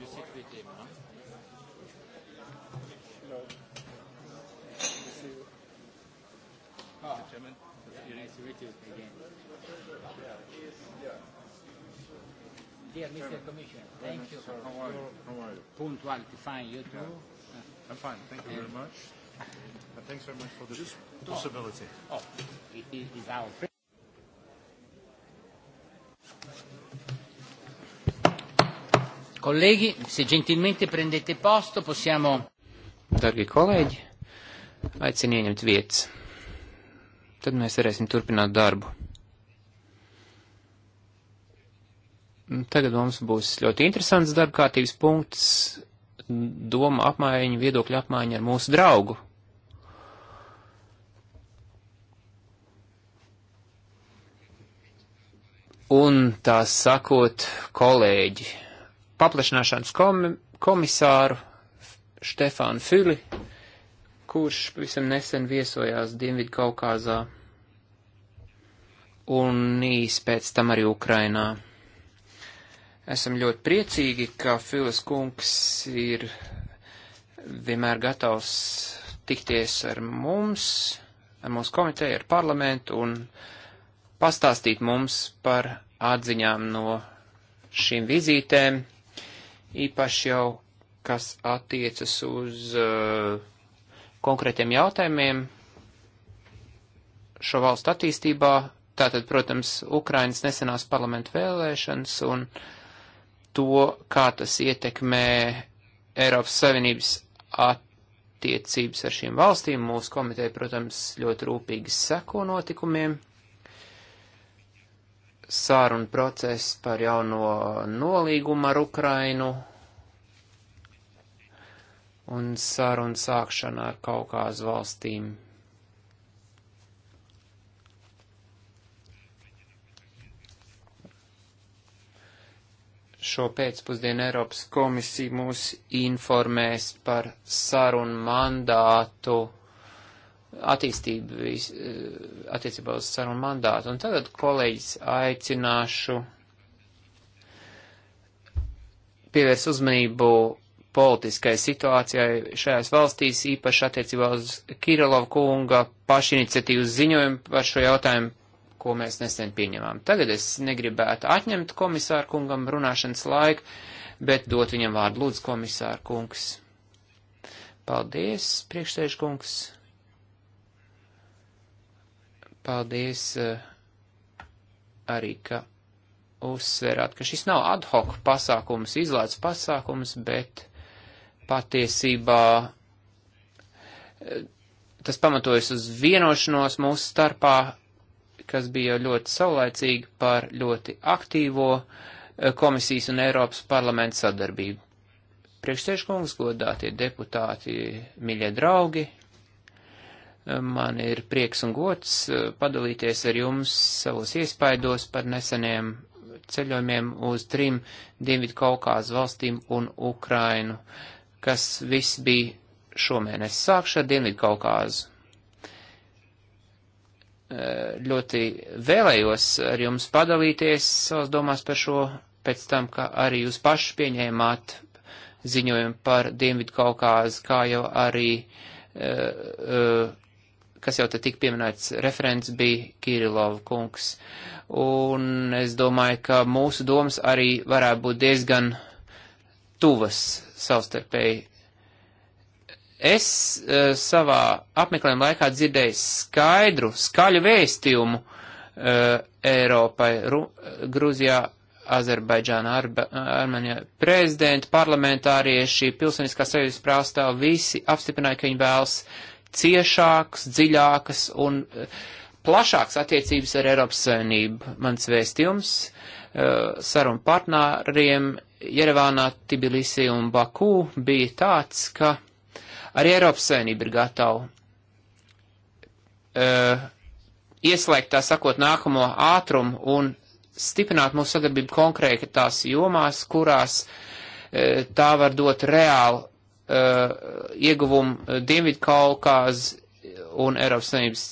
Du sitter vid Tim, va? Ja, men det ser ut med game. Dear Mr. Commissioner, thank you. How are you? How are you? Punctuality, fine. You too? Yeah. I'm fine. Thank you very um, much. And thanks very much for this Just possibility. Oh, it is our. Colleghi, se gentilmente prendete posto, possiamo. Dargie kolēģi, aicinu ieņemt vietas. Tad mēs varēsim turpināt darbu. Tagad mums būs ļoti interesants darba kārtības punkts - doma apmaiņa, viedokļa apmaiņa ar mūsu draugu. Un tā sakot, kolēģi paplašināšanas komisāru Štefānu Fili, kurš visam nesen viesojās Dienvidu Kaukāzā un īs pēc tam arī Ukrainā. Esam ļoti priecīgi, ka Filis kungs ir vienmēr gatavs tikties ar mums, ar mūsu komiteju, ar parlamentu un pastāstīt mums par atziņām no šīm vizītēm īpaši jau, kas attiecas uz uh, konkrētiem jautājumiem šo valstu attīstībā. Tātad, protams, Ukrainas nesenās parlamentu vēlēšanas un to, kā tas ietekmē Eiropas Savienības attiecības ar šīm valstīm. Mūsu komiteja, protams, ļoti rūpīgi seko notikumiem sārunu process par jauno nolīgumu ar Ukrainu un sārunu sākšana ar Kaukāzu valstīm. Šo pēcpusdienu Eiropas komisija mūs informēs par sarunu mandātu attīstību vis, eh, attiecībā uz sarunu mandātu. Un tagad kolēģis aicināšu pievērst uzmanību politiskai situācijai šajās valstīs, īpaši attiecībā uz Kirilov kunga pašiniciatīvas ziņojumu par šo jautājumu, ko mēs nesen pieņemām. Tagad es negribētu atņemt komisāru kungam runāšanas laiku, bet dot viņam vārdu lūdzu komisāru kungs. Paldies, priekšsēžu kungs. Paldies eh, arī, ka uzsverāt, ka šis nav ad hoc pasākums, izlaids pasākums, bet patiesībā eh, tas pamatojas uz vienošanos mūsu starpā, kas bija ļoti saulēcīgi par ļoti aktīvo eh, komisijas un Eiropas parlamenta sadarbību. Priekšsēžkungs, godātie deputāti, miļie draugi, Man ir prieks un gods eh, padalīties ar jums savos iespaidos par neseniem ceļojumiem uz trim Dienvidu Kaukāzu valstīm un Ukrainu, kas viss bija šomēnes. Sākšu ar Dienvidu Kaukāzu. Eh, ļoti vēlējos ar jums padalīties savas domās par šo, pēc tam, ka arī jūs paši pieņēmāt ziņojumu par Dienvidu Kaukāzu, kā jau arī uh, uh, kas jau te tik pieminēts referents, bija Kirilov kungs. Un es domāju, ka mūsu domas arī varētu būt diezgan tuvas savstarpēji. Es uh, savā apmeklējuma laikā dzirdēju skaidru, skaļu vēstījumu uh, Eiropai, Ru Gruzijā, Azerbaidžāna, Armēnijā. Prezidenti, parlamentārieši, pilsoniskā savienības prāstāv, visi apstiprināja, ka viņi vēlas uh, ciešākas, dziļākas un eh, plašākas attiecības ar Eiropas Savienību. Mans vēstījums eh, sarunu partneriem Jerevānā, Tbilisī un Bakū bija tāds, ka arī Eiropas Savienība ir gatava uh, eh, ieslēgt, tā sakot, nākamo ātrumu un stiprināt mūsu sadarbību konkrēti tās jomās, kurās uh, tā var dot reālu Uh, ieguvumu uh, Dienvidkaukāz un Eiropas Savienības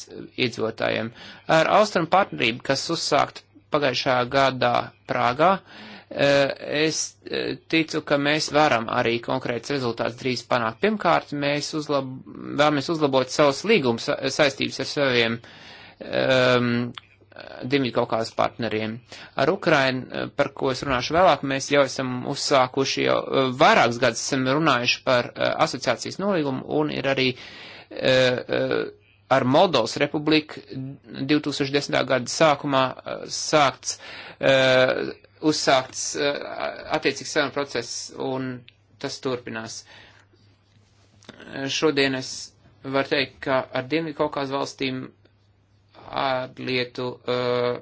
iedzīvotājiem. Ar austrumu partnerību, kas uzsākt pagājušā gadā Prāgā, uh, es ticu, ka mēs varam arī konkrēts rezultāts drīz panākt. Pirmkārt, mēs uzlab vēlamies uzlabot savus līgumus saistības ar saviem um, Dienvidkaukās partneriem. Ar Ukrainu, eh, par ko es runāšu vēlāk, mēs jau esam uzsākuši, jau eh, vairākus gadus esam runājuši par eh, asociācijas nolīgumu un ir arī ar Moldovas republiku 2010. gada sākumā sākts, uzsākts attiecīgs sarunu process un tas turpinās. Šodien es varu teikt, ka ar Dienvidkaukās valstīm ārlietu eh,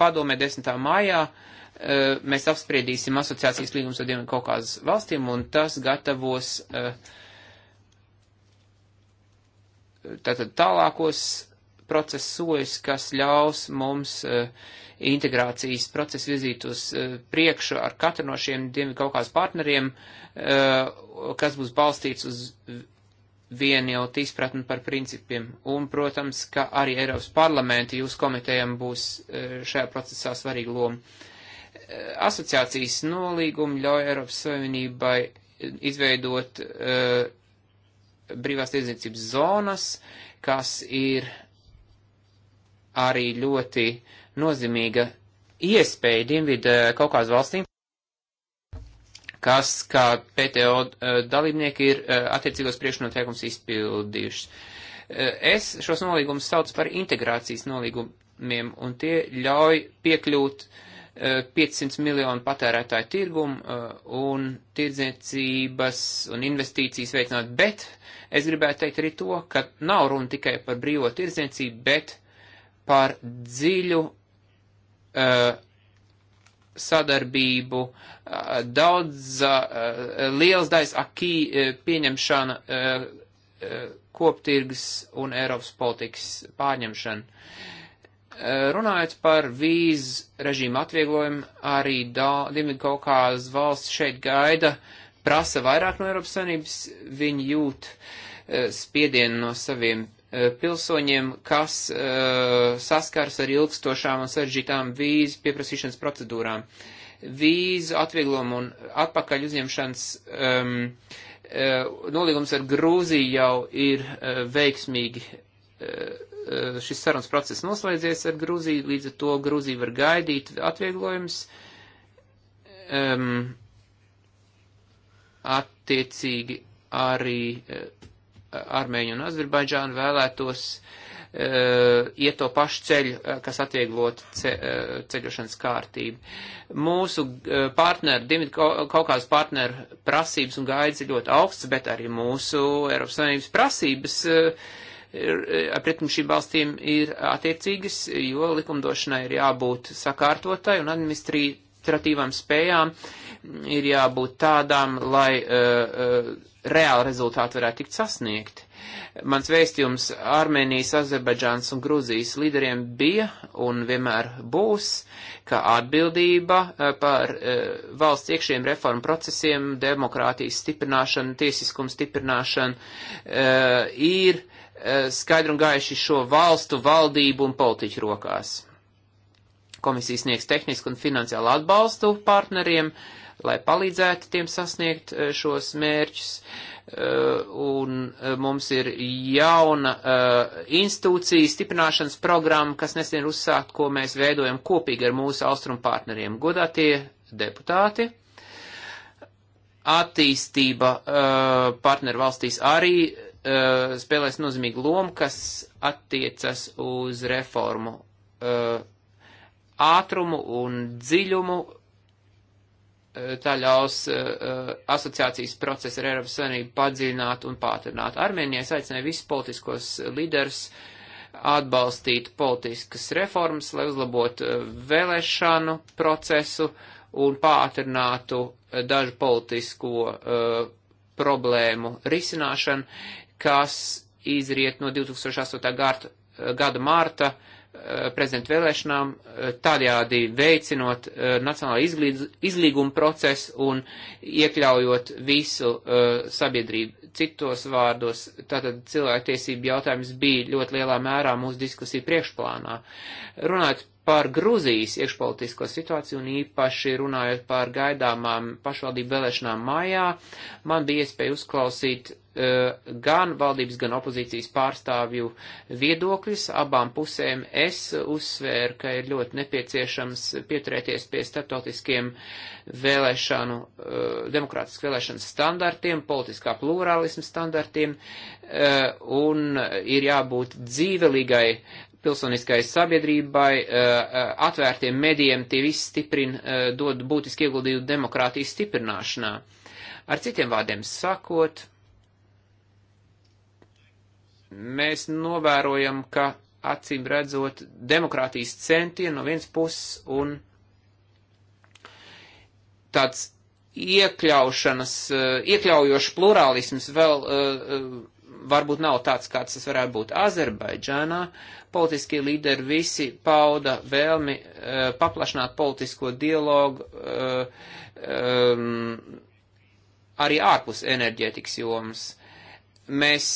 padomē 10. mājā eh, mēs apspriedīsim asociācijas līgumus ar Dienvidu Kaukāzes valstīm, un tas gatavos eh, tātad tālākos procesu sojas, kas ļaus mums integrācijas procesu virzīt uz priekšu ar katru no šiem Dienvidu Kaukāzes partneriem, kas būs balstīts uz vien jau izpratni par principiem. Un, protams, ka arī Eiropas parlamenta jūs komitējiem būs e, šajā procesā svarīga loma. E, asociācijas nolīgumi ļauj Eiropas Savienībai izveidot uh, brīvās tirdzniecības zonas, kas ir arī ļoti nozīmīga iespēja Dienvidu kaut kādās valstīm kas, kā PTO eh, dalībnieki, ir eh, attiecīgos priekšnoteikums izpildījuši. Eh, es šos nolīgumus saucu par integrācijas nolīgumiem, un tie ļauj piekļūt 500 miljonu patērētāju tirgumu un tirdzniecības un investīcijas veicināt, bet es gribētu teikt arī to, ka nav runa tikai par brīvo tirdzniecību, bet par dziļu uh, sadarbību, daudz liels daļas akī e, pieņemšana, e, e, koptirgs un Eiropas politikas pārņemšana. Runājot par vīzu režīmu atvieglojumu, arī Dienvidkaukāzes valsts šeit gaida, prasa vairāk no Eiropas Savienības, viņi jūt spiedienu no saviem Eh, pilsoņiem, kas eh, saskars ar ilgstošām un sarežģītām vīzu pieprasīšanas procedūrām. Vīzu atvieglojumu un atpakaļ uzņemšanas um, nolīgums ar Grūziju jau ir uh, veiksmīgi. Uh, šis sarunas process noslēdzies ar Grūziju, līdz ar to Grūzija var gaidīt atvieglojums. Um, attiecīgi arī uh, Armēņu un Azerbaidžānu vēlētos uh, iet to pašu ceļu, e, kas atvieglot ce, uh, ceļošanas kārtību. Mūsu uh, partneri, Dienvidkaukās partneru prasības un gaidas ir ļoti augsts, bet arī mūsu Eiropas Savienības prasības pretim šīm valstīm ir attiecīgas, jo likumdošanai ir jābūt sakārtotai un administrīt administratīvām spējām ir jābūt tādām, lai uh, uh, reāli rezultāti varētu tikt sasniegti. Mans vēstījums Armēnijas, Azerbaidžāns un Gruzijas līderiem bija un vienmēr būs, ka atbildība eh, par valsts iekšējiem reformu procesiem, demokrātijas stiprināšanu, tiesiskumu stiprināšanu ir skaidri un gaiši šo valstu valdību un politiķu rokās. Komisija sniegs tehnisku un finansiālu atbalstu partneriem, lai palīdzētu tiem sasniegt e, šos mērķus. E, un e, mums ir jauna institūcija stiprināšanas programma, kas nesen ir uzsākt, ko mēs veidojam kopīgi ar mūsu austrumu partneriem. Godātie deputāti! attīstība uh, partneru valstīs arī uh, spēlēs nozīmīgu lomu, kas attiecas uz reformu uh, ātrumu un dziļumu. E, tā ļaus uh, asociācijas procesu ar Eiropas Savienību padziļināt un pātrināt. Armēnijas aicināja visus politiskos līderus atbalstīt politiskas reformas, lai uzlabotu vēlēšanu procesu un pātrinātu dažu politisko uh, problēmu risināšanu, kas izriet no 2008. Gārta, gada mārta uh, Eh, prezidentu vēlēšanām, eh, tādējādi veicinot eh, nacionālo izlīgumu procesu un iekļaujot visu sabiedrību. Citos vārdos, tātad cilvēktiesību jautājums bija ļoti lielā mērā mūsu diskusiju priekšplānā. Runājot par Gruzijas iekšpolitisko situāciju un īpaši runājot par gaidāmām pašvaldību vēlēšanām mājā, man bija iespēja uzklausīt Eh, gan valdības, gan opozīcijas pārstāvju viedokļus. Abām pusēm es uzsvēru, ka ir ļoti nepieciešams pieturēties pie starptautiskiem vēlēšanu, eh, demokrātisku vēlēšanu standartiem, politiskā plurālismu standartiem, eh, un ir jābūt dzīvelīgai pilsoniskai sabiedrībai, atvērtiem medijiem, tie visi stiprina, dod būtiski ieguldījumu demokrātijas stiprināšanā. Ar citiem vārdiem sakot, mēs novērojam, ka acīm redzot demokrātijas centieni no vienas puses un tāds iekļaušanas, eh, iekļaujošs plurālisms vēl eh, eh, varbūt nav tāds, kāds tas varētu būt Azerbaidžānā. Politiskie līderi visi pauda vēlmi paplašināt politisko dialogu ehm, arī ārpus enerģētikas jomas. Mēs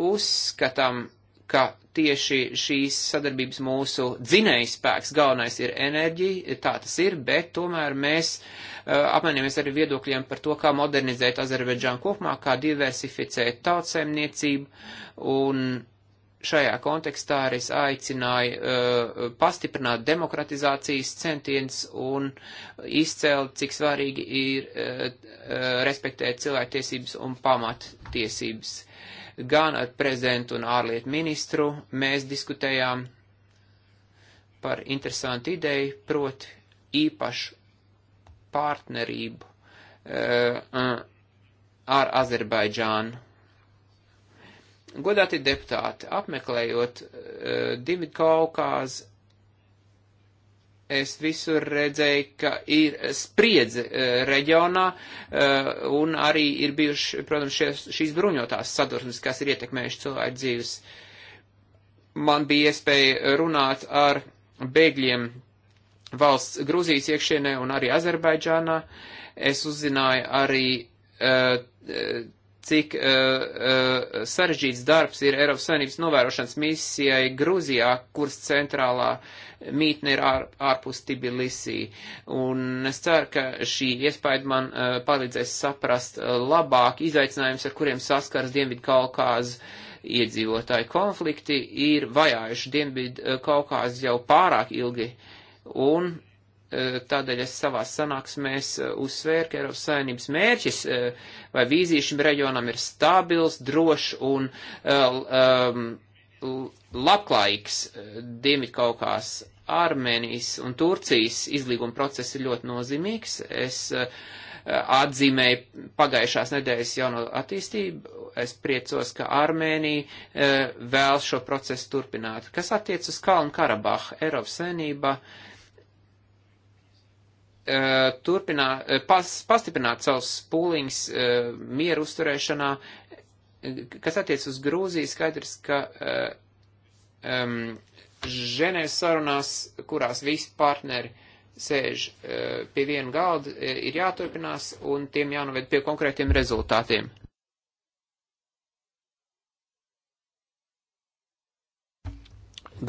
uzskatām, ka tieši šīs sadarbības mūsu dzinējs spēks galvenais ir enerģija, tā tas ir, bet tomēr mēs uh, eh, apmainamies arī viedokļiem par to, kā modernizēt Azerbaidžānu kopumā, kā diversificēt tautsēmniecību, un šajā kontekstā arī es aicināju uh, pastiprināt demokratizācijas centienus un izcelt, cik svarīgi ir uh, respektēt cilvēktiesības un pamattiesības. Uh, gan ar prezidentu un ārlietu ministru mēs diskutējām par interesantu ideju, proti īpašu partnerību eh, eh, ar Azerbaidžānu. Godāti deputāti, apmeklējot eh, Dimit Kaukāzu es visur redzēju, ka ir spriedze e, reģionā e, un arī ir bijuši, protams, šies, šīs bruņotās sadursmes, kas ir ietekmējuši cilvēku dzīves. Man bija iespēja runāt ar bēgļiem valsts Grūzijas iekšienē un arī Azerbaidžānā. Es uzzināju arī e, cik uh, uh, sarežģīts darbs ir Eiropas Savienības novērošanas misijai Gruzijā, kuras centrālā mītne ir ār, ārpus Tbilisī. Un es ceru, ka šī iespēja man uh, palīdzēs saprast uh, labāk izaicinājums, ar kuriem saskars Dienvidu Kaukāzu iedzīvotāju konflikti, ir vajājuši Dienvidu Kaukāzu jau pārāk ilgi. Un Eh, tādēļ es savā sanāksmēs eh, uzsvēru, ka Eiropas Savienības mērķis eh, vai vīzija šim reģionam ir stabils, drošs un um, labklājīgs Dienvidkaukās. Armēnijas un Turcijas izlīguma process ir ļoti nozīmīgs. Es atzīmēju pagājušās nedēļas jauno attīstību. Es priecos, ka Armēnija vēl šo procesu turpinātu. Kas attiec uz Kalnu Karabahu, Eiropas Savienība. Uh, Eh, turpinā, eh, pas, pastiprināt savus pūliņus eh, mieru uzturēšanā. Kas attiec uz Grūziju, skaidrs, ka um, Ženēvas sarunās, kurās visi partneri sēž pie viena galda, ir jāturpinās un tiem jānoved pie konkrētiem rezultātiem.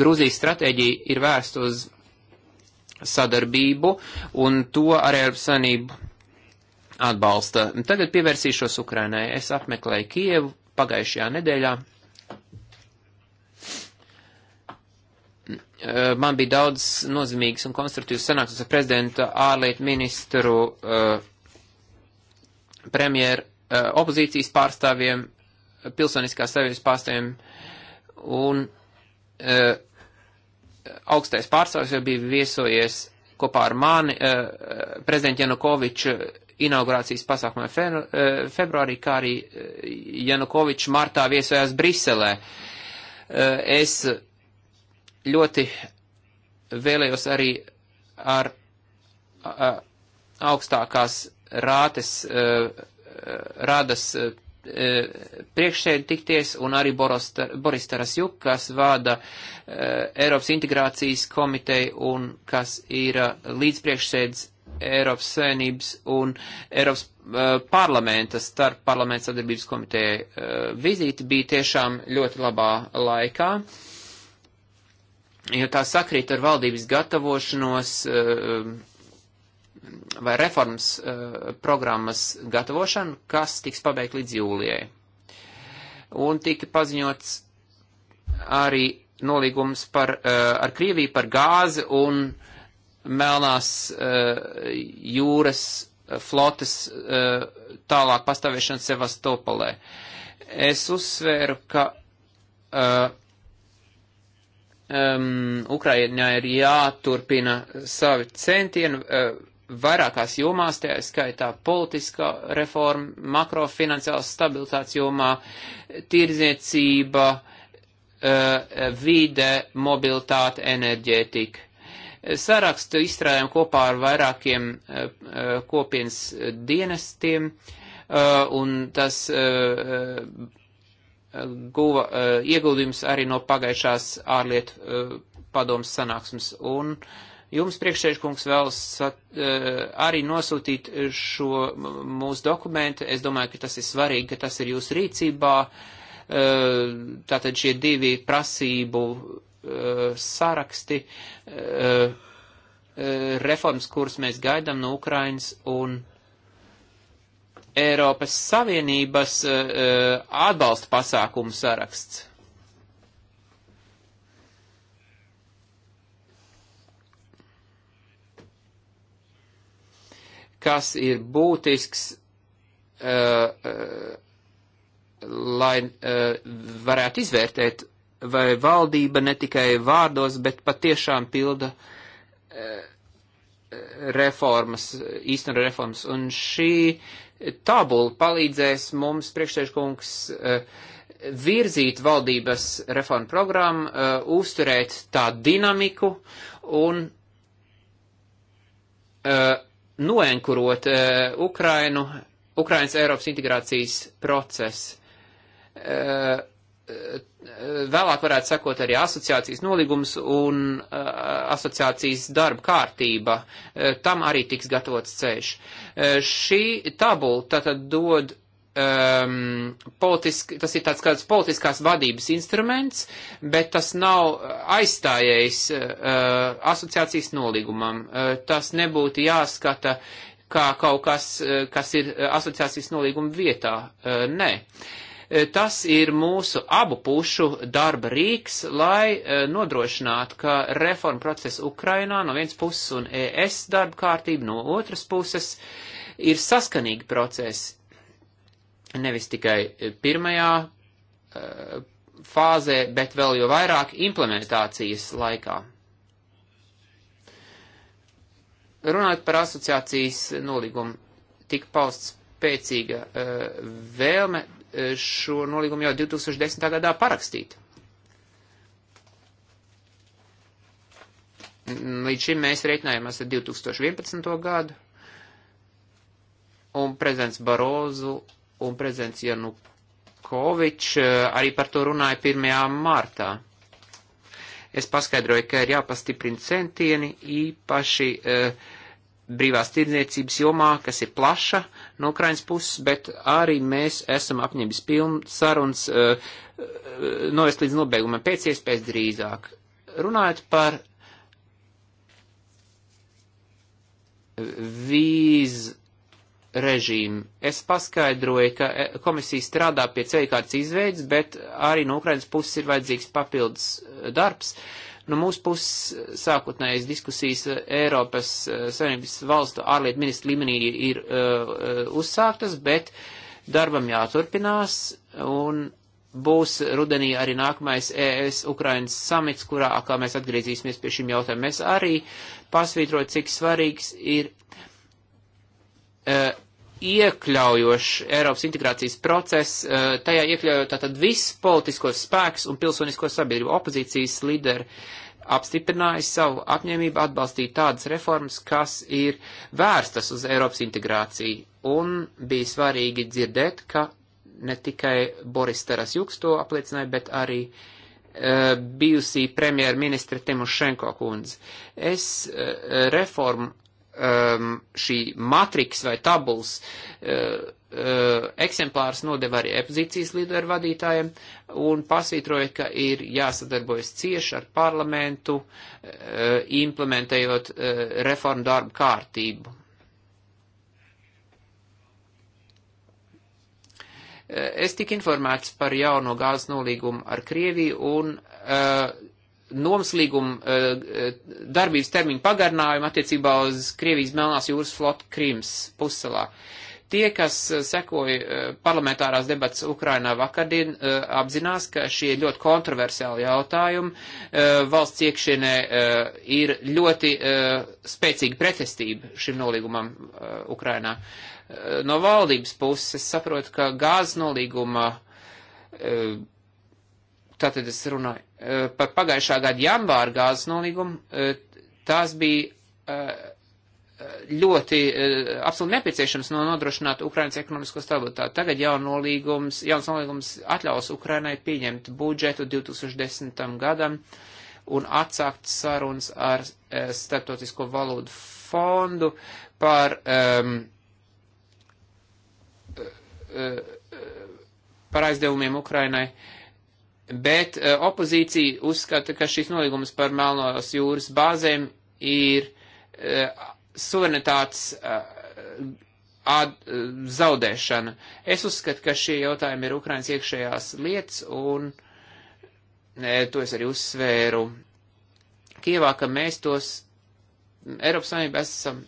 Grūzijas stratēģija ir vērsta uz sadarbību un to arī ar sanību atbalsta. Tagad pievērsīšos Ukrainai. Es apmeklēju Kievu pagājušajā nedēļā. Eh, man bija daudz nozīmīgas un konstruktīvas sanāksmes ar prezidentu, ārlietu ministru, eh, premjeru, eh, opozīcijas pārstāvjiem, pilsoniskās savienības pārstāvjiem un uh, augstais pārstāvis jau bija viesojies kopā ar mani uh, eh, prezidentu Janukoviču inaugurācijas pasākumā fe, uh, eh, februārī, kā arī eh, Janukovičs martā viesojās Briselē. Uh, es ļoti vēlējos arī ar augstākās rātes, rādas E, priekšsēdi tikties, un arī Boris Tarasjuk, kas vada e, Eiropas integrācijas komiteju un kas ir e, līdzpriekšsēdis Eiropas Savienības un Eiropas parlamenta starp parlamenta sadarbības komiteja vizīte bija tiešām ļoti labā laikā, jo tā sakrīt ar valdības gatavošanos vai reformas uh, programmas gatavošanu, kas tiks pabeigt līdz jūlijai. Un tika paziņots arī nolīgums par, uh, ar Krieviju par gāzi un Melnās uh, jūras flotes uh, tālāk pastāvēšanu Sevastopolē. Es uzsvēru, ka uh, um, Ukrainā ir jāturpina savi centieni. Uh, vairākās jomās, tajā skaitā politiskā reforma, makrofinanciālas stabilitātes jomā, tirzniecība, eh, vide, mobilitāte, enerģētika. Sarakstu izstrādājam kopā ar vairākiem eh, kopienas dienestiem, eh, un tas guva ieguldījums arī no pagaišās ārlietu padomas sanāksmes. Un, uh, Jums priekšsēžkungs vēl sat, e, arī nosūtīt šo mūsu dokumentu. Es domāju, ka tas ir svarīgi, ka tas ir jūsu rīcībā. E, tātad šie divi prasību e, saraksti reformas, kuras mēs gaidām no Ukrainas un Eiropas Savienības atbalsta pasākumu saraksts. kas ir būtisks, eh, eh, lai eh, varētu izvērtēt, vai valdība ne tikai vārdos, bet patiešām pilda reformas, īstenu reformas. Un šī tabula palīdzēs mums, priekšsēžkungs, virzīt valdības reformu programmu, uzturēt tā dinamiku un uh, noenkurot uh, Ukrainu, Ukrainas Eiropas integrācijas procesu. Uh, vēlāk varētu sekot arī asociācijas nolīgums un uh, asociācijas darba kārtība. Uh, tam arī tiks gatavots ceļš. Uh, šī tabula tātad dod um, politiski, tas ir tāds kāds politiskās vadības instruments, bet tas nav aizstājējis uh, asociācijas nolīgumam. Uh, tas nebūtu jāskata kā kaut kas, uh, kas ir asociācijas nolīguma vietā. Uh, nē. Uh, tas ir mūsu abu pušu darba rīks, lai uh, nodrošinātu, ka reforma procesa Ukrainā no vienas puses un ES darba kārtība no otras puses ir saskanīgi procesi nevis tikai pirmajā uh, fāzē, bet vēl jo vairāk implementācijas laikā. Runājot par asociācijas nolīgumu, tika pausts spēcīga uh, vēlme eh, šo nolīgumu jau 2010. gadā parakstīt. Līdz šim mēs reiķinājāmies ar 2011. gadu, un prezidents Barozu un prezidents Janukovičs eh, arī par to runāja 1. martā. Es paskaidroju, ka ir jāpastiprina centieni īpaši uh, brīvās tirdzniecības jomā, kas ir plaša no Ukrainas puses, bet arī mēs esam apņēmis pilnu sarunas uh, novest līdz nobeigumam pēc iespējas drīzāk. Runājot par vīz režīmu. Es paskaidroju, ka e, komisija strādā pie ceļkārtas izveids, bet arī no Ukrainas puses ir vajadzīgs papildus e, darbs. No mūsu puses sākotnējas diskusijas e, Eiropas Savienības valstu ārlietu ministru līmenī ir uh, uzsāktas, bet darbam jāturpinās un būs rudenī arī nākamais ES Ukrainas samits, kurā, kā mēs atgriezīsimies pie šim jautājumiem, mēs arī pasvītrot, cik svarīgs ir uh, E, iekļaujošs Eiropas integrācijas process, e, tajā iekļaujot tātad visus politiskos spēkus un pilsonisko sabiedrību. Opozīcijas līderi apstiprināja savu apņēmību atbalstīt tādas reformas, kas ir vērstas uz Eiropas integrāciju. Un bija svarīgi dzirdēt, ka ne tikai Boris Taras Juks to apliecināja, bet arī uh, bijusī premjerministra Timošenko kundze. Es reformu um, šī matriks vai tabulas uh, uh, eksemplārs nodeva arī opozīcijas līderu vadītājiem un pasvītroja, ka ir jāsadarbojas cieši ar parlamentu, uh, implementējot uh, reformu darbu kārtību. Uh, es tik informēts par jauno gāzes nolīgumu ar Krieviju un uh, nomas līguma eh, darbības termiņu pagarinājumu attiecībā uz Krievijas Melnās jūras flotu Krims pussalā. Tie, kas eh, sekoja eh, parlamentārās debats Ukrainā vakardien, apzinās, ka šie ļoti kontroversiāli jautājumi valsts iekšienē ir ļoti spēcīga pretestība šim nolīgumam Ukrainā. No valdības puses saprotu, ka gāzes nolīguma tātad es runāju e, par pagājušā gada janvāra gāzes nolīgumu, e, tās bija e, ļoti absolūti nepieciešams no nodrošināt Ukrainas ekonomisko stabilitāti. Tagad jaun nolīgums, jauns nolīgums atļaus Ukrainai pieņemt budžetu 2010. gadam un atsākt sarunas ar Startautisko valūtu fondu par um, par aizdevumiem Ukrainai. Uh, bet eh, opozīcija uzskata, ka šis nolīgums par Melnos jūras bāzēm ir eh, suverenitātes eh, zaudēšana. Es uzskatu, ka šie jautājumi ir Ukrainas iekšējās lietas, un to es arī uzsvēru Kievā, ka mēs tos Eiropas Savienība esam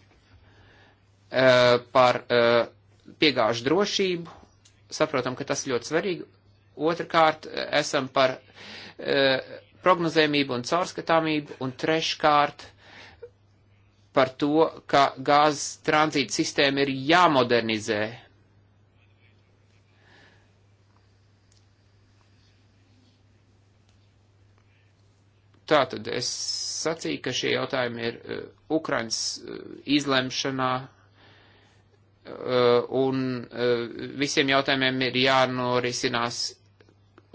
par piegāžu drošību. Saprotam, ka tas ļoti svarīgi, otrkārt esam par e, prognozējumību un caurskatāmību, un treškārt par to, ka gāzes tranzīta sistēma ir jāmodernizē. Tātad es sacīju, ka šie jautājumi ir uh, Ukrainas uh, izlemšanā, uh, un uh, visiem jautājumiem ir jānorisinās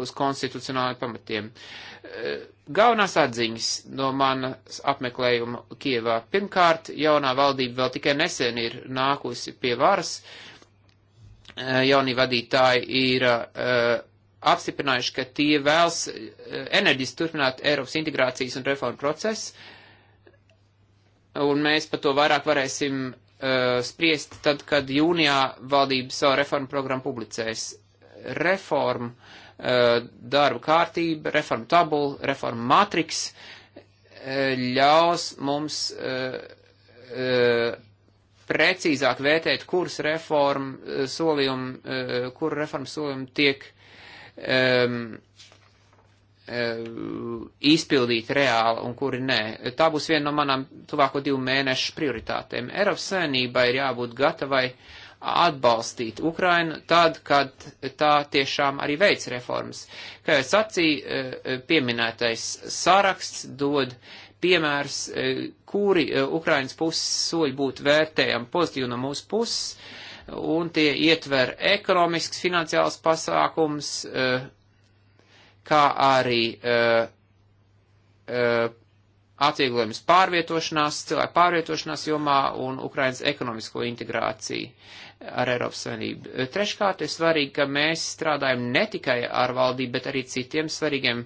uz konstitucionālajiem pamatiem. Eh, galvenās atziņas no manas apmeklējuma Kievā. Pirmkārt, jaunā valdība vēl tikai nesen ir nākusi pie varas. Eh, jaunie vadītāji ir eh, apstiprinājuši, ka tie vēlas enerģiski turpināt Eiropas integrācijas un reformu procesu. Un mēs par to vairāk varēsim uh, spriest tad, kad jūnijā valdība savu reformu programmu publicēs. Reformu uh, Eh, darba kārtība, reforma tabula, reforma matriks eh, ļaus mums eh, precīzāk vērtēt, kuras reforma solījumi, kur reforma solījumi tiek ehm, izpildīt reāli un kuri nē. Tā būs viena no manām tuvāko divu mēnešu prioritātēm. Eiropas savienībai ir jābūt gatavai uh, atbalstīt Ukrainu tad, kad tā tiešām arī veic reformas. Kā jau sacīju, eh, pieminētais saraksts dod piemērs, eh, kuri eh, Ukrainas puses soļi būtu vērtējami pozitīvi no mūsu puses, un tie ietver ekonomisks, finansiāls pasākums, kā arī atvieglojums pārvietošanās, cilvēku pārvietošanās jomā un Ukrainas ekonomisko integrāciju ar Eiropas Savienību. Treškārt, ir svarīgi, ka mēs strādājam ne tikai ar valdību, bet arī citiem svarīgiem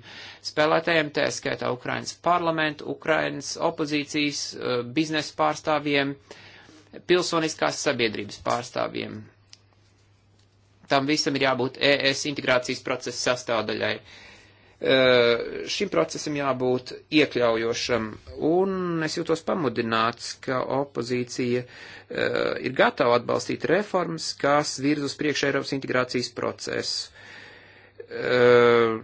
spēlētājiem, tā skaitā Ukrainas parlamentu, Ukrainas opozīcijas, eh, biznesa pārstāvjiem, pilsoniskās sabiedrības pārstāvjiem. Tam visam ir jābūt ES integrācijas procesa sastāvdaļai. Uh, Eh, šim procesam jābūt iekļaujošam, un es jūtos pamudināts, ka opozīcija eh, ir gatava atbalstīt reformas, kas virz uz priekšu Eiropas integrācijas procesu eh,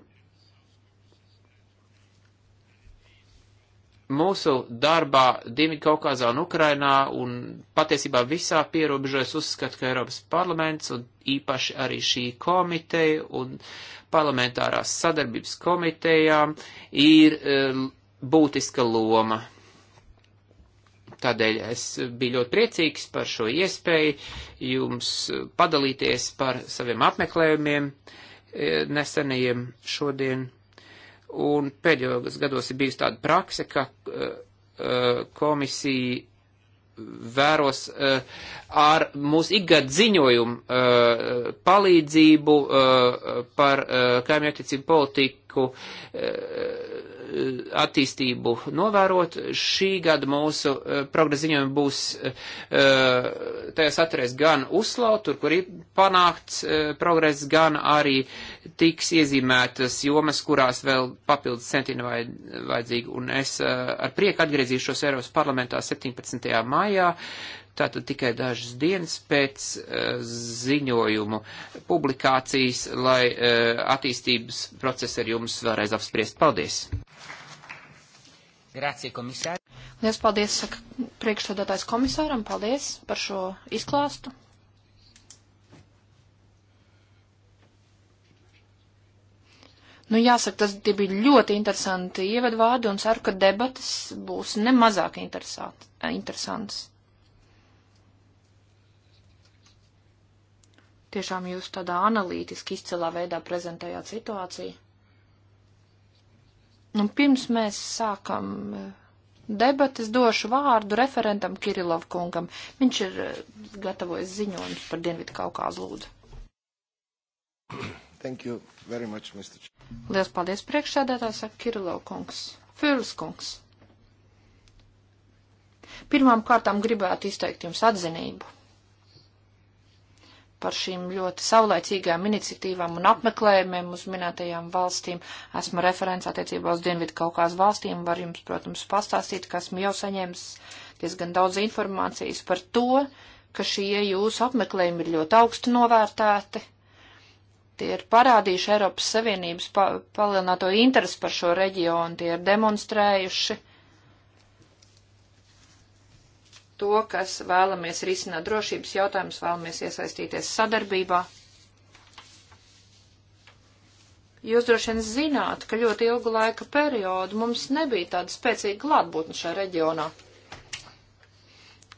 mūsu darbā Dienvidkaukāzā un Ukrainā un patiesībā visā pierobežojas uzskat, ka Eiropas parlaments un īpaši arī šī komiteja un parlamentārās sadarbības komitejām ir e, būtiska loma. Tādēļ es biju ļoti priecīgs par šo iespēju jums padalīties par saviem apmeklējumiem e, nesenajiem šodien. Un pēdējos gados ir bijusi tāda prakse, ka uh, komisija vēros uh, ar mūsu ikgad ziņojumu uh, palīdzību uh, par kaimietiecību politiku Eh, attīstību novērot. Šī gada mūsu eh, prognoziņojumi būs, eh, tajā saturēs gan uzslaut, tur, kur ir panākts progress, gan arī tiks iezīmētas jomas, kurās vēl papildus centieni vajadzīgi. Un es ar prieku atgriezīšos Eiropas parlamentā 17. maijā Tātad tikai dažas dienas pēc uh, ziņojumu publikācijas, lai uh, attīstības procesu ar jums vēlreiz apspriest. Paldies! Grācija komisāri. Lielas paldies, saka priekšsēdētājs komisāram, paldies par šo izklāstu. Nu, jāsaka, tas bija ļoti interesanti ievadvārdi un ceru, ka debatas būs nemazāk interesantas. Tiešām jūs tādā analītiski izcelā veidā prezentējāt situāciju. Un pirms mēs sākam eh, debatas, došu vārdu referentam Kirilov kungam. Viņš ir eh, gatavojis ziņojums par Dienvidu Kaukāzu lūdzu. Thank you very much, Mr. Č... Lielas paldies priekšsēdētājs Kirilov kungs. Fils kungs. Pirmām kārtām gribētu izteikt jums atzinību par šīm ļoti saulēcīgām iniciatīvām un apmeklējumiem uz minētajām valstīm. Esmu referents attiecībā uz Dienvidu Kaukās valstīm, var jums, protams, pastāstīt, ka esmu jau saņēmis diezgan daudz informācijas par to, ka šie jūsu apmeklējumi ir ļoti augstu novērtēti. Tie ir parādījuši Eiropas Savienības pa palielināto interesi par šo reģionu, tie ir demonstrējuši to, kas vēlamies risināt drošības jautājumus, vēlamies iesaistīties sadarbībā. Jūs droši vien zināt, ka ļoti ilgu laika periodu mums nebija tāda spēcīga klātbūtne šajā reģionā.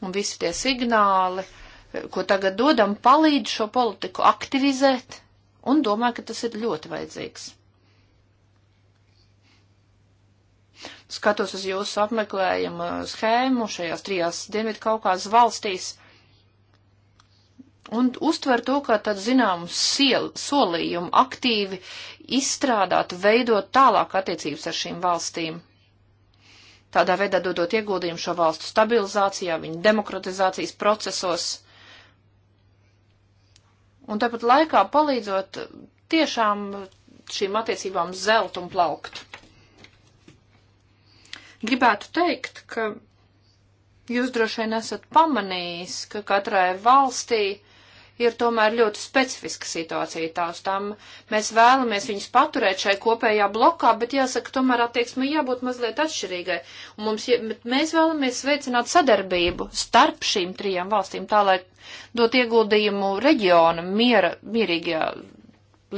Un visi tie signāli, ko tagad dodam, palīdz šo politiku aktivizēt, un domāju, ka tas ir ļoti vajadzīgs. skatos uz jūsu apmeklējumu schēmu šajās trijās Dienvidkaukās valstīs un uztver to, kā tad zināmu solījumu aktīvi izstrādāt, veidot tālāk attiecības ar šīm valstīm. Tādā veidā dodot ieguldījumu šo valstu stabilizācijā, viņu demokratizācijas procesos. Un tāpat laikā palīdzot tiešām šīm attiecībām zelt un plaukt. Gribētu teikt, ka jūs droši vien esat pamanījis, ka katrai valstī ir tomēr ļoti specifiska situācija tās tam. Mēs vēlamies viņus paturēt šai kopējā blokā, bet jāsaka, tomēr attieksme jābūt mazliet atšķirīgai. Un mums, mēs vēlamies veicināt sadarbību starp šīm trijām valstīm, tā lai dot ieguldījumu reģiona miera, mierīgajā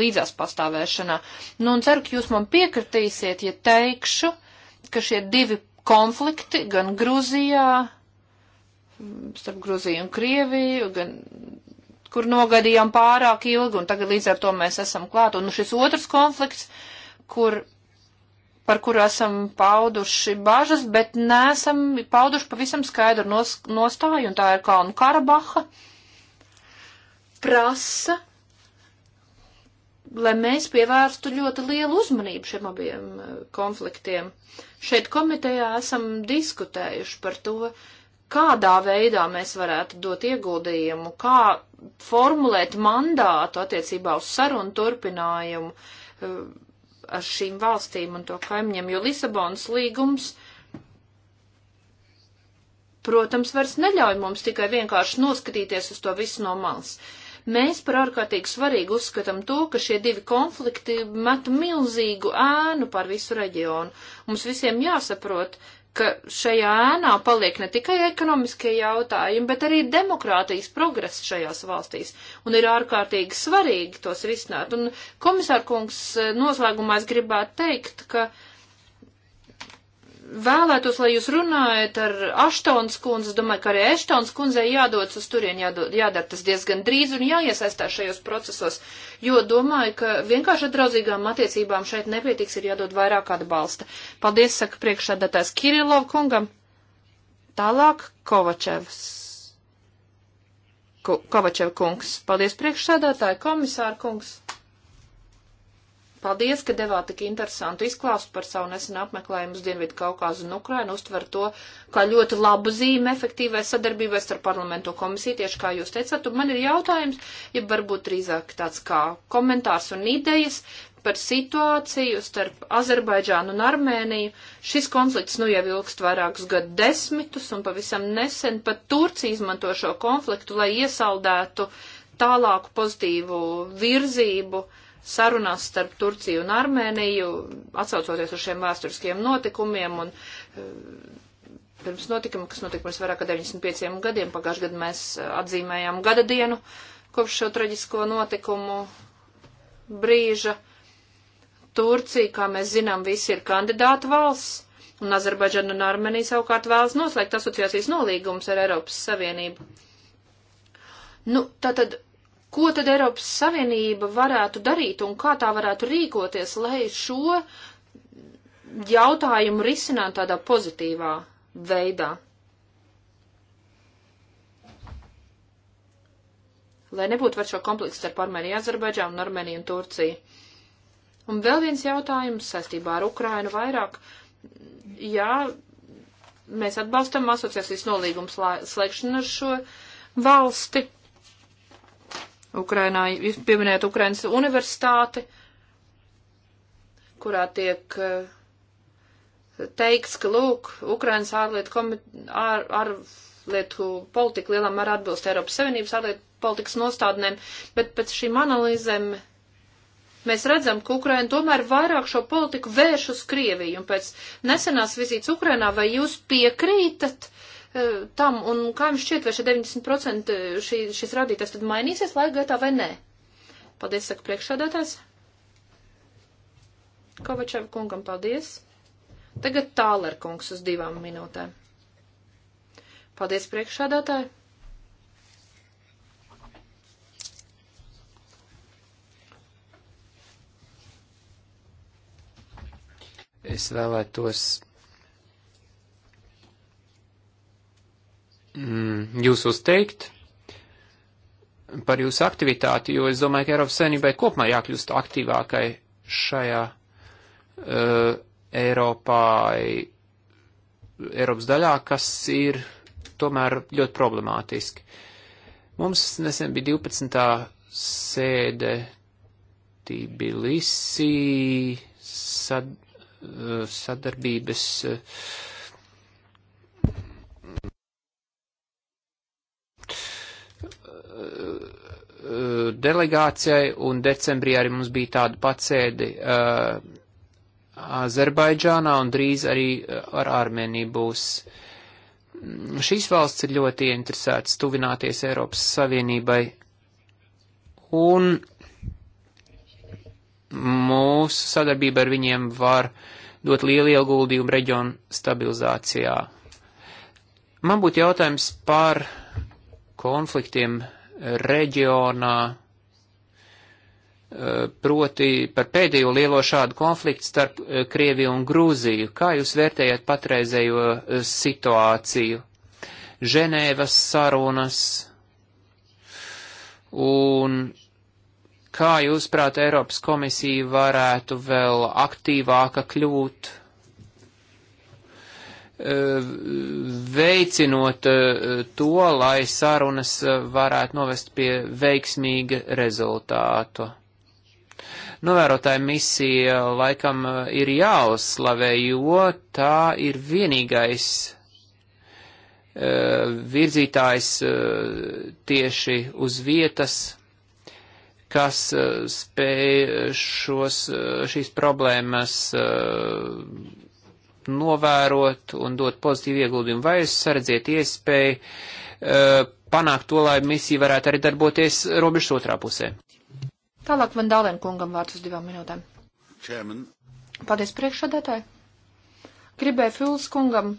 līdzās pastāvēšanā. Nu, un ceru, ka jūs man piekritīsiet, ja teikšu, ka šie divi konflikti, gan Gruzijā, starp Gruziju un Krieviju, gan kur nogadījām pārāk ilgi, un tagad līdz ar to mēs esam klāt. Un šis otrs konflikts, kur, par kuru esam pauduši bažas, bet nesam pauduši pavisam skaidru nostāju, un tā ir Kalnu Karabaha, prasa lai mēs pievērstu ļoti lielu uzmanību šiem abiem eh, konfliktiem. Šeit komitejā esam diskutējuši par to, kādā veidā mēs varētu dot ieguldījumu, kā formulēt mandātu attiecībā uz sarunu turpinājumu eh, ar šīm valstīm un to kaimiņiem, jo Lisabonas līgums, protams, vairs neļauj mums tikai vienkārši noskatīties uz to visu no malas. Uh, Mēs par ārkārtīgi svarīgu uzskatām to, ka šie divi konflikti met milzīgu ēnu par visu reģionu. Mums visiem jāsaprot, ka šajā ēnā paliek ne tikai ekonomiskie jautājumi, bet arī demokrātijas progress šajās valstīs, un ir ārkārtīgi svarīgi tos risināt. Un komisārkungs eh, noslēgumā es gribētu teikt, ka uh, vēlētos, lai jūs runājat ar Aštons kundzi, es domāju, ka arī Aštons kundzei jādodas uz turien, jādod, jādara tas diezgan drīz un jāiesaistās šajos procesos, jo domāju, ka vienkārši draudzīgām attiecībām šeit nepietiks, ir jādod vairāk atbalsta. Paldies, saka priekšādātājs Kirilov kungam. Tālāk Kovačevs. Ko, Kovačev kungs. Paldies priekšsēdētāji, komisāra kungs. Paldies, ka devāt tik interesantu izklāstu par savu nesenu apmeklējumu uz Dienvidu Kaukāzu un Ukrainu. Uztver to kā ļoti labu zīmi efektīvai sadarbībai starp parlamento komisiju, tieši kā jūs teicāt. Un man ir jautājums, ja varbūt drīzāk tāds kā komentārs un idejas par situāciju starp Azerbaidžānu un Armēniju. Šis konflikts nu jau ilgst vairākus gadu desmitus un pavisam nesen pat Turcija izmanto šo konfliktu, lai iesaldētu tālāku pozitīvu virzību uh, sarunās starp Turciju un Armēniju, atsaucoties uz šiem vēsturiskiem notikumiem un eh, pirms notikuma, kas notika pirms vairāk kā 95 gadiem, pagājušajā gadā mēs eh, atzīmējām gada dienu kopš šo traģisko notikumu brīža. Turcija, kā mēs zinām, visi ir kandidāta valsts, un Azerbaidžana un Armenija savukārt vēlas noslēgt asociācijas nolīgumus ar Eiropas Savienību. Nu, tātad Ko tad Eiropas Savienība varētu darīt un kā tā varētu rīkoties, lai šo jautājumu risinātu tādā pozitīvā veidā? Lai nebūtu var šo kompleksu starp Armēniju, Azerbaidžānu, Armēniju un Turciju. Un vēl viens jautājums saistībā ar Ukrainu vairāk. Jā, mēs atbalstam asociācijas nolīgums slēgšanu ar šo valsti. Ukrainā, jūs pieminējat Ukrainas universitāti, kurā tiek eh, teikts, ka, lūk, Ukrainas ārlietu, komit, ār, ārlietu politika lielā mērā atbilst Eiropas Savienības ārlietu politikas nostādnēm, bet pēc šīm analīzēm mēs redzam, ka Ukraina tomēr vairāk šo politiku vērš uz Krieviju. Un pēc nesenās vizītes Ukrainā vai jūs piekrītat uh, E, tam, un kā jums šķiet, vai šie 90% e, šī, šis rādītājs tad mainīsies laika gaitā vai nē? Paldies, saka priekšādātājs. Kovačev kungam paldies. Tagad tāler kungs uz divām minūtēm. Paldies, priekšādātāji. Es vēlētos Mm, jūs uzteikt par jūsu aktivitāti, jo es domāju, ka Eiropas savienībai kopumā jākļūst aktīvākai šajā uh, Eiropā, Eiropas daļā, kas ir tomēr ļoti problemātiski. Mums nesen bija 12. sēde Tbilisi sad, uh, sadarbības. Uh, Eh, delegācijai, un decembrī arī mums bija tāda pacēdi uh, eh, Azerbaidžānā, un drīz arī eh, ar Armēniju būs. Mm, šīs valsts ir ļoti interesētas tuvināties Eiropas Savienībai, un mūsu sadarbība ar viņiem var dot lielu ieguldījumu reģionu stabilizācijā. Man būtu jautājums par konfliktiem reģionā, eh, proti par pēdējo lielo šādu konfliktu starp eh, Krieviju un Grūziju. Kā jūs vērtējat patreizējo eh, situāciju? Ženēvas sarunas un kā jūs prāt Eiropas komisija varētu vēl aktīvāka kļūt? E, veicinot e, to, lai sarunas e, varētu novest pie veiksmīga rezultātu. Novērotāja misija laikam ir jāuzslavē, jo tā ir vienīgais virzītājs tieši uz vietas, kas spēj šos, šīs problēmas novērot un dot pozitīvu ieguldījumu, vai jūs saredziet iespēju uh, panākt to, lai misija varētu arī darboties robežas otrā pusē. Tālāk man Dālēn kungam vārds uz divām minūtēm. Chairman. Paldies priekšsādātāji. Gribēju Fils kungam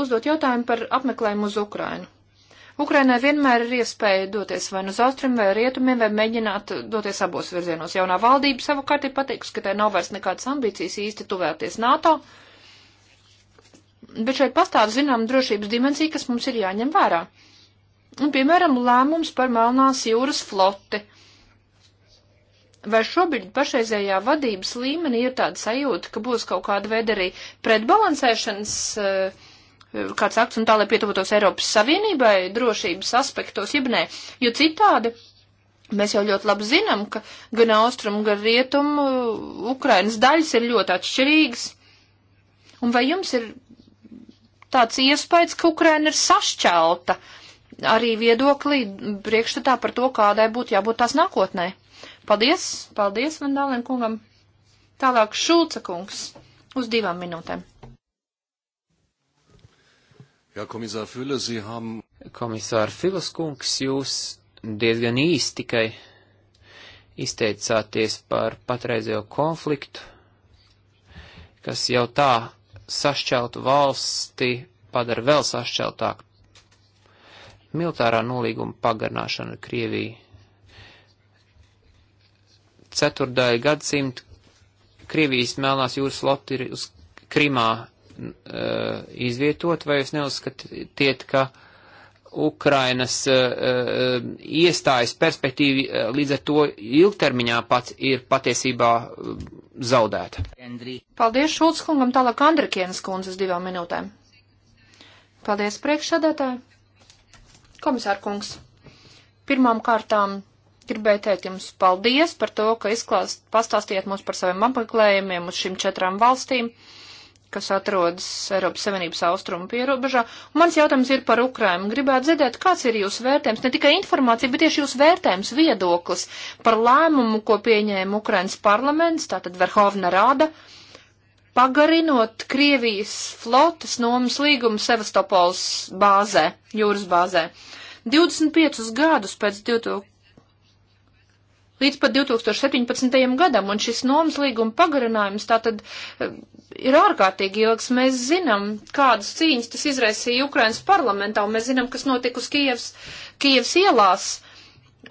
uzdot jautājumu par apmeklējumu uz Ukrainu. Ukrainai vienmēr ir iespēja doties vai nu uz austrumiem, vai rietumiem, vai mēģināt doties abos virzienos. Jaunā valdība savukārt ir pateikusi, ka tai nav vairs nekādas ambīcijas īsti tuvēties NATO, bet šeit pastāv zinām drošības dimensija, kas mums ir jāņem vērā. Un, piemēram, lēmums par Melnās jūras floti. Vai šobrīd pašreizējā vadības līmenī ir tāda sajūta, ka būs kaut kāda veida arī pretbalansēšanas uh, kāds akts un tā, lai pietuvotos Eiropas Savienībai drošības aspektos, jeb nē, jo citādi Mēs jau ļoti labi zinām, ka gan austrumu, gan rietumu uh, Ukrainas daļas ir ļoti atšķirīgas. Un vai jums ir tāds iespējas, ka Ukraina ir sašķelta arī viedoklī priekšstatā par to, kādai būtu jābūt tās nākotnē? Paldies, paldies Vandālēm kungam. Tālāk Šulca kungs uz divām minūtēm. Jā, ja, komisār Füle, Sie haben. Komisār Filas kungs, jūs diezgan īsti tikai izteicāties par patreizējo konfliktu, kas jau tā sašķeltu valsti padara vēl sašķeltāk. Militārā nolīguma pagarnāšana Krievija. Ceturtdaļa gadsimta Krievijas Melnās jūras flote ir uz Krimā Uh, izvietot, vai jūs neuzskatiet, ka Ukrainas uh, uh, iestājas perspektīva līdz ar to ilgtermiņā pats ir patiesībā zaudēta? Paldies Šulckungam, tālāk Andrikienas kundzes divām minūtēm. Paldies priekšsādātāji. Komisār kungs, pirmām kārtām gribēju teikt jums paldies par to, ka izklāst, pastāstījāt mums par saviem apmeklējumiem uz šīm četrām valstīm. Uh, kas atrodas Eiropas Savienības austrumu pierobežā. Un mans jautājums ir par Ukrainu. Gribētu dzirdēt, kāds ir jūsu vērtējums, ne tikai informācija, bet tieši jūsu vērtējums viedoklis par lēmumu, ko pieņēma Ukrainas parlaments, tātad Verhovna Rāda, pagarinot Krievijas flotas nomas līgumu Sevastopols bāzē, jūras bāzē. 25 gadus pēc 2000 līdz pat 2017. gadam, un šis nomas līguma pagarinājums tātad eh, ir ārkārtīgi ilgs. Mēs zinām, kādas cīņas tas izraisīja Ukrainas parlamentā, un mēs zinām, kas notika uz Kievs, Kievs ielās.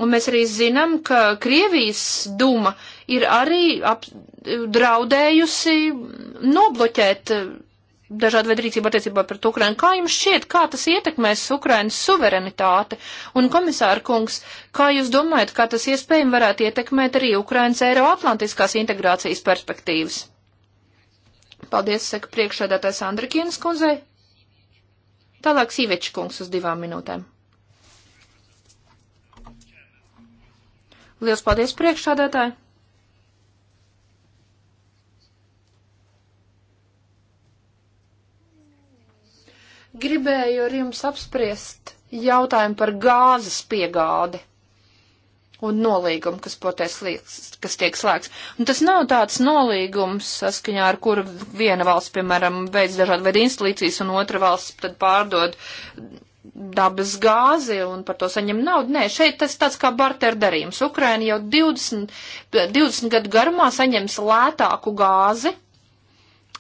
Un mēs arī zinām, ka Krievijas duma ir arī ap, draudējusi nobloķēt eh, dažādu veidu rīcību attiecībā pret Ukrainu. Kā jums šķiet, kā tas ietekmēs Ukrainas suverenitāti? Un komisāra kungs, kā jūs domājat, kā tas iespējami varētu ietekmēt arī Ukrainas Eiroatlantiskās integrācijas perspektīvas? Paldies, saka priekšādātājs Andrikienas kundzei. Tālāk Sīveča kungs uz divām minūtēm. Liels paldies priekšādātāji! gribēju ar jums apspriest jautājumu par gāzes piegādi un nolīgumu, kas poties liekas, kas tiek slēgts. Un tas nav tāds nolīgums, saskaņā ar kuru viena valsts, piemēram, veids dažādu veidu instalīcijas un otra valsts tad pārdod dabas gāzi un par to saņem naudu. Nē, šeit tas tāds kā barter darījums. Ukraina jau 20, 20 gadu garumā saņems lētāku gāzi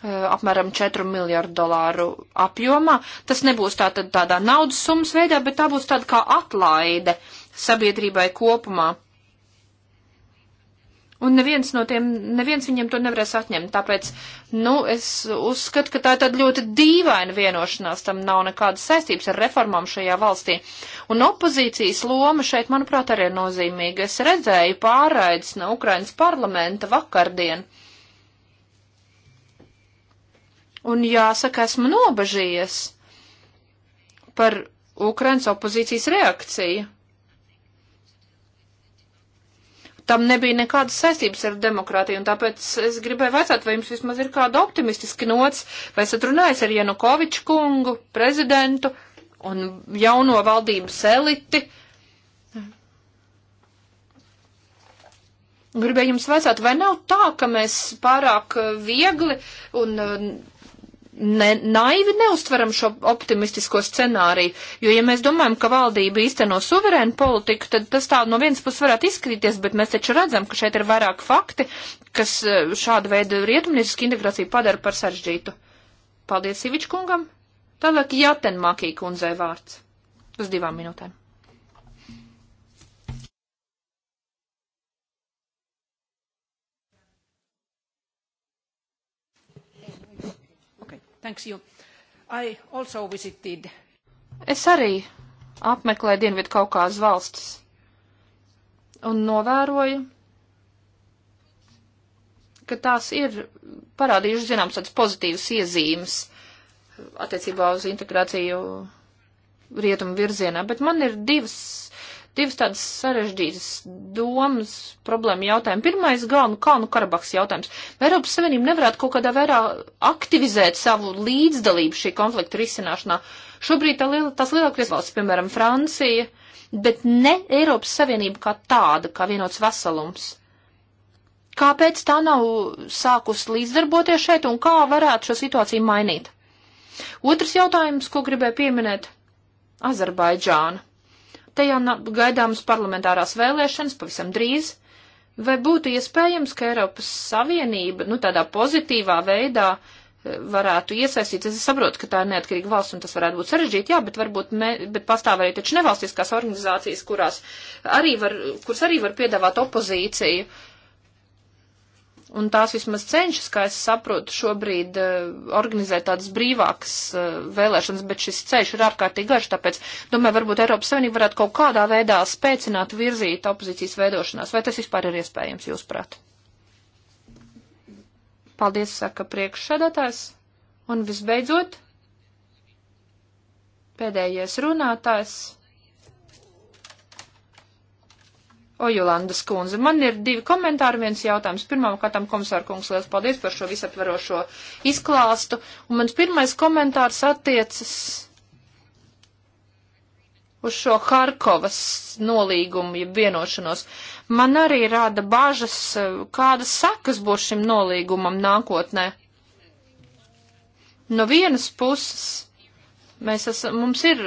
apmēram 4 miljardu dolāru apjomā. Tas nebūs tā, tādā naudas summas veidā, bet tā būs tāda kā atlaide sabiedrībai kopumā. Un neviens no tiem, neviens viņiem to nevarēs atņemt, tāpēc, nu, es uzskatu, ka tā ir tāda ļoti dīvaina vienošanās, tam nav nekādas saistības ar reformām šajā valstī. Un opozīcijas loma šeit, manuprāt, arī ir nozīmīga. Es redzēju pārraides no Ukrainas parlamenta vakardien. Uh, un jāsaka, esmu nobažījies par Ukrainas opozīcijas reakciju. Tam nebija nekādas saistības ar demokrātiju, un tāpēc es gribēju vaicāt, vai jums vismaz ir kāda optimistiska nots, vai esat runājis ar Janukoviču kungu, prezidentu un jauno valdības eliti. Gribēju jums vaicāt, vai nav tā, ka mēs pārāk viegli un ne, naivi neustveram šo optimistisko scenāriju, jo, ja mēs domājam, ka valdība īsteno suverēnu politiku, tad tas tā no vienas puses varētu izskatīties, bet mēs taču redzam, ka šeit ir vairāk fakti, kas eh, šāda veida rietumniecisku integrāciju padara par sarežģītu. Paldies Sivičkungam. Tālāk Jātenmākī kundzei vārds. Uz divām minūtēm. Thanks you. I also visited. Es arī apmeklēju Dienvidu Kaukāzu valstis un novēroju, ka tās ir parādījušas zināmas tādas pozitīvas iezīmes attiecībā uz integrāciju rietumu virzienā, bet man ir divas divas tādas sarežģītas domas, problēma jautājumi. Pirmais galnu Kalnu Karabaks jautājums. Vai Eiropas Savienība nevarētu kaut kādā vērā aktivizēt savu līdzdalību šī konflikta risināšanā? Šobrīd tā liela, tās lielākās valsts, piemēram, Francija, bet ne Eiropas Savienība kā tāda, kā vienots veselums. Kāpēc tā nav sākus līdzdarboties šeit un kā varētu šo situāciju mainīt? Otrs jautājums, ko gribēju pieminēt - Azerbaidžāna te jau gaidāmas parlamentārās vēlēšanas pavisam drīz. Vai būtu iespējams, ka Eiropas Savienība, nu, tādā pozitīvā veidā eh, varētu iesaistīties? Es saprotu, ka tā ir neatkarīga valsts un tas varētu būt sarežģīti, jā, bet varbūt, me, bet pastāv arī taču nevalstiskās organizācijas, kurās arī var, kuras arī var piedāvāt opozīciju. Uh, Un tās vismaz cenšas, kā es saprotu, šobrīd uh, organizēt tādas brīvākas uh, vēlēšanas, bet šis ceļš ir ārkārtīgi garš, tāpēc, domāju, varbūt Eiropas Savienība varētu kaut kādā veidā spēcināt, virzīt opozīcijas veidošanās. Vai tas vispār ir iespējams, jūsuprāt? Paldies, saka priekšsēdētājs. Un visbeidzot, pēdējais runātājs Ojulandas kundze. Man ir divi komentāri, viens jautājums. Pirmām kārtām komisāra kungs, liels paldies par šo visaptverošo izklāstu. Un mans pirmais komentārs attiecas uz šo Harkovas nolīgumu, ja vienošanos. Man arī rāda bažas, kādas sakas būs šim nolīgumam nākotnē. No vienas puses, mēs esam, mums ir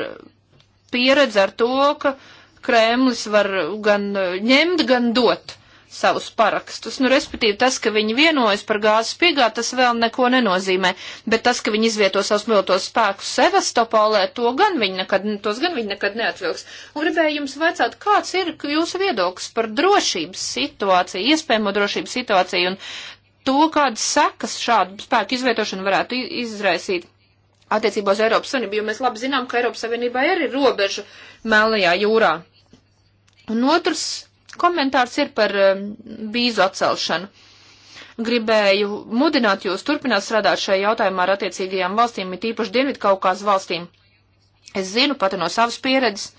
pieredze ar to, ka uh, Kremlis var gan eh, ņemt, gan dot savus parakstus. Nu, respektīvi, tas, ka viņi vienojas par gāzes piegādi, tas vēl neko nenozīmē, bet tas, ka viņi izvieto savus militos spēkus Sevastopolē, to gan viņi nekad, tos gan viņi nekad neatvilks. Un gribēju jums vecāt, kāds ir jūsu viedoklis par drošības situāciju, iespējamo drošības situāciju un to, kādas sekas šādu spēku izvietošana varētu izraisīt attiecībā uz Eiropas Savienību, jo mēs labi zinām, ka Eiropas Savienībā ir robeža Melnajā jūrā. Un otrs komentārs ir par um, vīzu atcelšanu. Gribēju mudināt jūs turpināt strādāt šajā jautājumā ar attiecīgajām valstīm, it īpaši Dienvidkaukās valstīm. Es zinu pat no savas pieredzes,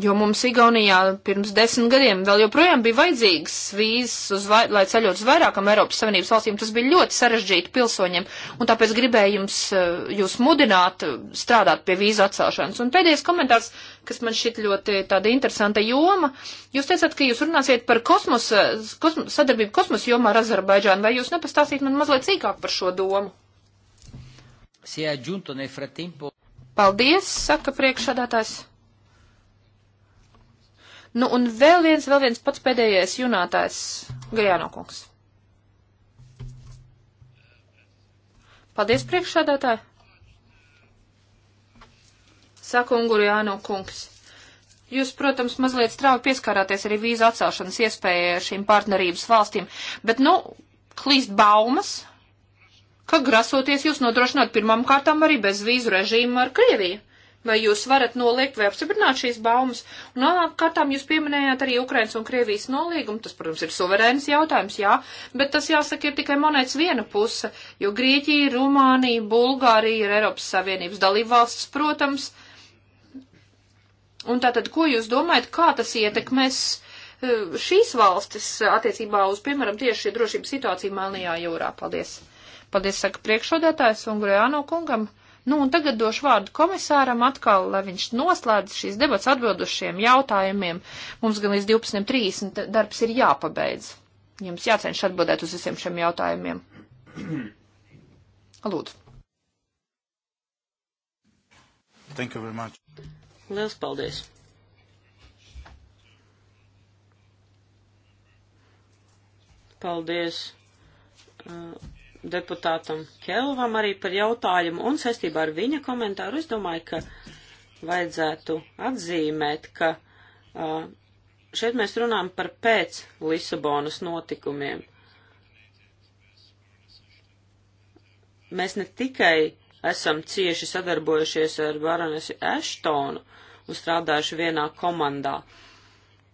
Jo mums Igaunijā pirms desmit gadiem vēl joprojām bija vajadzīgs vīzes, vai, lai ceļot uz vairākam Eiropas Savienības valstīm. Tas bija ļoti sarežģīti pilsoņiem, un tāpēc gribēju jums, eh, jūs mudināt eh, strādāt pie vīzu atcelšanas. Un pēdējais komentārs, kas man šit ļoti tāda interesanta joma. Jūs teicāt, ka jūs runāsiet par kosmosa, kosmos, eh, sadarbību kosmosa jomā ar Azerbaidžānu. Vai jūs nepastāstīt man mazliet cīkāk par šo domu? Paldies, saka priekšsādātājs. Nu, un vēl viens, vēl viens pats pēdējais junātājs Gajāno kungs. Paldies, priekšsādātāji! Saka Ungurjāno kungs. Jūs, protams, mazliet strauji pieskārāties arī vīzu atcelšanas iespējai ar šīm partnerības valstīm, bet, nu, klīst baumas, ka grasoties jūs nodrošināt pirmām kārtām arī bezvīzu režīmu ar Krieviju. Vai jūs varat noliegt vai apstiprināt šīs baumas? Un nonāk kārtām jūs pieminējāt arī Ukrainas un Krievijas nolīgumu. Tas, protams, ir suverēns jautājums, jā, bet tas jāsaka ir tikai monētas viena puse, jo Grieķija, Rumānija, Bulgārija ir Eiropas Savienības dalībvalstis, protams. Un tātad, ko jūs domājat, kā tas ietekmēs? Eh, šīs valstis attiecībā uz, piemēram, tieši drošības situāciju Melnajā jūrā. Paldies! Paldies, saka priekšsodātājs un Grojāno kungam. Nu, un tagad došu vārdu komisāram atkal, lai viņš noslēdz šīs debats atbildušiem jautājumiem. Mums gan līdz 12.30 darbs ir jāpabeidz. Jums jācenš atbildēt uz visiem šiem jautājumiem. Lūdzu. Thank you very much. Liels paldies. Paldies. Uh deputātam Kelvam arī par jautājumu un saistībā ar viņa komentāru. Es domāju, ka vajadzētu atzīmēt, ka uh, šeit mēs runājam par pēc Lisabonas notikumiem. Mēs ne tikai esam cieši sadarbojušies ar Baronesi Ashtonu un strādājuši vienā komandā.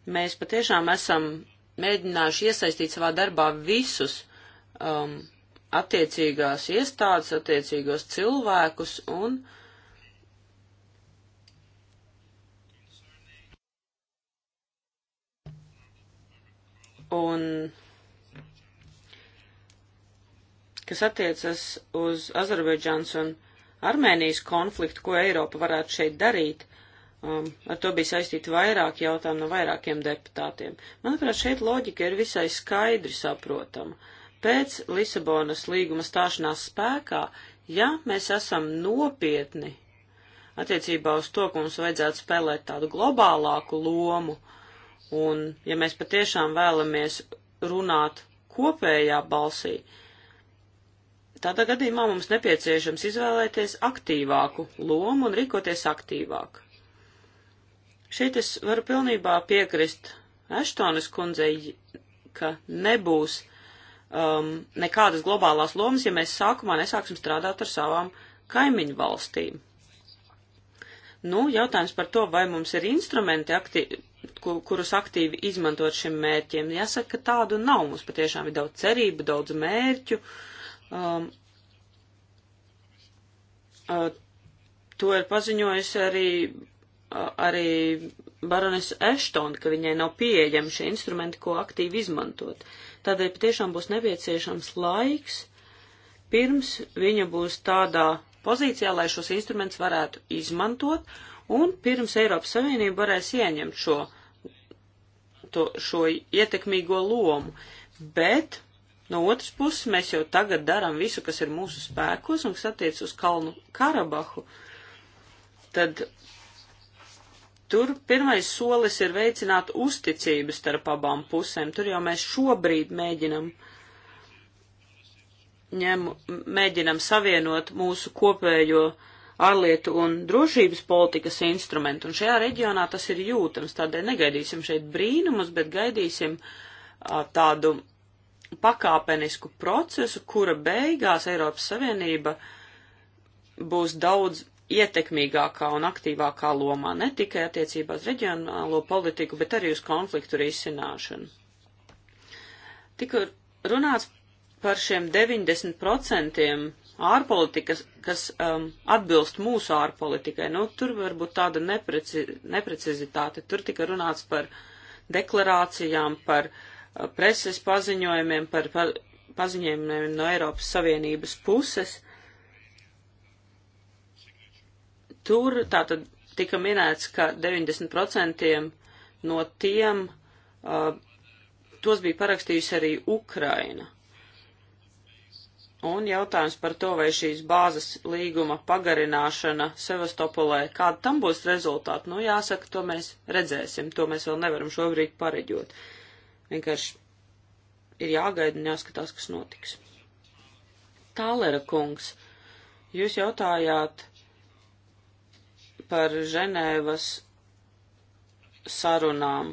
Mēs patiešām esam mēģinājuši iesaistīt savā darbā visus um, attiecīgās iestādes, attiecīgos cilvēkus un un kas attiecas uz Azerbaidžāns un Armēnijas konfliktu, ko Eiropa varētu šeit darīt, um, ar to bija saistīti vairāk jautājumu no vairākiem deputātiem. Manuprāt, šeit loģika ir visai skaidri saprotama. Uh, Pēc Lisabonas līguma stāšanās spēkā, ja mēs esam nopietni attiecībā uz to, ka mums vajadzētu spēlēt tādu globālāku lomu, un ja mēs patiešām vēlamies runāt kopējā balsī, tādā gadījumā mums nepieciešams izvēlēties aktīvāku lomu un rīkoties aktīvāk. Šeit es varu pilnībā piekrist Eštonas kundzei, ka nebūs um, nekādas globālās lomas, ja mēs sākumā nesāksim strādāt ar savām kaimiņu valstīm. Nu, jautājums par to, vai mums ir instrumenti, aktīvi, kurus aktīvi izmantot šiem mērķiem. Jāsaka, ka tādu nav. Mums patiešām ir daudz cerību, daudz mērķu. Um, uh, to ir paziņojis arī, uh, arī baronis Eštona, ka viņai nav pieejami šie instrumenti, ko aktīvi izmantot. Uh, Tādēļ patiešām būs nepieciešams laiks, pirms viņa būs tādā pozīcijā, lai šos instrumentus varētu izmantot, un pirms Eiropas Savienība varēs ieņemt šo, to, šo ietekmīgo lomu. Bet No otras puses, mēs jau tagad darām visu, kas ir mūsu spēkos, un kas attiec uz Kalnu Karabahu, tad Tur pirmais solis ir veicināt uzticību starp abām pusēm. Tur jau mēs šobrīd mēģinam, ņem, mēģinam savienot mūsu kopējo ārlietu un drošības politikas instrumentu, un šajā reģionā tas ir jūtams. Tādēļ negaidīsim šeit brīnumus, bet gaidīsim a, tādu pakāpenisku procesu, kura beigās Eiropas Savienība būs daudz ietekmīgākā un aktīvākā lomā ne tikai attiecībā uz reģionālo politiku, bet arī uz konfliktu risināšanu. Tikko runāts par šiem 90% ārpolitikas, kas um, atbilst mūsu ārpolitikai, nu tur varbūt tāda nepreci, neprecizitāte, tur tika runāts par deklarācijām, par uh, preses paziņojumiem, par, par paziņojumiem no Eiropas Savienības puses. Uh, Tur tātad tika minēts, ka 90% no tiem uh, tos bija parakstījusi arī Ukraina. Un jautājums par to, vai šīs bāzes līguma pagarināšana Sevastopolē, kāda tam būs rezultāti, nu jāsaka, to mēs redzēsim, to mēs vēl nevaram šobrīd pareģot. Vienkārši ir jāgaida un jāskatās, kas notiks. Tālera kungs, jūs jautājāt par Ženēvas sarunām.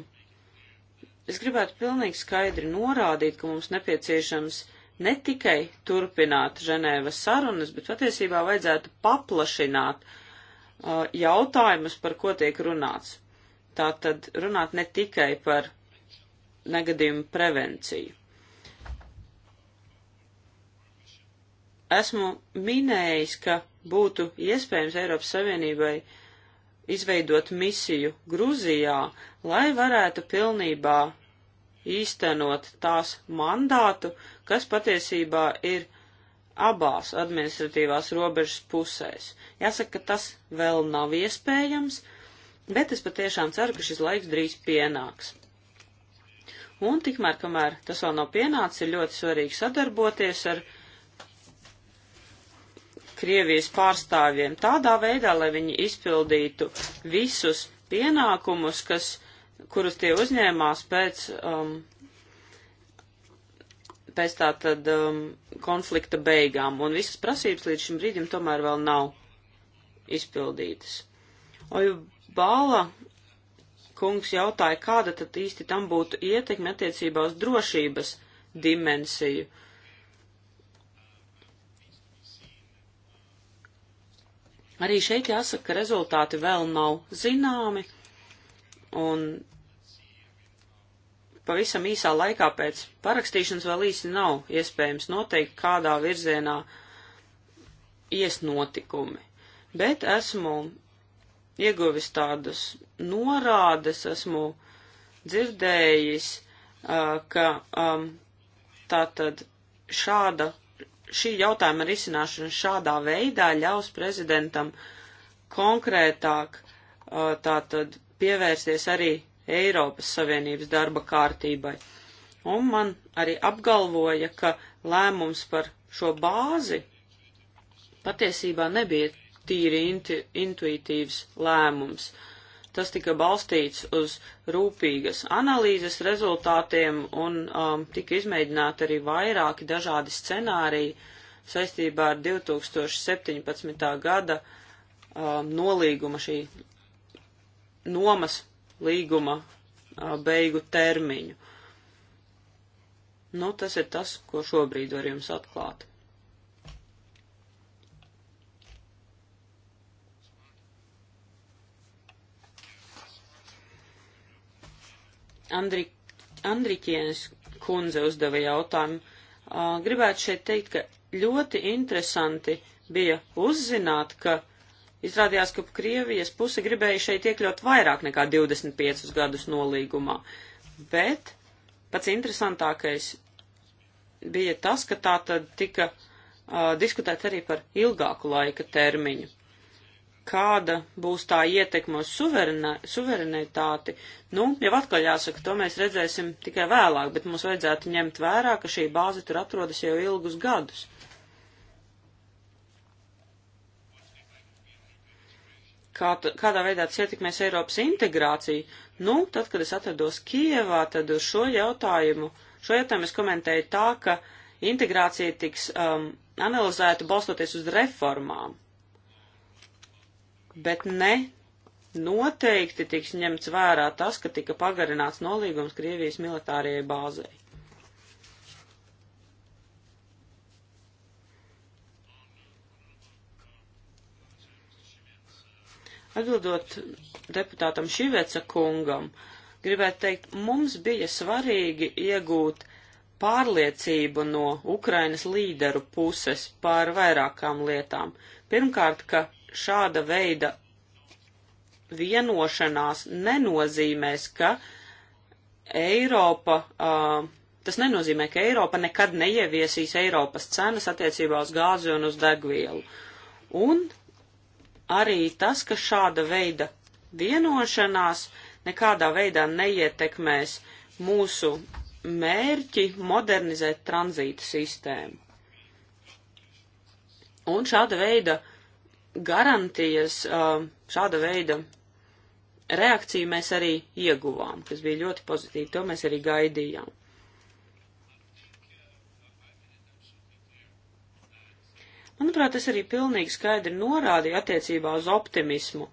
Es gribētu pilnīgi skaidri norādīt, ka mums nepieciešams ne tikai turpināt Ženēvas sarunas, bet patiesībā vajadzētu paplašināt uh, jautājumus, par ko tiek runāts. Tātad runāt ne tikai par negadījumu prevenciju. Esmu minējis, ka būtu iespējams Eiropas Savienībai uh, izveidot misiju Gruzijā, lai varētu pilnībā īstenot tās mandātu, kas patiesībā ir abās administratīvās robežas pusēs. Jāsaka, ka tas vēl nav iespējams, bet es patiešām ceru, ka šis laiks drīz pienāks. Un tikmēr, kamēr tas vēl nav pienācis, ir ļoti svarīgi sadarboties ar Krievijas pārstāvjiem tādā veidā, lai viņi izpildītu visus pienākumus, kas, kurus tie uzņēmās pēc, um, pēc tā tad um, konflikta beigām, un visas prasības līdz šim brīdim tomēr vēl nav izpildītas. Oju Bāla kungs jautāja, kāda tad īsti tam būtu ietekme attiecībā uz drošības dimensiju. Uh, Arī šeit jāsaka, ka rezultāti vēl nav zināmi, un pavisam īsā laikā pēc parakstīšanas vēl īsti nav iespējams noteikt, kādā virzienā ies notikumi. Bet esmu ieguvis tādas norādes, esmu dzirdējis, uh, ka um, tātad šāda šī jautājuma risināšana šādā veidā ļaus prezidentam konkrētāk tātad pievērsties arī Eiropas Savienības darba kārtībai. Un man arī apgalvoja, ka lēmums par šo bāzi patiesībā nebija tīri intu, intuitīvs lēmums. Uh, Tas tika balstīts uz rūpīgas analīzes rezultātiem un um, tika izmēģināti arī vairāki dažādi scenāriji saistībā ar 2017. gada um, nolīguma šī nomas līguma uh, beigu termiņu. Nu, tas ir tas, ko šobrīd var jums atklāt. Andri, Andriķienes kundze uzdeva jautājumu. Gribētu šeit teikt, ka ļoti interesanti bija uzzināt, ka izrādījās, ka Krievijas puse gribēja šeit iekļaut vairāk nekā 25 gadus nolīgumā. Bet pats interesantākais bija tas, ka tā tad tika uh, diskutēt arī par ilgāku laika termiņu kāda būs tā ietekma uz suverenitāti, nu, jau atkal jāsaka, to mēs redzēsim tikai vēlāk, bet mums vajadzētu ņemt vērā, ka šī bāze tur atrodas jau ilgus gadus. Kā kādā veidā tas ietekmēs Eiropas integrāciju? Nu, tad, kad es atrados Kievā, tad uz šo jautājumu, šo jautājumu es komentēju tā, ka integrācija tiks um, analizēta balstoties uz reformām bet ne noteikti tiks ņemts vērā tas, ka tika pagarināts nolīgums Krievijas militārajai bāzei. Atbildot deputātam Šiveca kungam, gribētu teikt, mums bija svarīgi iegūt pārliecību no Ukrainas līderu puses par vairākām lietām. Pirmkārt, ka šāda veida vienošanās nenozīmēs, ka Eiropa, uh, tas nenozīmē, ka Eiropa nekad neieviesīs Eiropas cenas attiecībā uz gāzi un uz degvielu. Un arī tas, ka šāda veida vienošanās nekādā veidā neietekmēs mūsu mērķi modernizēt tranzīta sistēmu. Un šāda veida uh, garantijas šāda veida reakciju mēs arī ieguvām, kas bija ļoti pozitīvi, to mēs arī gaidījām. Manuprāt, tas arī pilnīgi skaidri norādīja attiecībā uz optimismu,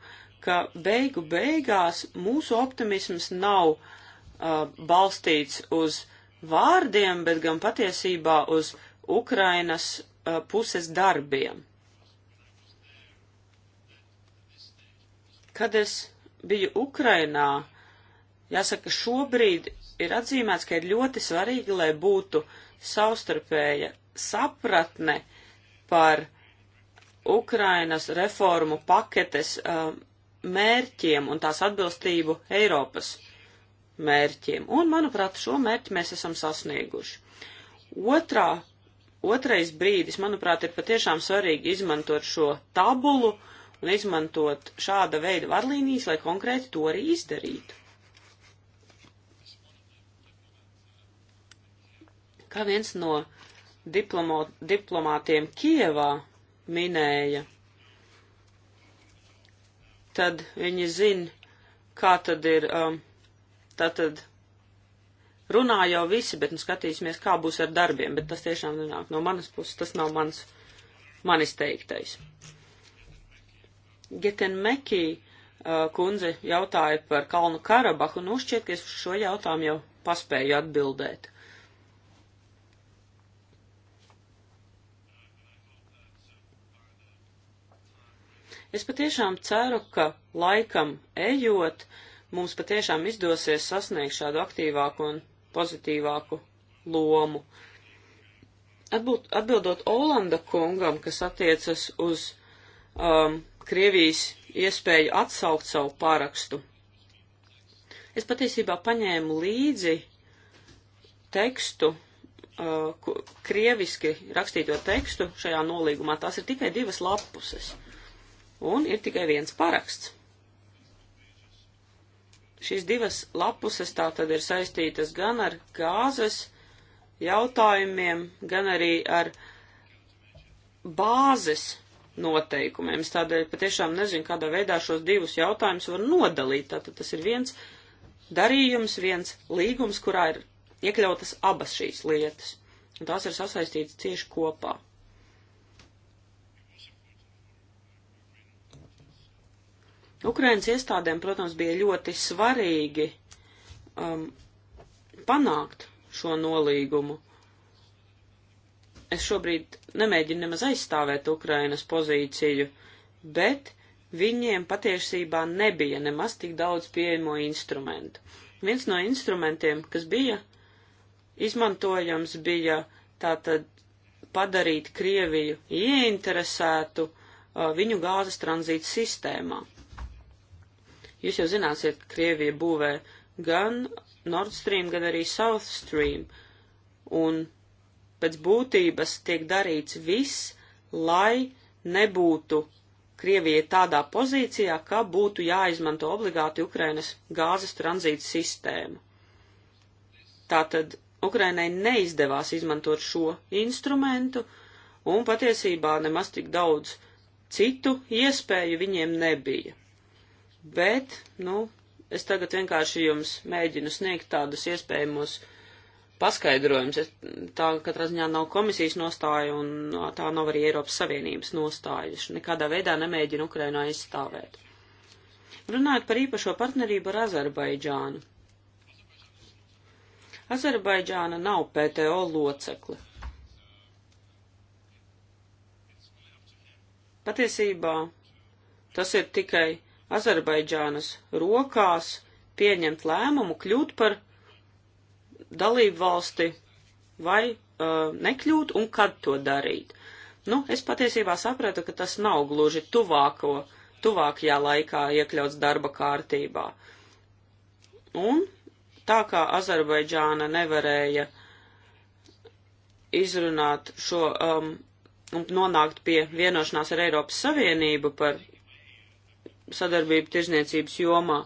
ka beigu beigās mūsu optimisms nav uh, balstīts uz vārdiem, bet gan patiesībā uz Ukrainas uh, puses darbiem. Kad es biju Ukrainā, jāsaka, šobrīd ir atzīmēts, ka ir ļoti svarīgi, lai būtu savstarpēja sapratne par Ukrainas reformu paketes um, mērķiem un tās atbilstību Eiropas mērķiem. Un, manuprāt, šo mērķi mēs esam sasnieguši. Otrā, otrais brīdis, manuprāt, ir patiešām svarīgi izmantot šo tabulu, uh, un izmantot šāda veida vadlīnijas, lai konkrēti to arī izdarītu. Kā viens no diplomo, diplomātiem Kievā minēja, tad viņi zina, kā tad ir, um, tā tad runā jau visi, bet nu skatīsimies, kā būs ar darbiem, bet tas tiešām nenāk no manas puses, tas nav mans, manis teiktais. Geten Mekī uh, kundze jautāja par Kalnu Karabahu, un nu, uzšķiet, ka es uz šo jautājumu jau paspēju atbildēt. Es patiešām ceru, ka laikam ejot, mums patiešām izdosies sasniegt šādu aktīvāku un pozitīvāku lomu. Atbūt, atbildot Olanda kungam, kas attiecas uz um, Krievijas iespēju atsaukt savu parakstu. Es patiesībā paņēmu līdzi tekstu, uh, krieviski rakstīto tekstu šajā nolīgumā. Tās ir tikai divas lapuses. Un ir tikai viens paraksts. Šīs divas lapuses tā tad ir saistītas gan ar gāzes jautājumiem, gan arī ar bāzes noteikumiem. Es tādēļ patiešām nezinu, kādā veidā šos divus jautājumus var nodalīt. Tātad tas ir viens darījums, viens līgums, kurā ir iekļautas abas šīs lietas. Un tās ir sasaistītas cieši kopā. Ukrainas iestādēm, protams, bija ļoti svarīgi um, panākt šo nolīgumu es šobrīd nemēģinu nemaz aizstāvēt Ukrainas pozīciju, bet viņiem patiesībā nebija nemaz tik daudz pieejamo instrumentu. Viens no instrumentiem, kas bija izmantojams, bija tātad padarīt Krieviju ieinteresētu uh, viņu gāzes tranzīta sistēmā. Jūs jau zināsiet, ka Krievija būvē gan Nord Stream, gan arī South Stream, un pēc būtības tiek darīts viss, lai nebūtu Krievijai tādā pozīcijā, ka būtu jāizmanto obligāti Ukrainas gāzes tranzīta sistēma. Tātad Ukrainai neizdevās izmantot šo instrumentu, un patiesībā nemaz tik daudz citu iespēju viņiem nebija. Bet, nu, es tagad vienkārši jums mēģinu sniegt tādus iespējamos uh, paskaidrojums. Tā katrā ziņā nav komisijas nostāja un tā nav arī Eiropas Savienības nostāja. Es nekādā veidā nemēģinu Ukrainā aizstāvēt. Runājot par īpašo partnerību ar Azerbaidžānu. Azerbaidžāna nav PTO locekli. Patiesībā tas ir tikai Azerbaidžānas rokās pieņemt lēmumu kļūt par dalību valsti vai uh, nekļūt un kad to darīt. Nu, es patiesībā sapratu, ka tas nav gluži tuvāko, tuvākajā laikā iekļauts darba kārtībā. Un tā kā Azerbaidžāna nevarēja izrunāt šo um, un nonākt pie vienošanās ar Eiropas Savienību par sadarbību tirzniecības jomā,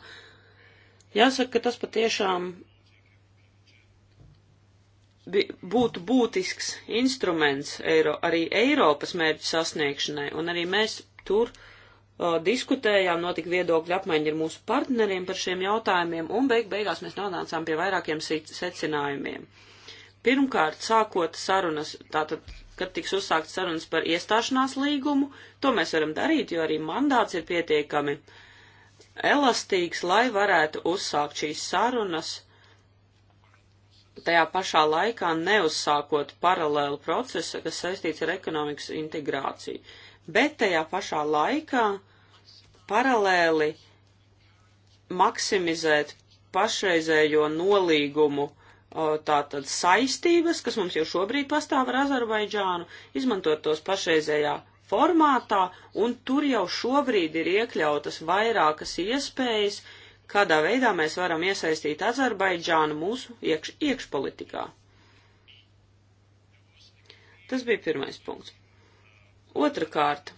jāsaka, ka tas patiešām būtu būtisks instruments Eiro, arī Eiropas mērķu sasniegšanai, un arī mēs tur uh, diskutējām, notika viedokļu apmaiņa ar mūsu partneriem par šiem jautājumiem, un beig beigās mēs nonācām pie vairākiem secinājumiem. Pirmkārt, sākot sarunas, tātad, kad tiks uzsākt sarunas par iestāšanās līgumu, to mēs varam darīt, jo arī mandāts ir pietiekami elastīgs, lai varētu uzsākt šīs sarunas uh, tajā pašā laikā neuzsākot paralēlu procesu, kas saistīts ar ekonomikas integrāciju. Bet tajā pašā laikā paralēli maksimizēt pašreizējo nolīgumu tātad saistības, kas mums jau šobrīd pastāv ar Azerbaidžānu, izmantot tos pašreizējā formātā, un tur jau šobrīd ir iekļautas vairākas iespējas, uh, kādā veidā mēs varam iesaistīt Azerbaidžānu mūsu iekš, iekšpolitikā. Tas bija pirmais punkts. Otrakārt,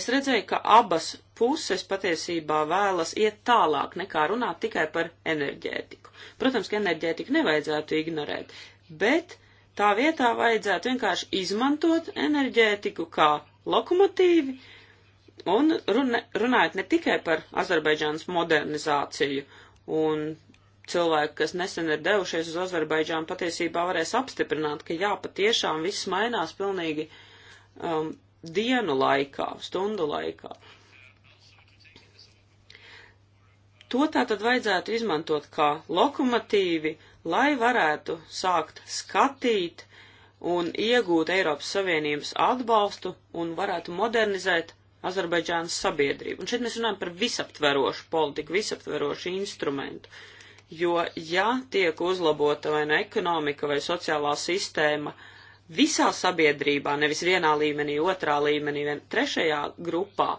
es redzēju, ka abas puses patiesībā vēlas iet tālāk nekā runāt tikai par enerģētiku. Protams, ka enerģētiku nevajadzētu ignorēt, bet tā vietā vajadzētu vienkārši izmantot enerģētiku kā lokomotīvi, uh, Un runa, runājot ne tikai par Azerbaidžānas modernizāciju un cilvēki, kas nesen ir devušies uz Azerbaidžānu, patiesībā varēs apstiprināt, ka jā, patiešām viss mainās pilnīgi um, dienu laikā, stundu laikā. To tā tad vajadzētu izmantot kā lokomotīvi, lai varētu sākt skatīt un iegūt Eiropas Savienības atbalstu un varētu modernizēt Azerbaidžānas sabiedrību. Un šeit mēs runājam par visaptverošu politiku, visaptverošu instrumentu. Jo, ja tiek uzlabota vai ne nu ekonomika vai sociālā sistēma visā sabiedrībā, nevis vienā līmenī, otrā līmenī, vien trešajā grupā,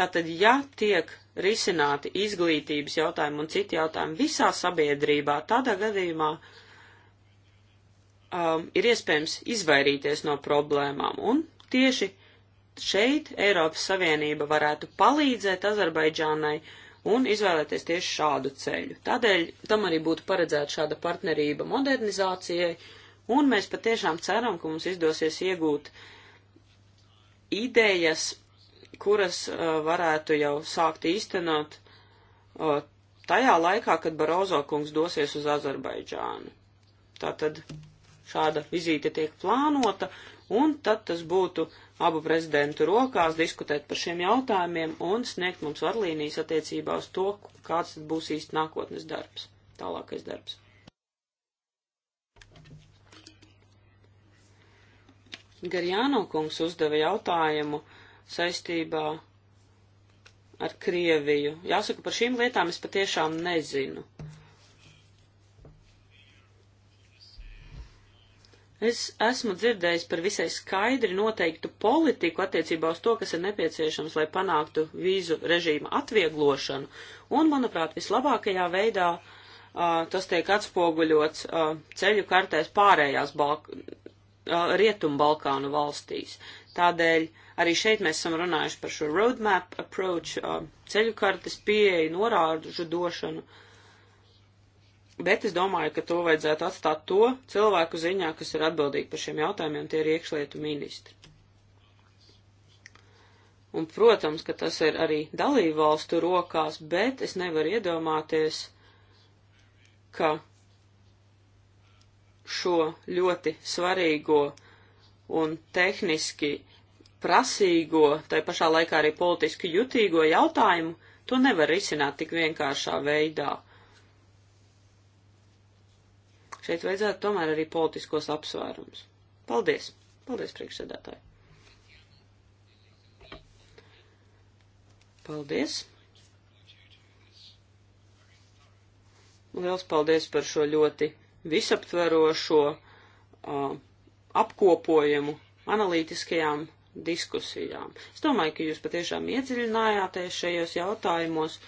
tātad, ja tiek risināti izglītības jautājumi un citi jautājumi visā sabiedrībā, tādā gadījumā um, ir iespējams izvairīties no problēmām. Un tieši šeit Eiropas Savienība varētu palīdzēt Azerbaidžānai un izvēlēties tieši šādu ceļu. Tādēļ tam arī būtu paredzēta šāda partnerība modernizācijai, un mēs patiešām ceram, ka mums izdosies iegūt idejas, kuras uh, varētu jau sākt īstenot uh, tajā laikā, kad Barozo kungs dosies uz Azerbaidžānu. Tātad šāda vizīte tiek plānota, un tad tas būtu uh, abu prezidentu rokās, diskutēt par šiem jautājumiem un sniegt mums vadlīnijas attiecībā uz to, kāds tad būs īsti nākotnes darbs, tālākais darbs. Garjāno kungs uzdeva jautājumu saistībā ar Krieviju. Jāsaka, par šīm lietām es patiešām nezinu. Es esmu dzirdējis par visai skaidri noteiktu politiku attiecībā uz to, kas ir nepieciešams, lai panāktu vīzu režīma atvieglošanu, un, manuprāt, vislabākajā veidā uh, tas tiek atspoguļots uh, ceļu kartēs pārējās Balk uh, Rietumbalkānu valstīs. Tādēļ arī šeit mēs esam runājuši par šo roadmap approach, uh, ceļu kartes pieeju, norāžu došanu. Uh, Bet es domāju, ka to vajadzētu atstāt to cilvēku ziņā, kas ir atbildīgi par šiem jautājumiem, tie ir iekšlietu ministri. Un, protams, ka tas ir arī dalību valstu rokās, bet es nevaru iedomāties, ka šo ļoti svarīgo un tehniski prasīgo, tai pašā laikā arī politiski jutīgo jautājumu, to nevar risināt tik vienkāršā veidā Šeit vajadzētu tomēr arī politiskos apsvērums. Paldies! Paldies, priekšsēdētāji! Paldies! Liels paldies par šo ļoti visaptverošo, uh, apkopojumu, analītiskajām diskusijām. Es domāju, ka jūs patiešām iedziļinājāties šajos jautājumos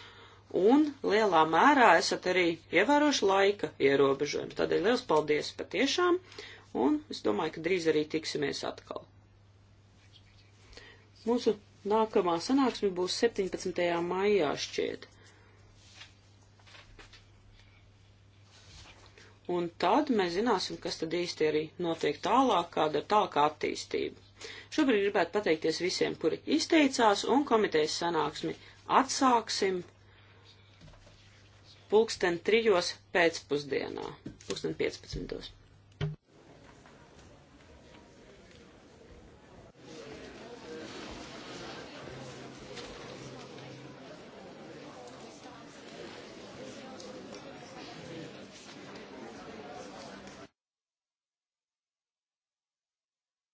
un lielā mērā esat arī ievēroši laika ierobežojumus. Tādēļ liels paldies patiešām, un es domāju, ka drīz arī tiksimies atkal. Mūsu nākamā sanāksme būs 17. maijā šķiet. Un tad mēs zināsim, kas tad īsti arī notiek tālāk, kāda ir tālākā attīstība. Šobrīd gribētu pateikties visiem, kuri izteicās, un komitejas sanāksmi atsāksim pulksten trijos pēcpusdienā, pulksten 15.